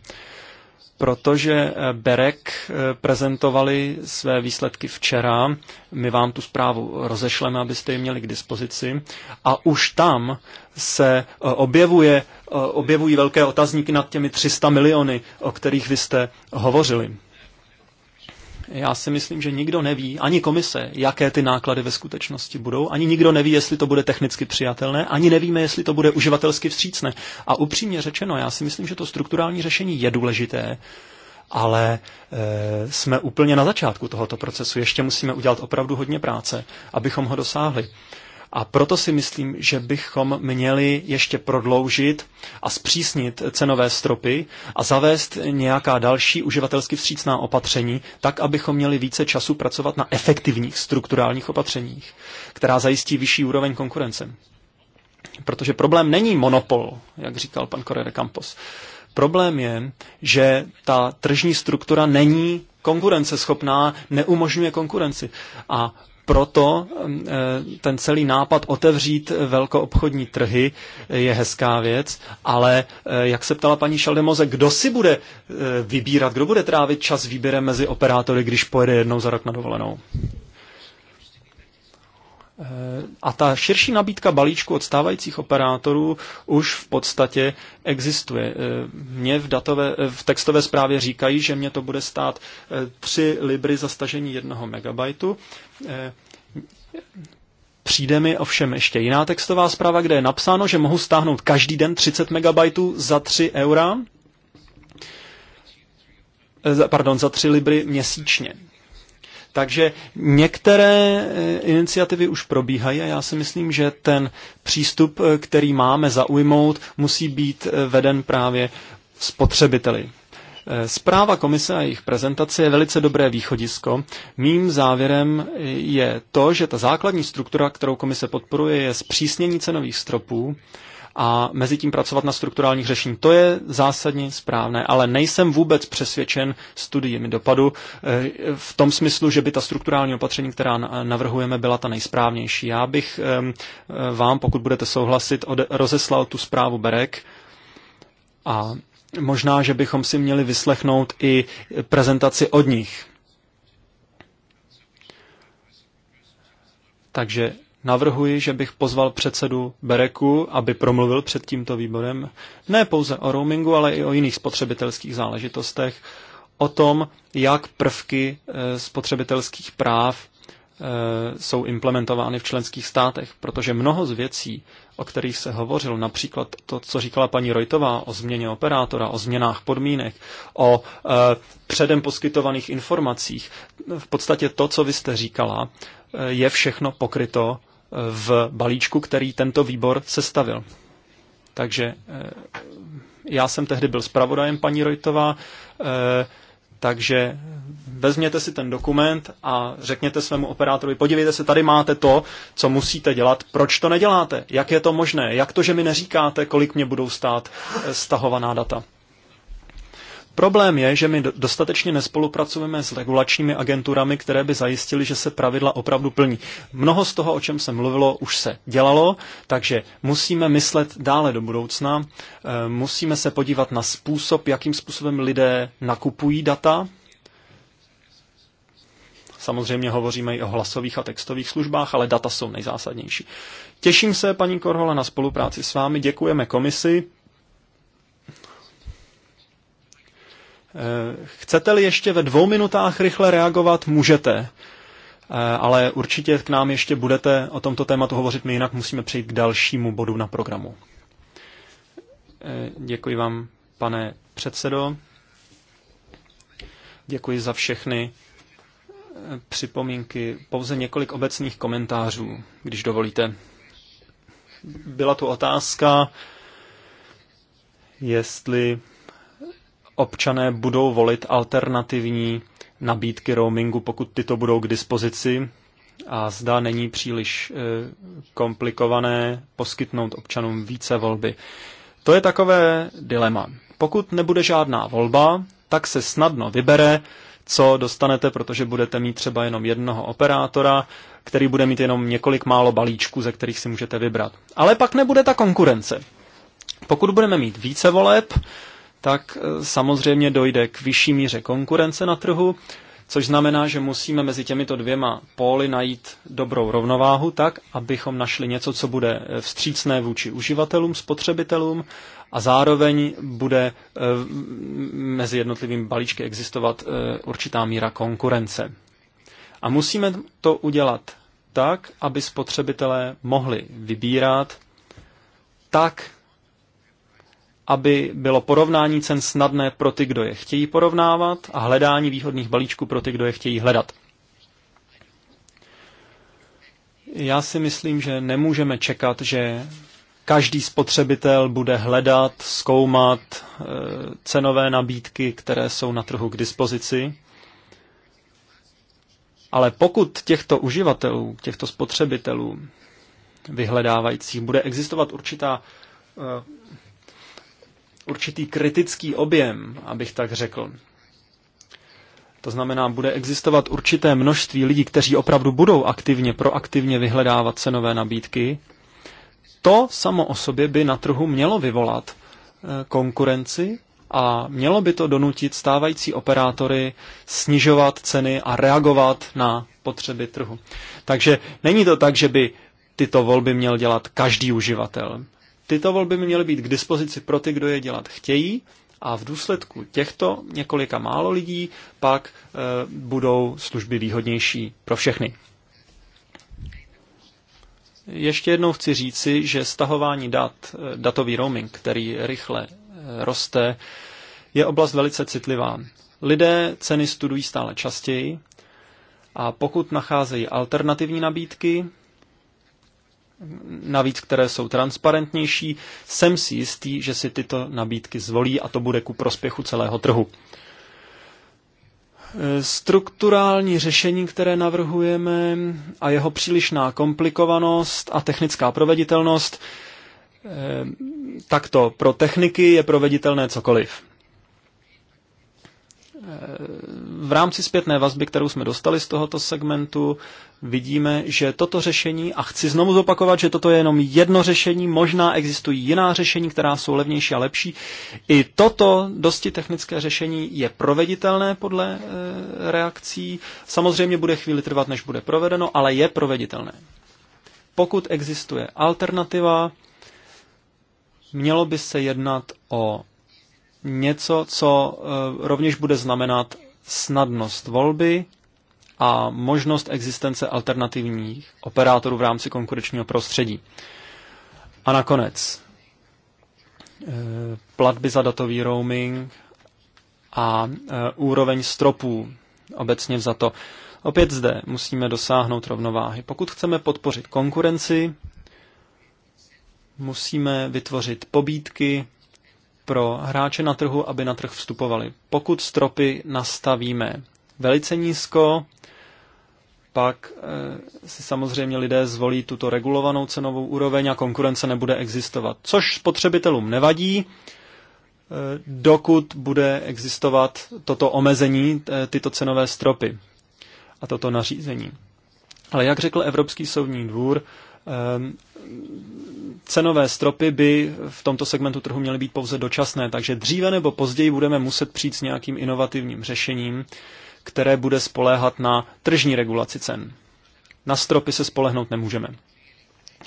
Protože eh, Berek prezentovali své výsledky včera, my vám tu zprávu rozešleme, abyste ji měli k dispozici, a už tam se objevuje, objevují velké otazníky nad těmi 300 miliony, o kterých vy jste hovořili. Já si myslím, že nikdo neví, ani komise, jaké ty náklady ve skutečnosti budou, ani nikdo neví, jestli to bude technicky přijatelné, ani nevíme, jestli to bude uživatelsky vstřícné. A upřímně řečeno, já si myslím, že to strukturální řešení je důležité, ale e, jsme úplně na začátku tohoto procesu. Ještě musíme udělat opravdu hodně práce, abychom ho dosáhli. A proto si myslím, že bychom měli ještě prodloužit a zpřísnit cenové stropy a zavést nějaká další uživatelsky vstřícná opatření, tak, abychom měli více času pracovat na efektivních strukturálních opatřeních, která zajistí vyšší úroveň konkurence. Protože problém není monopol, jak říkal pan Correa Campos. Problém je, že ta tržní struktura není konkurenceschopná, neumožňuje konkurenci. A proto mm, eh, ten celý nápad otevřít velkoobchodní trhy je hezká věc, ale eh, jak se ptala paní Šaldemoze, kdo si bude eh, vybírat, kdo bude trávit čas výběrem mezi operátory, když pojede jednou za rok na dovolenou? Eh, a ta širší nabídka balíčku od stávajících operátorů už v podstatě existuje. Eh, mě v, datové, eh, v textové zprávě říkají, že mě to bude stát 3 libry za stažení 1 megabajtu. Přijde mi ovšem ještě jiná textová zpráva, kde je napsáno, že mohu stáhnout každý den 30 megabajtů za 3 eura, pardon, za 3 libry měsíčně. Takže některé e, iniciativy už probíhají a já si myslím, že ten přístup, e, který máme zaujmout, musí být e, veden právě spotřebiteli. Zpráva komise a jejich prezentace je velice dobré východisko. Mým závěrem je to, že ta základní struktura, kterou komise podporuje, je zpřísnění cenových stropů a mezi tím pracovat na strukturálních řešení. To je zásadně správné, ale nejsem vůbec přesvědčen studiemi dopadu eh, v tom smyslu, že by ta strukturální opatření, která navrhujeme, byla ta nejsprávnější. Já bych eh, vám, pokud budete souhlasit, rozeslal tu zprávu Berek a možná, že bychom si měli vyslechnout i prezentaci od nich. Takže navrhuji, že bych pozval předsedu Bereku, aby promluvil před tímto výborem ne pouze o roamingu, ale i o jiných spotřebitelských záležitostech, o tom, jak prvky eh, spotřebitelských práv eh, jsou implementovány v členských státech, protože mnoho z věcí, o kterých se hovořil, například to, co říkala paní Rojtová o změně operátora, o změnách podmínek, o e, předem poskytovaných informacích, v podstatě to, co vy jste říkala, je všechno pokryto v balíčku, který tento výbor sestavil. Takže eh, já jsem tehdy byl zpravodajem paní Rojtová, eh, takže vezměte si ten dokument a řekněte svému operátorovi, podívejte se, tady máte to, co musíte dělat, proč to neděláte, jak je to možné, jak to, že mi neříkáte, kolik mě budou stát eh, stahovaná data. Problém je, že my dostatečně nespolupracujeme s regulačními agenturami, které by zajistili, že se pravidla opravdu plní. Mnoho z toho, o čem se mluvilo, už se dělalo, takže musíme myslet dále do budoucna, eh, musíme se podívat na způsob, jakým způsobem lidé nakupují data, Samozřejmě hovoříme i o hlasových a textových službách, ale data jsou nejzásadnější. Těším se, paní Korhola, na spolupráci s vámi. Děkujeme komisi Eh, chcete-li ještě ve dvou minutách rychle reagovat, můžete. Eh, ale určitě k nám ještě budete o tomto tématu hovořit, my jinak musíme přejít k dalšímu bodu na programu. Eh, děkuji vám, pane předsedo. Děkuji za všechny připomínky. Pouze několik obecných komentářů, když dovolíte. Byla tu otázka, jestli občané budou volit alternativní nabídky roamingu, pokud tyto budou k dispozici a zda není příliš eh, komplikované poskytnout občanům více volby. To je takové dilema. Pokud nebude žádná volba, tak se snadno vybere, co dostanete, protože budete mít třeba jenom jednoho operátora, který bude mít jenom několik málo balíčků, ze kterých si můžete vybrat. Ale pak nebude ta konkurence. Pokud budeme mít více voleb, tak e, samozřejmě dojde k vyšší míře konkurence na trhu, což znamená, že musíme mezi těmito dvěma póly najít dobrou rovnováhu tak, abychom našli něco, co bude e, vstřícné vůči uživatelům, spotřebitelům a zároveň bude e, mezi jednotlivými balíčky existovat určitá míra konkurence. A musíme to udělat tak, aby spotřebitelé mohli vybírat tak, aby bylo porovnání cen snadné pro ty, kdo je chtějí porovnávat a hledání výhodných balíčků pro ty, kdo je chtějí hledat. Já si myslím, že nemůžeme čekat, že každý spotřebitel bude hledat, zkoumat eh, cenové nabídky, které jsou na trhu k dispozici. Ale pokud těchto uživatelů, těchto spotřebitelů vyhledávajících bude existovat určitá eh, určitý kritický objem, abych tak řekl. To znamená, bude existovat určité množství lidí, kteří opravdu budou aktivně, proaktivně vyhledávat cenové nabídky. To samo o sobě by na trhu mělo vyvolat e, konkurenci a mělo by to donutit stávající operátory snižovat ceny a reagovat na potřeby trhu. Takže není to tak, že by tyto volby měl dělat každý uživatel. Tyto volby by měly být k dispozici pro ty, kdo je dělat chtějí a v důsledku těchto několika málo lidí pak e, budou služby výhodnější pro všechny. Ještě jednou chci říci, že stahování dat, eh, datový roaming, který rychle eh, roste, je oblast velice citlivá. Lidé ceny studují stále častěji a pokud nacházejí alternativní nabídky, navíc které jsou transparentnější, jsem si jistý, že si tyto nabídky zvolí a to bude ku prospěchu celého trhu. Strukturální řešení, které navrhujeme a jeho přílišná komplikovanost a technická proveditelnost, eh, takto pro techniky je proveditelné cokoliv v rámci zpětné vazby, kterou jsme dostali z tohoto segmentu, vidíme, že toto řešení, a chci znovu zopakovat, že toto je jenom jedno řešení, možná existují jiná řešení, která jsou levnější a lepší. I toto dosti technické řešení je proveditelné podle e, reakcí. Samozřejmě bude chvíli trvat, než bude provedeno, ale je proveditelné. Pokud existuje alternativa, mělo by se jednat o něco, co eh, rovněž bude znamenat snadnost volby a možnost existence alternativních operátorů v rámci konkurenčního prostředí. A nakonec eh, platby za datový roaming a eh, úroveň stropů obecně za to Opět zde musíme dosáhnout rovnováhy. Pokud chceme podpořit konkurenci, musíme vytvořit pobídky pro hráče na trhu, aby na trh vstupovali. Pokud stropy nastavíme velice nízko, pak eh, si samozřejmě lidé zvolí tuto regulovanou cenovou úroveň a konkurence nebude existovat. Což spotřebitelům nevadí, eh, dokud bude existovat toto omezení, tyto cenové stropy a toto nařízení. Ale jak řekl Evropský soudní dvůr, eh, Cenové stropy by v tomto segmentu trhu měly být pouze dočasné, takže dříve nebo později budeme muset přijít s nějakým inovativním řešením, které bude spoléhat na tržní regulaci cen. Na stropy se spolehnout nemůžeme.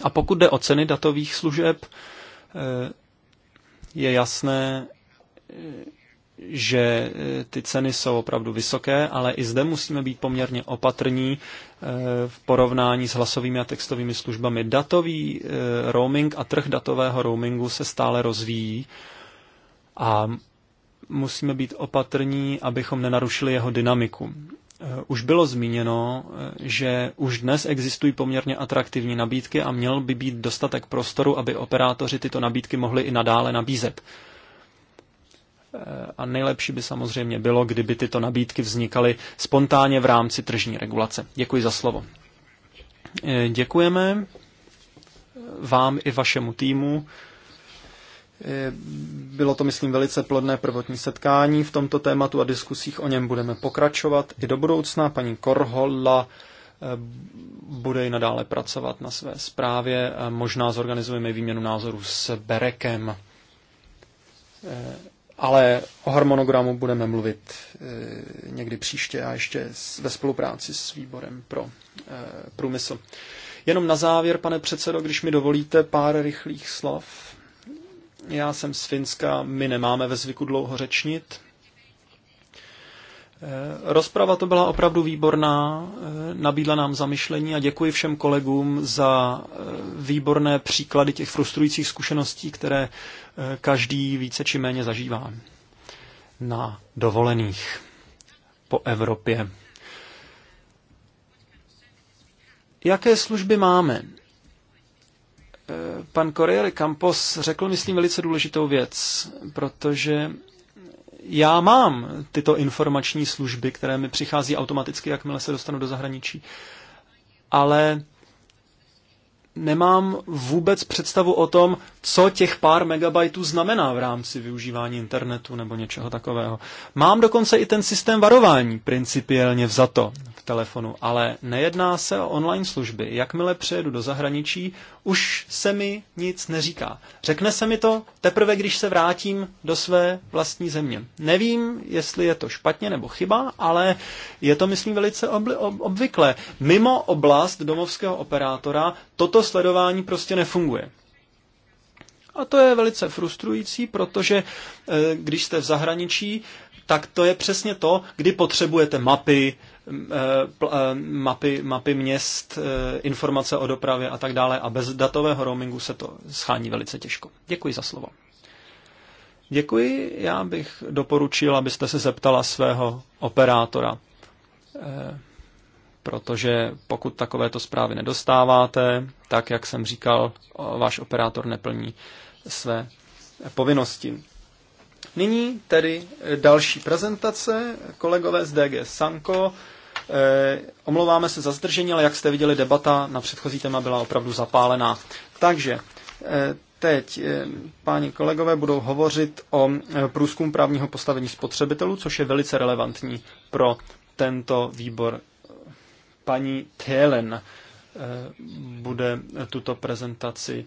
A pokud jde o ceny datových služeb, eh, je jasné, že e, ty ceny jsou opravdu vysoké, ale i zde musíme být poměrně opatrní e, v porovnání s hlasovými a textovými službami. Datový e, roaming a trh datového roamingu se stále rozvíjí a musíme být opatrní, abychom nenarušili jeho dynamiku. Už bylo zmíněno, že už dnes existují poměrně atraktivní nabídky a měl by být dostatek prostoru, aby operátoři tyto nabídky mohli i nadále nabízet. Eh, a nejlepší by samozřejmě bylo, kdyby tyto nabídky vznikaly spontánně v rámci tržní regulace. Děkuji za slovo. Eh, děkujeme vám i vašemu týmu. Eh, bylo to, myslím, velice plodné prvotní setkání v tomto tématu a diskusích o něm budeme pokračovat i do budoucna. Paní Korhola bude i nadále pracovat na své zprávě. Možná zorganizujeme výměnu názorů s Berekem ale o harmonogramu budeme mluvit e, někdy příště a ještě ve spolupráci s výborem pro e, průmysl. Jenom na závěr, pane předsedo, když mi dovolíte pár rychlých slov. Já jsem z Finska, my nemáme ve zvyku dlouho řečnit. E, rozprava to byla opravdu výborná, nabídla nám zamyšlení a děkuji všem kolegům za výborné příklady těch frustrujících zkušeností, které každý více či méně zažívá na dovolených po Evropě. Jaké služby máme? Pan Correa Campos řekl, myslím, velice důležitou věc, protože já mám tyto informační služby, které mi přichází automaticky, jakmile se dostanu do zahraničí. Ale nemám vůbec představu o tom, co těch pár megabajtů znamená v rámci využívání internetu nebo něčeho takového. Mám dokonce i ten systém varování principiálně vzato v telefonu, ale nejedná se o online služby. Jakmile přejedu do zahraničí, už se mi nic neříká. Řekne se mi to teprve, když se vrátím do své vlastní země. Nevím, jestli je to špatně nebo chyba, ale je to, myslím, velice obvykle. Mimo oblast domovského operátora toto sledování prostě nefunguje. A to je velice frustrující, protože eh, když jste v zahraničí, tak to je přesně to, kdy potřebujete mapy, eh, eh, mapy, mapy měst, informace o dopravě a tak dále. A bez datového roamingu se to schání velice těžko. Děkuji za slovo. Děkuji. Já bych doporučil, abyste se zeptala svého operátora protože pokud takovéto zprávy nedostáváte, tak, jak jsem říkal, váš operátor neplní své povinnosti. Nyní tedy další prezentace. Kolegové z DG Sanko, eh, omlouváme se za zdržení, ale jak jste viděli, debata na předchozí téma byla opravdu zapálená. Takže eh, teď eh, páni kolegové budou hovořit o průzkum právního postavení spotřebitelů, což je velice relevantní pro tento výbor paní Thelen eh, bude tuto prezentaci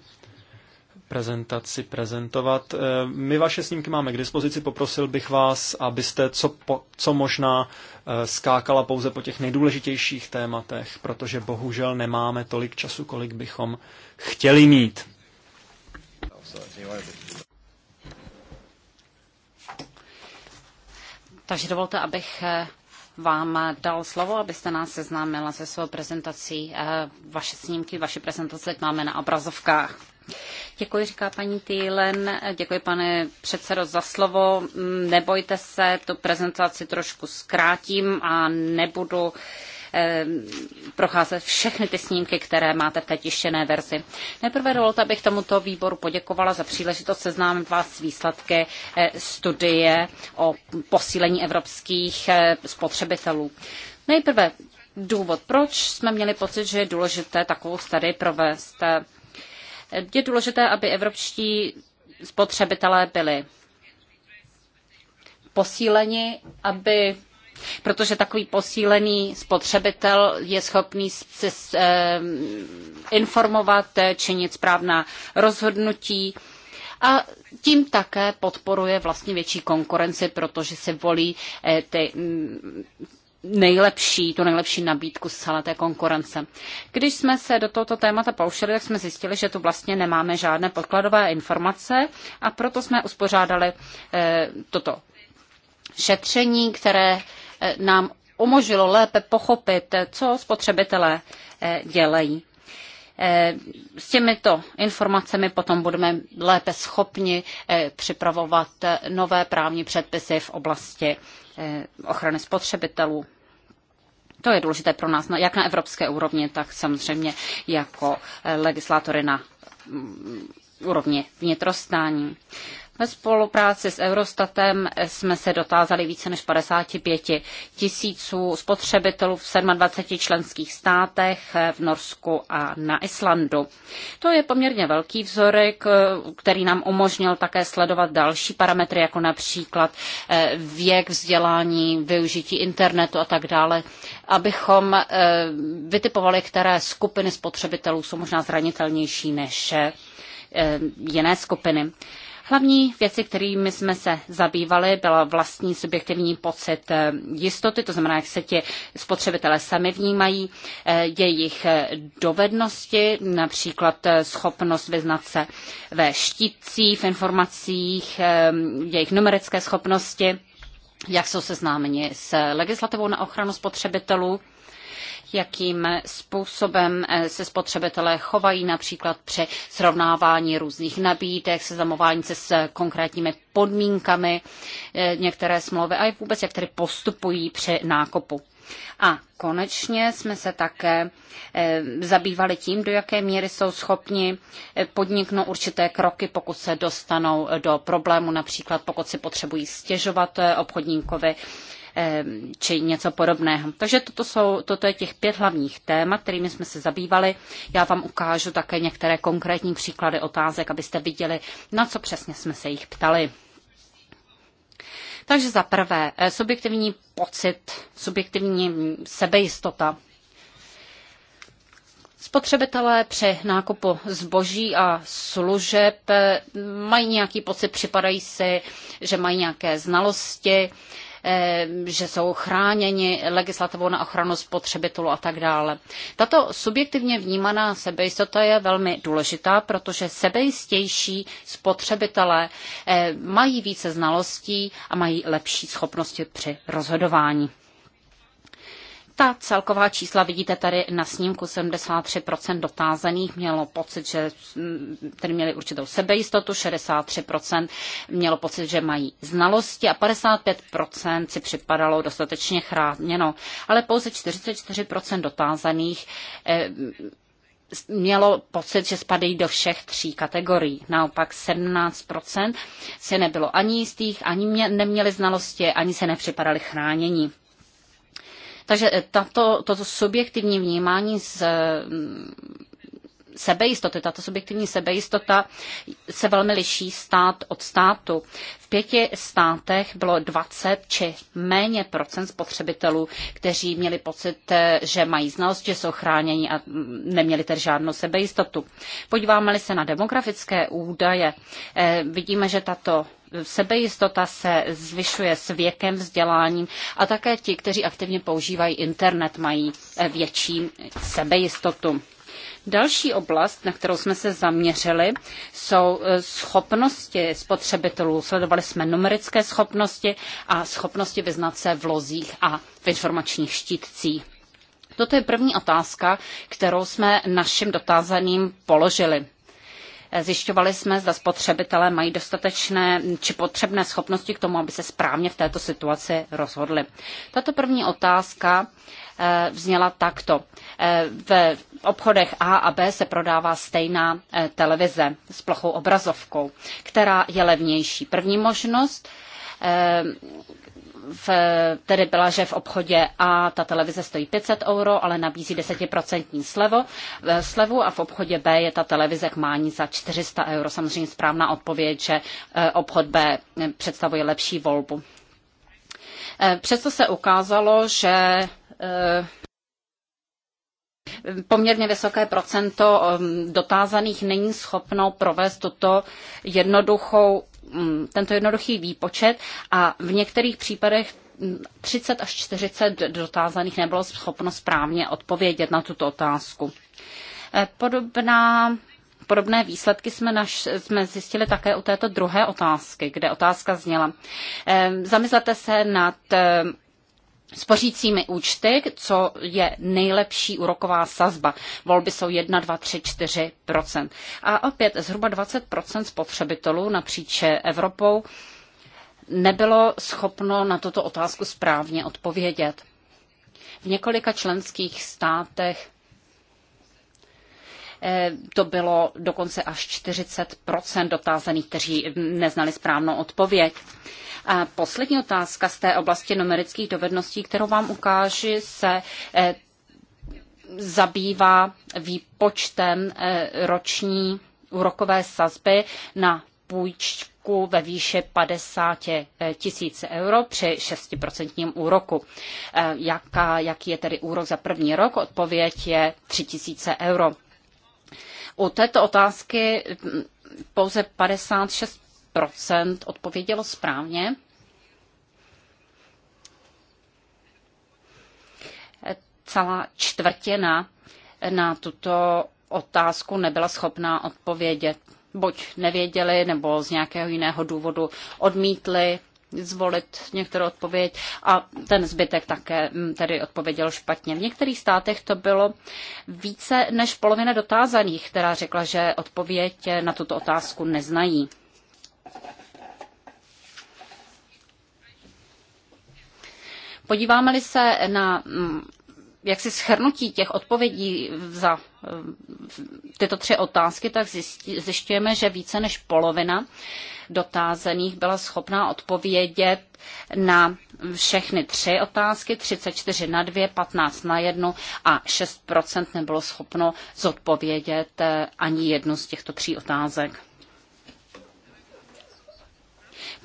prezentaci prezentovat. Eh, my vaše snímky máme k dispozici, poprosil bych vás, abyste co, po, co možná eh, skákala pouze po těch nejdůležitějších tématech, protože bohužel nemáme tolik času, kolik bychom chtěli mít. Takže dovolte, abych vám dal slovo, abyste nás seznámila se svou prezentací. Eh, vaše snímky, vaše prezentace máme na obrazovkách. Děkuji, říká paní Týlen. Děkuji, pane předsedo, za slovo. Mm, nebojte se, tu prezentaci trošku zkrátím a nebudu uh, Ehm, procházet všechny ty snímky, které máte v té tištěné verzi. Nejprve dovolte, abych tomuto výboru poděkovala za příležitost seznámit vás s výsledky eh, studie o posílení evropských eh, spotřebitelů. Nejprve důvod, proč jsme měli pocit, že je důležité takovou studii provést. Je důležité, aby evropští spotřebitelé byli posíleni, aby protože takový posílený spotřebitel je schopný se eh, informovat, eh, činit správná rozhodnutí a tím také podporuje vlastně větší konkurenci, protože se volí eh, ty mm, nejlepší, tu nejlepší nabídku z celé té konkurence. Když jsme se do tohoto témata poušili, tak jsme zjistili, že tu vlastně nemáme žádné podkladové informace a proto jsme uspořádali eh, toto šetření, které eh, nám umožnilo lépe pochopit, co spotřebitelé eh, dělají. Eh, s těmito informacemi potom budeme lépe schopni eh, připravovat nové právní předpisy v oblasti ochrany spotřebitelů. To je důležité pro nás, jak na evropské úrovni, tak samozřejmě jako legislátory na mm, úrovni vnitrostání. Ve spolupráci s Eurostatem jsme se dotázali více než 55 tisíců spotřebitelů v 27 členských státech v Norsku a na Islandu. To je poměrně velký vzorek, eh, který nám umožnil také sledovat další parametry, jako například eh, věk, vzdělání, využití internetu a tak dále, abychom eh, vytipovali, které skupiny spotřebitelů jsou možná zranitelnější než jiné skupiny. Hlavní věci, kterými jsme se zabývali, byl vlastní subjektivní pocit eh, jistoty, to znamená, jak se ti spotřebitelé sami vnímají, eh, jejich eh, dovednosti, například schopnost vyznat se ve štítcích, v informacích, jejich numerické schopnosti, jak jsou seznámeni s legislativou na ochranu spotřebitelů jakým způsobem eh, se spotřebitelé chovají například při srovnávání různých nabídek, seznamování se s konkrétními podmínkami eh, některé smlouvy a i vůbec, jak tedy postupují při nákupu. A konečně jsme se také eh, zabývali tím, do jaké míry jsou schopni podniknout určité kroky, pokud se dostanou do problému, například pokud si potřebují stěžovat obchodníkovi či něco podobného. Takže toto, jsou, toto je těch pět hlavních témat, kterými jsme se zabývali. Já vám ukážu také některé konkrétní příklady otázek, abyste viděli, na co přesně jsme se jich ptali. Takže za prvé, eh, subjektivní pocit, subjektivní sebejistota. Spotřebitelé při nákupu zboží a služeb eh, mají nějaký pocit, připadají si, že mají nějaké znalosti, Eh, že jsou chráněni legislativou na ochranu spotřebitelů a tak dále. Tato subjektivně vnímaná sebejistota je velmi důležitá, protože sebejistější spotřebitelé eh, mají více znalostí a mají lepší schopnosti při rozhodování. Ta celková čísla vidíte tady na snímku 73% dotázaných mělo pocit, že mm, tedy měli určitou sebejistotu, 63% mělo pocit, že mají znalosti a 55% si připadalo dostatečně chráněno. Ale pouze 44% dotázaných eh, mm, mělo pocit, že spadají do všech tří kategorií. Naopak 17% se nebylo ani jistých, ani neměli znalosti, ani se nepřipadali chránění. Takže eh, tato, toto subjektivní vnímání z mm, sebejistoty. Tato subjektivní sebejistota se velmi liší stát od státu. V pěti státech bylo 20 či méně procent spotřebitelů, kteří měli pocit, eh, že mají znalost, že jsou chráněni a neměli tedy žádnou sebejistotu. Podíváme-li se na demografické údaje, eh, vidíme, že tato sebejistota se zvyšuje s věkem, vzděláním a také ti, kteří aktivně používají internet, mají eh, větší sebejistotu. Další oblast, na kterou jsme se zaměřili, jsou e, schopnosti spotřebitelů. Sledovali jsme numerické schopnosti a schopnosti vyznat se v lozích a v informačních štítcích. Toto je první otázka, kterou jsme našim dotázaným položili. E, zjišťovali jsme, zda spotřebitelé mají dostatečné či potřebné schopnosti k tomu, aby se správně v této situaci rozhodli. Tato první otázka e, vzněla takto. Ve obchodech A a B se prodává stejná eh, televize s plochou obrazovkou, která je levnější. První možnost eh, v, tedy byla, že v obchodě A ta televize stojí 500 euro, ale nabízí 10% slevo, eh, slevu a v obchodě B je ta televize k mání za 400 euro. Samozřejmě správná odpověď, že obchod B představuje lepší volbu. Přesto se ukázalo, že poměrně vysoké procento um, dotázaných není schopno provést tuto jednoduchou, um, tento jednoduchý výpočet a v některých případech 30 um, až 40 dotázaných nebylo schopno správně odpovědět na tuto otázku. Eh, podobná Podobné výsledky jsme, naš, jsme zjistili také u této druhé otázky, kde otázka zněla. Eh, zamyslete se nad eh, spořícími účty, co je nejlepší úroková sazba. Volby jsou 1, 2, 3, 4 A opět zhruba 20 spotřebitelů napříč Evropou nebylo schopno na tuto otázku správně odpovědět. V několika členských státech Eh, to bylo dokonce až 40 dotázaných, kteří neznali správnou odpověď. A poslední otázka z té oblasti numerických dovedností, kterou vám ukážu, se eh, zabývá výpočtem eh, roční úrokové sazby na půjčku ve výši 50 tisíc euro při 6% úroku. Jaká, jaký je tedy úrok za první rok? Odpověď je 3 tisíce euro. U této otázky pouze 56 odpovědělo správně. Celá čtvrtina na tuto otázku nebyla schopná odpovědět. Buď nevěděli, nebo z nějakého jiného důvodu odmítli zvolit některou odpověď a ten zbytek také mm, tedy odpověděl špatně. V některých státech to bylo více než polovina dotázaných, která řekla, že odpověď na tuto otázku neznají. Podíváme-li se na mm, jaksi schrnutí těch odpovědí za Eh, tyto tři otázky, tak zjišťujeme, že více než polovina dotázených byla schopná odpovědět na všechny tři otázky, 34 na dvě, 15 na jednu a 6% nebylo schopno zodpovědět eh, ani jednu z těchto tří otázek.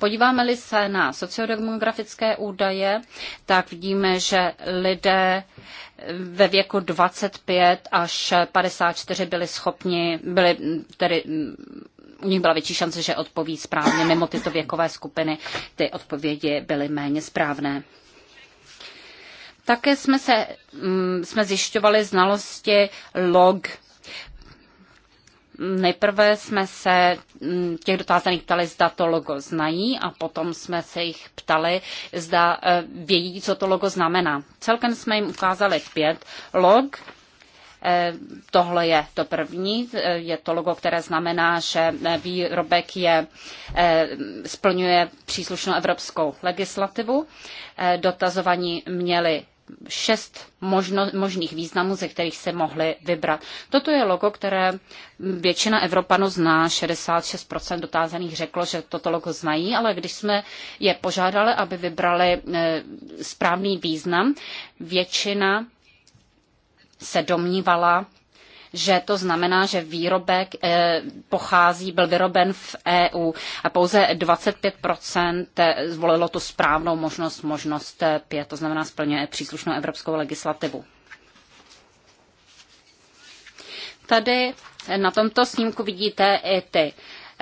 Podíváme-li se na sociodemografické údaje, tak vidíme, že lidé ve věku 25 až 54 byli schopni, byli tedy u nich byla větší šance, že odpoví správně. Mimo tyto věkové skupiny ty odpovědi byly méně správné. Také jsme, se, mm, jsme zjišťovali znalosti log Nejprve jsme se mm, těch dotázaných ptali, zda to logo znají a potom jsme se jich ptali, zda eh, vědí, co to logo znamená. Celkem jsme jim ukázali pět log. Eh, tohle je to první, eh, je to logo, které znamená, že výrobek je, splňuje příslušnou evropskou legislativu. Dotazovaní měli šest možno, možných významů, ze kterých se mohli vybrat. Toto je logo, které většina Evropanů zná, 66% dotázaných řeklo, že toto logo znají, ale když jsme je požádali, aby vybrali e, správný význam, většina se domnívala, že to znamená, že výrobek eh, pochází, byl vyroben v EU a pouze 25% eh, zvolilo tu správnou možnost, možnost 5, eh, to znamená splňuje příslušnou evropskou legislativu. Tady na tomto snímku vidíte i ty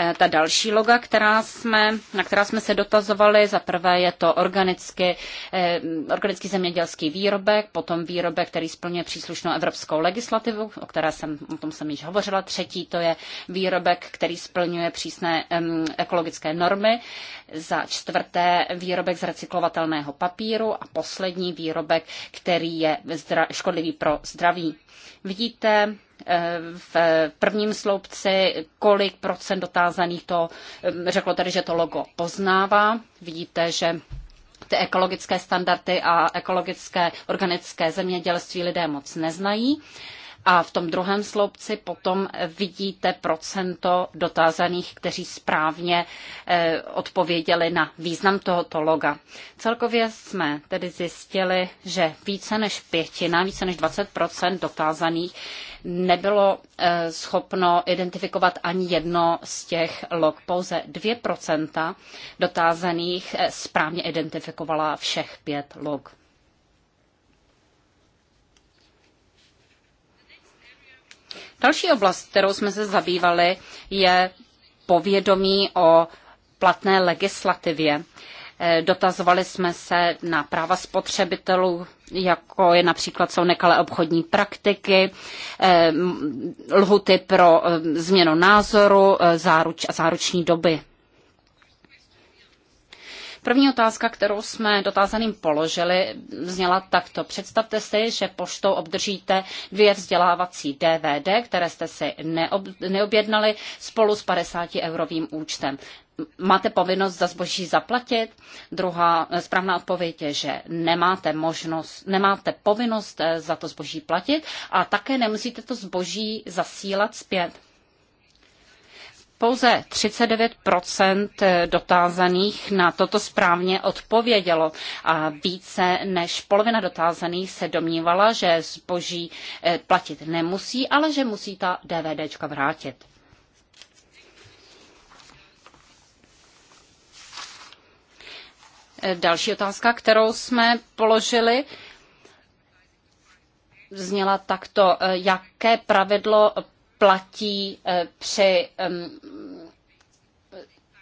Eh, ta další loga, která jsme, na která jsme se dotazovali. Za prvé je to organicky, eh, organický zemědělský výrobek, potom výrobek, který splňuje příslušnou evropskou legislativu, o které jsem, o tom jsem již hovořila. Třetí to je výrobek, který splňuje přísné ekologické normy. Za čtvrté výrobek z recyklovatelného papíru a poslední výrobek, který je škodlivý pro zdraví. Vidíte, Eh, v prvním sloupci, kolik procent dotázaných to eh, řeklo tady, že to logo poznává. Vidíte, že ty ekologické standardy a ekologické organické zemědělství lidé moc neznají. A v tom druhém sloupci potom vidíte procento dotázaných, kteří správně eh, odpověděli na význam tohoto loga. Celkově jsme tedy zjistili, že více než pětina, více než 20 dotázaných nebylo eh, schopno identifikovat ani jedno z těch log. Pouze 2 dotázaných eh, správně identifikovala všech pět log. Další oblast, kterou jsme se zabývali, je povědomí o platné legislativě. E, dotazovali jsme se na práva spotřebitelů, jako je například jsou nekalé obchodní praktiky, e, lhuty pro e, změnu názoru záruč a záruční doby. První otázka, kterou jsme dotázaným položili, zněla takto. Představte si, že poštou obdržíte dvě vzdělávací DVD, které jste si neob, neobjednali spolu s 50-eurovým účtem máte povinnost za zboží zaplatit? Druhá správná odpověď je, že nemáte možnost, nemáte povinnost eh, za to zboží platit a také nemusíte to zboží zasílat zpět pouze 39 eh, dotázaných na toto správně odpovědělo a více než polovina dotázaných se domnívala, že zboží eh, platit nemusí, ale že musí ta DVDčka vrátit. Eh, další otázka, kterou jsme položili, zněla takto. Jaké pravidlo platí eh, při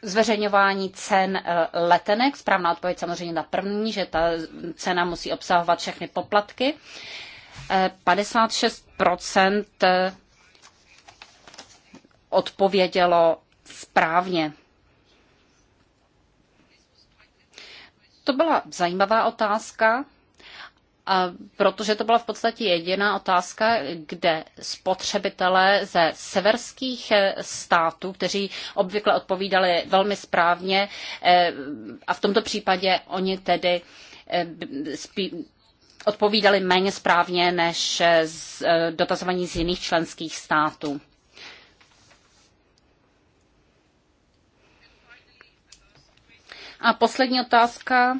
zveřejňování cen eh, letenek. Správná odpověď samozřejmě na první, že ta cena musí obsahovat všechny poplatky. 56 eh, odpovědělo správně. To byla zajímavá otázka protože to byla v podstatě jediná otázka, kde spotřebitelé ze severských eh, států, kteří obvykle odpovídali velmi správně, eh, a v tomto případě oni tedy eh, odpovídali méně správně než z dotazování z jiných členských států. A poslední otázka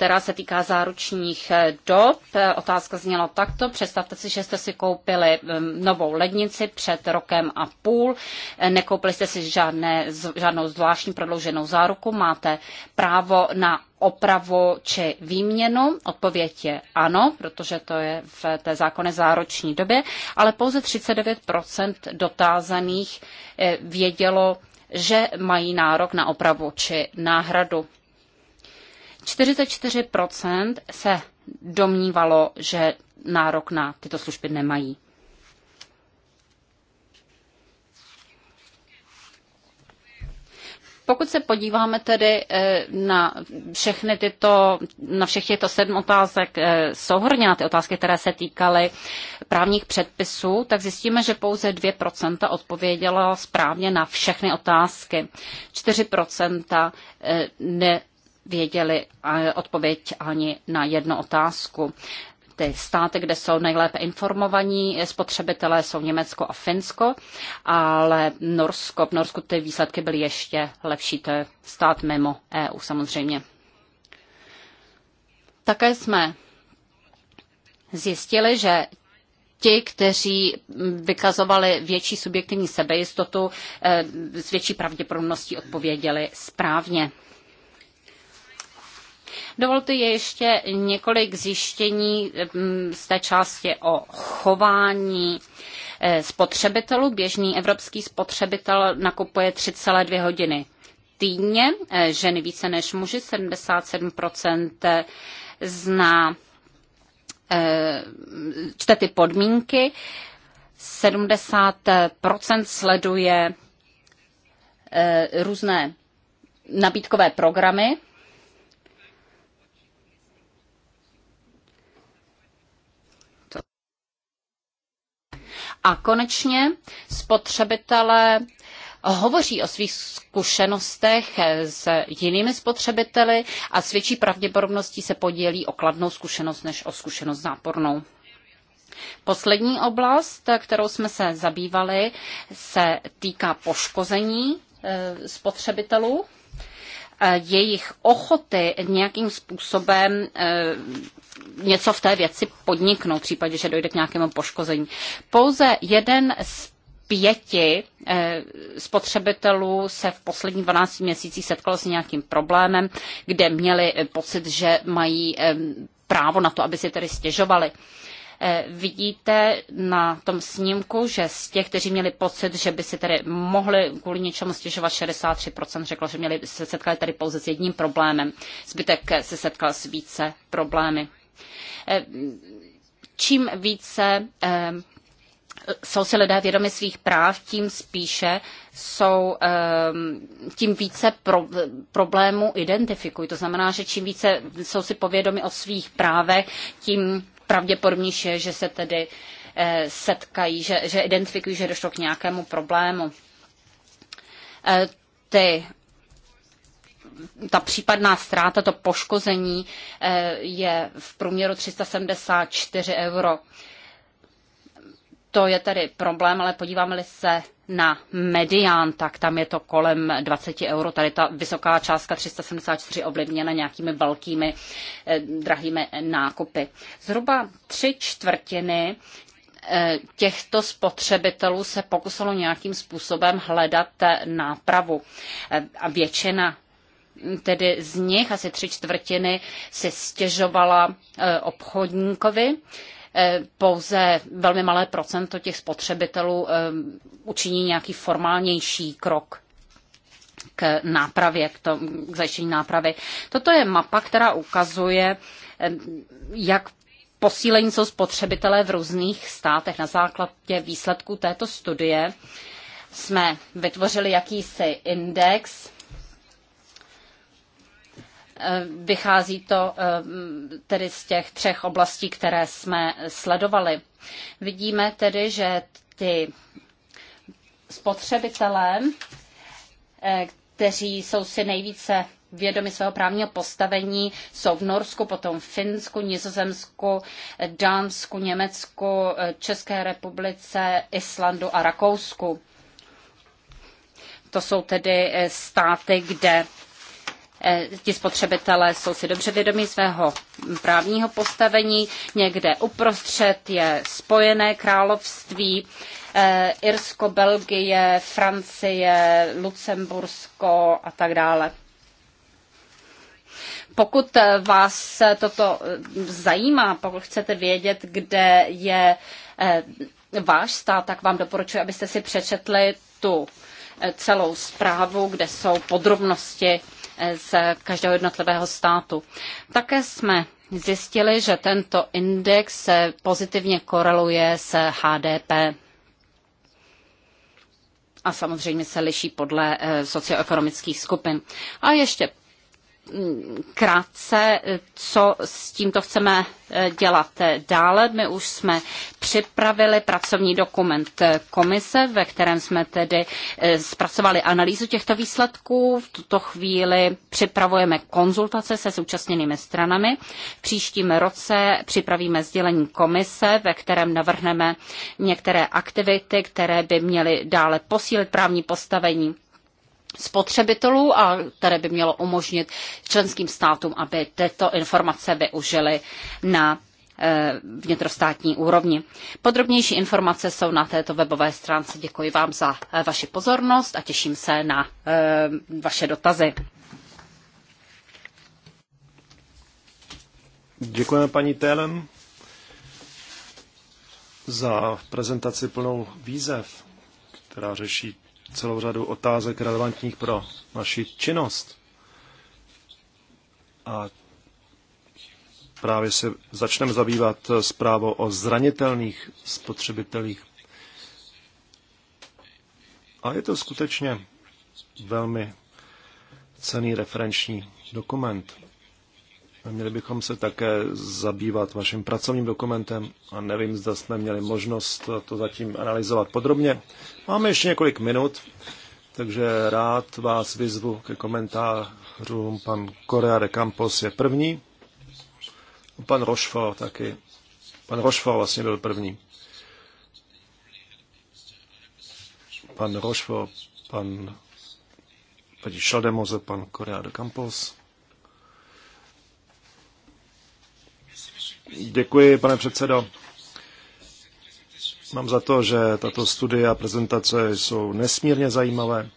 která se týká záručních eh, dob. Otázka zněla takto. Představte si, že jste si koupili mm, novou lednici před rokem a půl. Eh, nekoupili jste si žádné, žádnou zvláštní prodlouženou záruku. Máte právo na opravu či výměnu? Odpověď je ano, protože to je v té zákonné záruční době, ale pouze 39 dotázaných eh, vědělo, že mají nárok na opravu či náhradu. 44% se domnívalo, že nárok na tyto služby nemají. Pokud se podíváme tedy eh, na všechny tyto, na všech těchto sedm otázek eh, souhrně, na ty otázky, které se týkaly právních předpisů, tak zjistíme, že pouze 2% odpověděla správně na všechny otázky. 4% eh, ne věděli odpověď ani na jednu otázku. Ty státy, kde jsou nejlépe informovaní spotřebitelé, jsou Německo a Finsko, ale Norsko, v Norsku ty výsledky byly ještě lepší, to je stát mimo EU samozřejmě. Také jsme zjistili, že ti, kteří vykazovali větší subjektivní sebejistotu, eh, s větší pravděpodobností odpověděli správně. Dovolte je ještě několik zjištění mm, z té části o chování eh, spotřebitelů. Běžný evropský spotřebitel nakupuje 3,2 hodiny týdně, eh, ženy více než muži, 77% eh, zná čte ty podmínky, 70% sleduje různé nabídkové programy A konečně spotřebitelé hovoří o svých zkušenostech s jinými spotřebiteli a s větší pravděpodobností se podělí o kladnou zkušenost než o zkušenost zápornou. Poslední oblast, kterou jsme se zabývali, se týká poškození eh, spotřebitelů. Eh, jejich ochoty nějakým způsobem eh, něco v té věci podniknout, v případě, že dojde k nějakému poškození. Pouze jeden z pěti eh, spotřebitelů se v posledních 12 měsících setkalo s nějakým problémem, kde měli pocit, že mají právo na to, aby si tedy stěžovali. Eh, vidíte na tom snímku, že z těch, kteří měli pocit, že by si tedy mohli kvůli něčemu stěžovat 63%, řeklo, že měli, se setkali tady pouze s jedním problémem. Zbytek se setkal s více problémy. Eh, čím více eh, jsou si lidé vědomi svých práv, tím spíše jsou, tím více pro, problémů identifikují. To znamená, že čím více jsou si povědomi o svých právech, tím pravděpodobnější je, že se tedy eh, setkají, že, že identifikují, že došlo k nějakému problému. Eh, ty ta případná ztráta, to poškození eh, je v průměru 374 euro. To je tedy problém, ale podíváme-li se na medián, tak tam je to kolem 20 euro. Tady ta vysoká částka 374 ovlivněna nějakými velkými eh, drahými nákupy. Zhruba tři čtvrtiny eh, těchto spotřebitelů se pokusilo nějakým způsobem hledat eh, nápravu. Eh, a většina hm, tedy z nich, asi tři čtvrtiny, si stěžovala obchodníkovi, Eh, pouze velmi malé procento těch spotřebitelů eh, učiní nějaký formálnější krok k nápravě, k, tom, k zajištění nápravy. Toto je mapa, která ukazuje, eh, jak posílení jsou spotřebitelé v různých státech. Na základě výsledků této studie jsme vytvořili jakýsi index Eh, vychází to eh, tedy z těch třech oblastí, které jsme sledovali. Vidíme tedy, že ty spotřebitelé, eh, kteří jsou si nejvíce vědomi svého právního postavení, jsou v Norsku, potom v Finsku, Nizozemsku, Dánsku, Německu, České republice, Islandu a Rakousku. To jsou tedy státy, kde Eh, ti spotřebitelé jsou si dobře vědomí svého právního postavení. Někde uprostřed je Spojené království, eh, Irsko, Belgie, Francie, Lucembursko a tak dále. Pokud eh, vás toto zajímá, pokud chcete vědět, kde je váš stát, tak vám doporučuji, abyste si přečetli tu celou zprávu, kde jsou podrobnosti z každého jednotlivého státu. Také jsme zjistili, že tento index se pozitivně koreluje s HDP. A samozřejmě se liší podle eh, socioekonomických skupin. A ještě krátce, co s tímto chceme eh, dělat dále. My už jsme připravili pracovní dokument komise, ve kterém jsme tedy eh, zpracovali analýzu těchto výsledků. V tuto chvíli připravujeme konzultace se současněnými stranami. V příštím roce připravíme sdělení komise, ve kterém navrhneme některé aktivity, které by měly dále posílit právní postavení spotřebitelů a které by mělo umožnit členským státům, aby tyto informace využili na eh, vnitrostátní úrovni. Podrobnější informace jsou na této webové stránce. Děkuji vám za eh, vaši pozornost a těším se na eh, vaše dotazy. Děkujeme paní Télem za prezentaci plnou výzev, která řeší celou řadu otázek relevantních pro naši činnost. A právě se začneme zabývat zprávou o zranitelných spotřebitelích. A je to skutečně velmi cený referenční dokument. Měli bychom se také zabývat vaším pracovním dokumentem a nevím, zda jsme měli možnost to zatím analyzovat podrobně. Máme ještě několik minut, takže rád vás vyzvu ke komentářům. Pan Korea de Campos je první, pan Rošfo taky. Pan Rošfo vlastně byl první. Pan Rošfo, pan paní Šademoze, pan Korea de Campos. Děkuji, pane předsedo. Mám za to, že tato studie a prezentace jsou nesmírně zajímavé,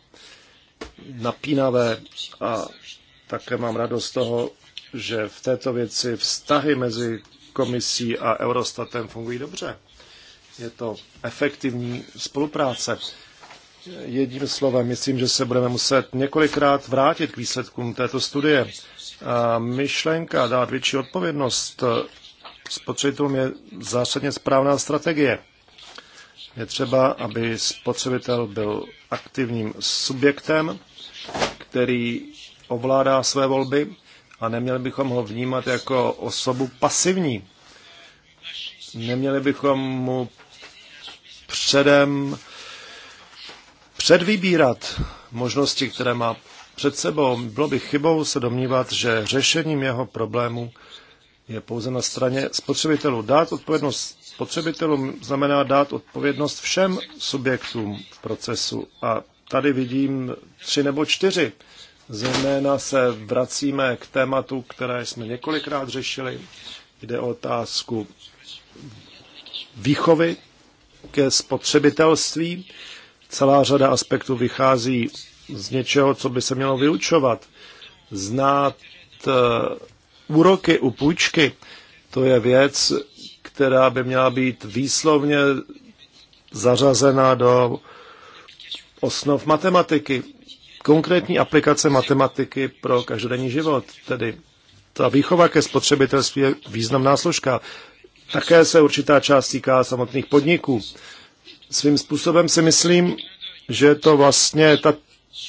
napínavé a také mám radost z toho, že v této věci vztahy mezi komisí a Eurostatem fungují dobře. Je to efektivní spolupráce. Jedním slovem, myslím, že se budeme muset několikrát vrátit k výsledkům této studie. A myšlenka dát větší odpovědnost spotřebitelům je zásadně správná strategie. Je třeba, aby spotřebitel byl aktivním subjektem, který ovládá své volby a neměli bychom ho vnímat jako osobu pasivní. Neměli bychom mu předem předvybírat možnosti, které má před sebou. Bylo by chybou se domnívat, že řešením jeho problému je pouze na straně spotřebitelů. Dát odpovědnost spotřebitelům znamená dát odpovědnost všem subjektům v procesu. A tady vidím tři nebo čtyři. Zejména se vracíme k tématu, které jsme několikrát řešili. Jde o otázku výchovy ke spotřebitelství. Celá řada aspektů vychází z něčeho, co by se mělo vyučovat. Znát eh, úroky u půjčky, to je věc, která by měla být výslovně zařazena do osnov matematiky, konkrétní aplikace matematiky pro každodenní život, tedy ta výchova ke spotřebitelství je významná složka. Také se určitá část týká samotných podniků. Svým způsobem si myslím, že je to vlastně ta,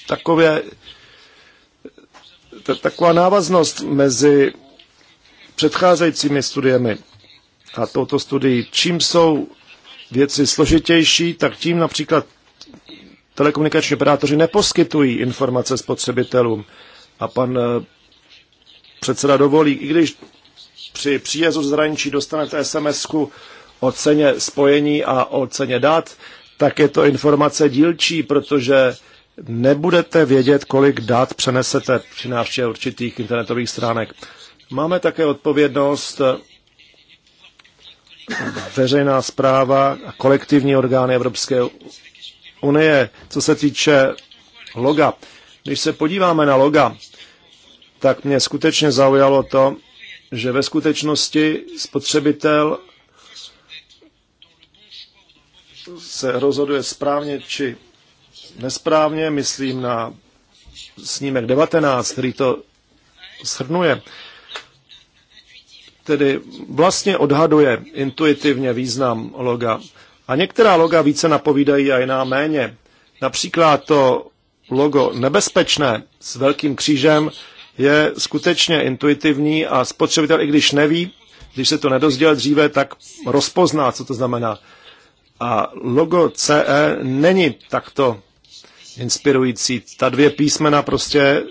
takové, ta, taková návaznost mezi předcházejícími studiemi a touto studií. Čím jsou věci složitější, tak tím například telekomunikační operátoři neposkytují informace spotřebitelům. A pan eh, předseda dovolí, i když při příjezdu z zahraničí dostanete sms o ceně spojení a o ceně dat, tak je to informace dílčí, protože nebudete vědět, kolik dat přenesete při návštěvě určitých internetových stránek. Máme také odpovědnost eh, veřejná zpráva a kolektivní orgány Evropské unie, co se týče loga. Když se podíváme na loga, tak mě skutečně zaujalo to, že ve skutečnosti spotřebitel se rozhoduje správně či nesprávně, myslím na snímek 19, který to shrnuje tedy vlastně odhaduje intuitivně význam loga. A některá loga více napovídají a jiná méně. Například to logo nebezpečné s velkým křížem je skutečně intuitivní a spotřebitel, i když neví, když se to nedozděl dříve, tak rozpozná, co to znamená. A logo CE není takto inspirující. Ta dvě písmena prostě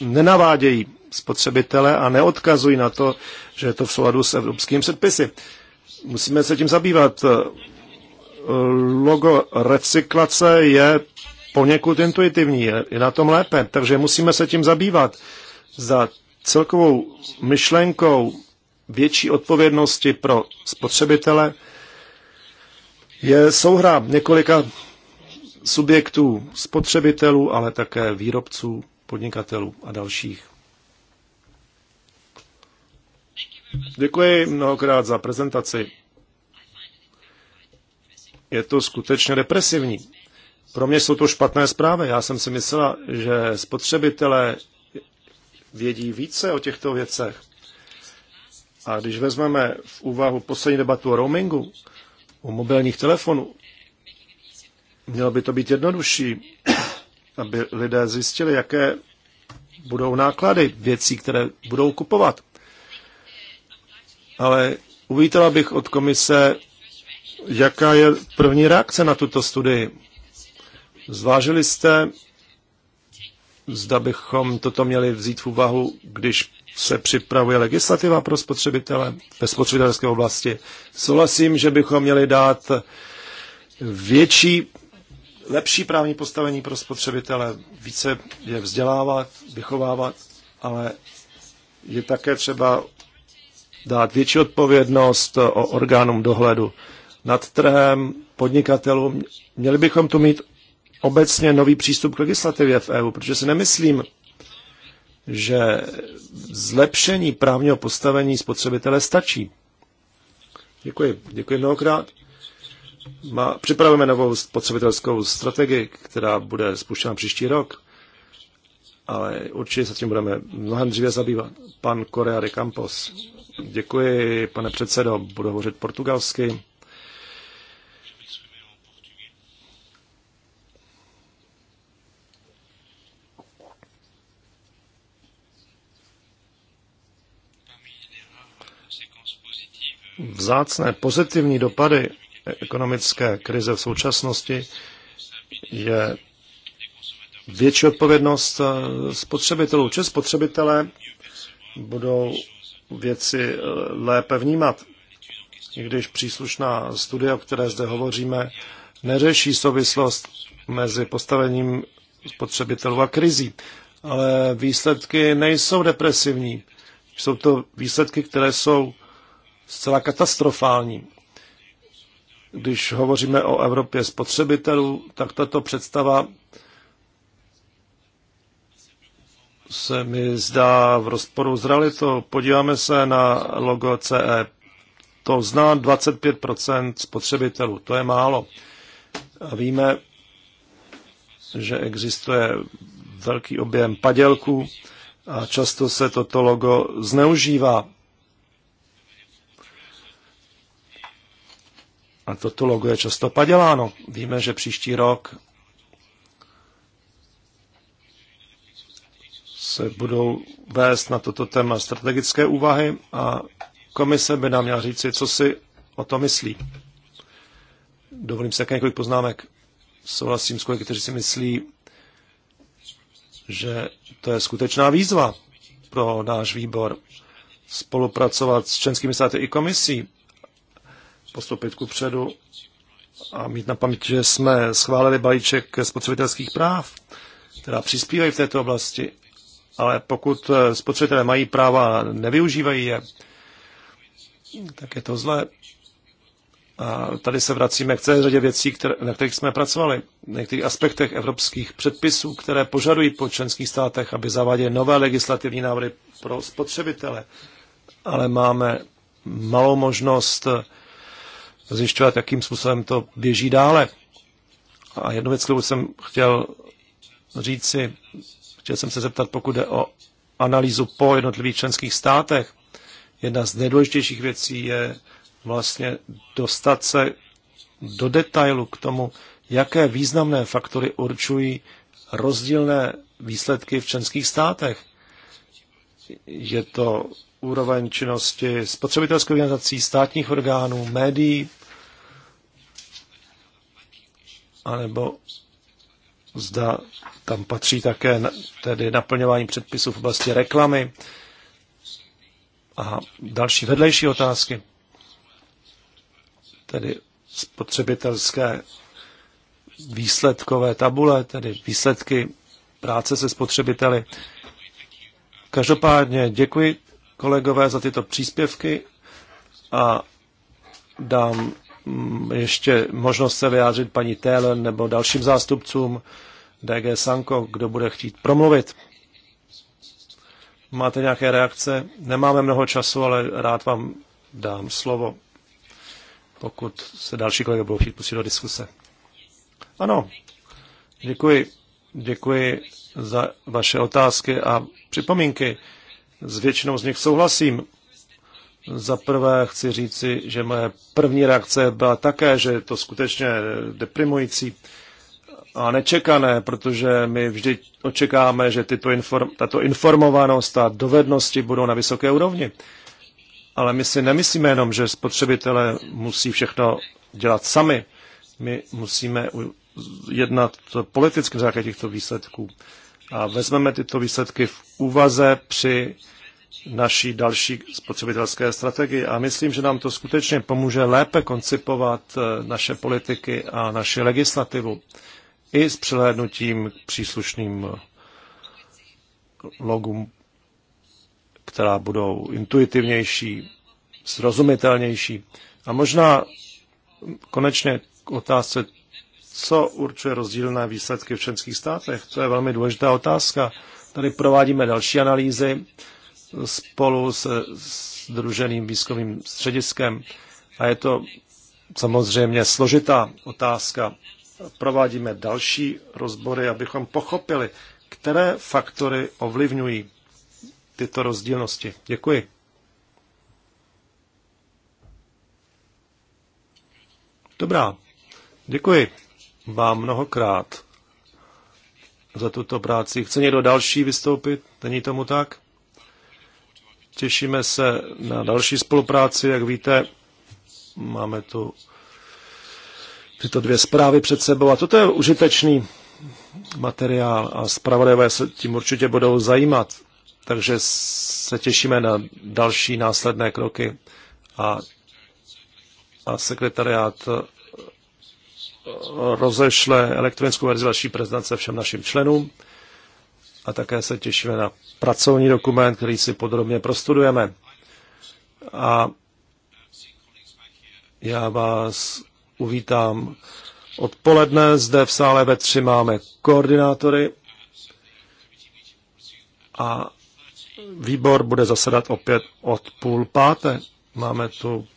nenavádějí spotřebitele a neodkazují na to, že je to v souladu s evropskými předpisy. Musíme se tím zabývat. Logo recyklace je poněkud intuitivní, je na tom lépe, takže musíme se tím zabývat. Za celkovou myšlenkou větší odpovědnosti pro spotřebitele je souhra několika subjektů, spotřebitelů, ale také výrobců, podnikatelů a dalších. Děkuji mnohokrát za prezentaci. Je to skutečně depresivní. Pro mě jsou to špatné zprávy. Já jsem si myslela, že spotřebitelé vědí více o těchto věcech. A když vezmeme v úvahu poslední debatu o roamingu, o mobilních telefonů, mělo by to být jednodušší, aby lidé zjistili, jaké budou náklady věcí, které budou kupovat ale uvítala bych od komise, jaká je první reakce na tuto studii. Zvážili jste, zda bychom toto měli vzít v úvahu, když se připravuje legislativa pro spotřebitele ve spotřebitelské oblasti. Souhlasím, že bychom měli dát větší, lepší právní postavení pro spotřebitele, více je vzdělávat, vychovávat, ale je také třeba dát větší odpovědnost eh, o orgánům dohledu nad trhem, podnikatelům. Měli bychom tu mít obecně nový přístup k legislativě v EU, protože si nemyslím, že zlepšení právního postavení spotřebitele stačí. Děkuji. Děkuji mnohokrát. Má, připravujeme novou spotřebitelskou strategii, která bude spuštěna příští rok, ale určitě se tím budeme mnohem dříve zabývat. Pan Korea de Campos. Děkuji, pane předsedo. Budu hovořit portugalsky. Vzácné pozitivní dopady ekonomické krize v současnosti je větší odpovědnost spotřebitelů. Či spotřebitelé budou věci eh, lépe vnímat. I když příslušná studie, o které zde hovoříme, neřeší souvislost mezi postavením spotřebitelů a krizí. Ale výsledky nejsou depresivní. Jsou to výsledky, které jsou zcela katastrofální. Když hovoříme o Evropě spotřebitelů, tak tato představa se mi zdá v rozporu s realitou. Podíváme se na logo CE. To zná 25 spotřebitelů. To je málo. A víme, že existuje velký objem padělků a často se toto logo zneužívá. A toto logo je často paděláno. Víme, že příští rok se budou vést na toto téma strategické úvahy a komise by nám měla říci, co si o to myslí. Dovolím si také několik poznámek. Souhlasím s kolegy, kteří si myslí, že to je skutečná výzva pro náš výbor spolupracovat s členskými státy i komisí, postupit ku předu a mít na paměti, že jsme schválili balíček spotřebitelských práv, která přispívají v této oblasti ale pokud eh, spotřebitelé mají práva a nevyužívají je, tak je to zlé. A tady se vracíme k celé řadě věcí, které, na kterých jsme pracovali, v některých aspektech evropských předpisů, které požadují po členských státech, aby zaváděly nové legislativní návrhy pro spotřebitele. Ale máme malou možnost eh, zjišťovat, jakým způsobem to běží dále. A jednu věc, kterou jsem chtěl říci, Chtěl jsem se zeptat, pokud jde o analýzu po jednotlivých členských státech, jedna z nejdůležitějších věcí je vlastně dostat se do detailu k tomu, jaké významné faktory určují rozdílné výsledky v členských státech. Je to úroveň činnosti spotřebitelských organizací, státních orgánů, médií, anebo zda tam patří také tedy naplňování předpisů v oblasti reklamy a další vedlejší otázky, tedy spotřebitelské výsledkové tabule, tedy výsledky práce se spotřebiteli. Každopádně děkuji kolegové za tyto příspěvky a dám Mm, ještě možnost se vyjádřit paní Télen nebo dalším zástupcům DG Sanko, kdo bude chtít promluvit. Máte nějaké reakce? Nemáme mnoho času, ale rád vám dám slovo, pokud se další kolega budou chtít pustit do diskuse. Ano, děkuji. Děkuji za vaše otázky a připomínky. S většinou z nich souhlasím. Za prvé chci říci, že moje první reakce byla také, že je to skutečně deprimující a nečekané, protože my vždy očekáme, že tyto inform, tato informovanost a dovednosti budou na vysoké úrovni. Ale my si nemyslíme jenom, že spotřebitelé musí všechno dělat sami. My musíme jednat politicky v základě těchto výsledků. A vezmeme tyto výsledky v úvaze při naší další spotřebitelské strategii. A myslím, že nám to skutečně pomůže lépe koncipovat eh, naše politiky a naši legislativu i s přihlédnutím k příslušným eh, logům, která budou intuitivnější, srozumitelnější. A možná konečně k otázce, co určuje rozdílné výsledky v členských státech. To je velmi důležitá otázka. Tady provádíme další analýzy spolu se Združeným výzkumným střediskem. A je to samozřejmě složitá otázka. Provádíme další rozbory, abychom pochopili, které faktory ovlivňují tyto rozdílnosti. Děkuji. Dobrá. Děkuji vám mnohokrát za tuto práci. Chce někdo další vystoupit? Není tomu tak? Těšíme se na další spolupráci. Jak víte, máme tu tyto dvě zprávy před sebou a toto je užitečný materiál a zpravodajové se tím určitě budou zajímat. Takže se těšíme na další následné kroky a, a sekretariát rozešle elektronickou verzi vaší prezentace všem našim členům a také se těšíme na pracovní dokument, který si podrobně prostudujeme. A já vás uvítám odpoledne. Zde v sále ve tři máme koordinátory a výbor bude zasedat opět od půl páté. Máme tu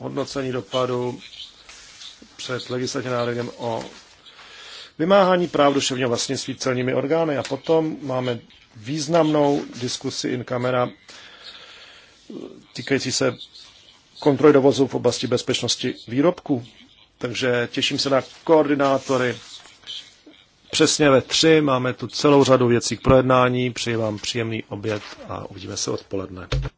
hodnocení dopadu před legislativním návrhem o vymáhání práv duševního vlastnictví celními orgány a potom máme významnou diskusi in camera eh, týkající se kontroly dovozu v oblasti bezpečnosti výrobků. Takže těším se na koordinátory. Přesně ve tři máme tu celou řadu věcí k projednání. Přeji vám příjemný oběd a uvidíme se odpoledne.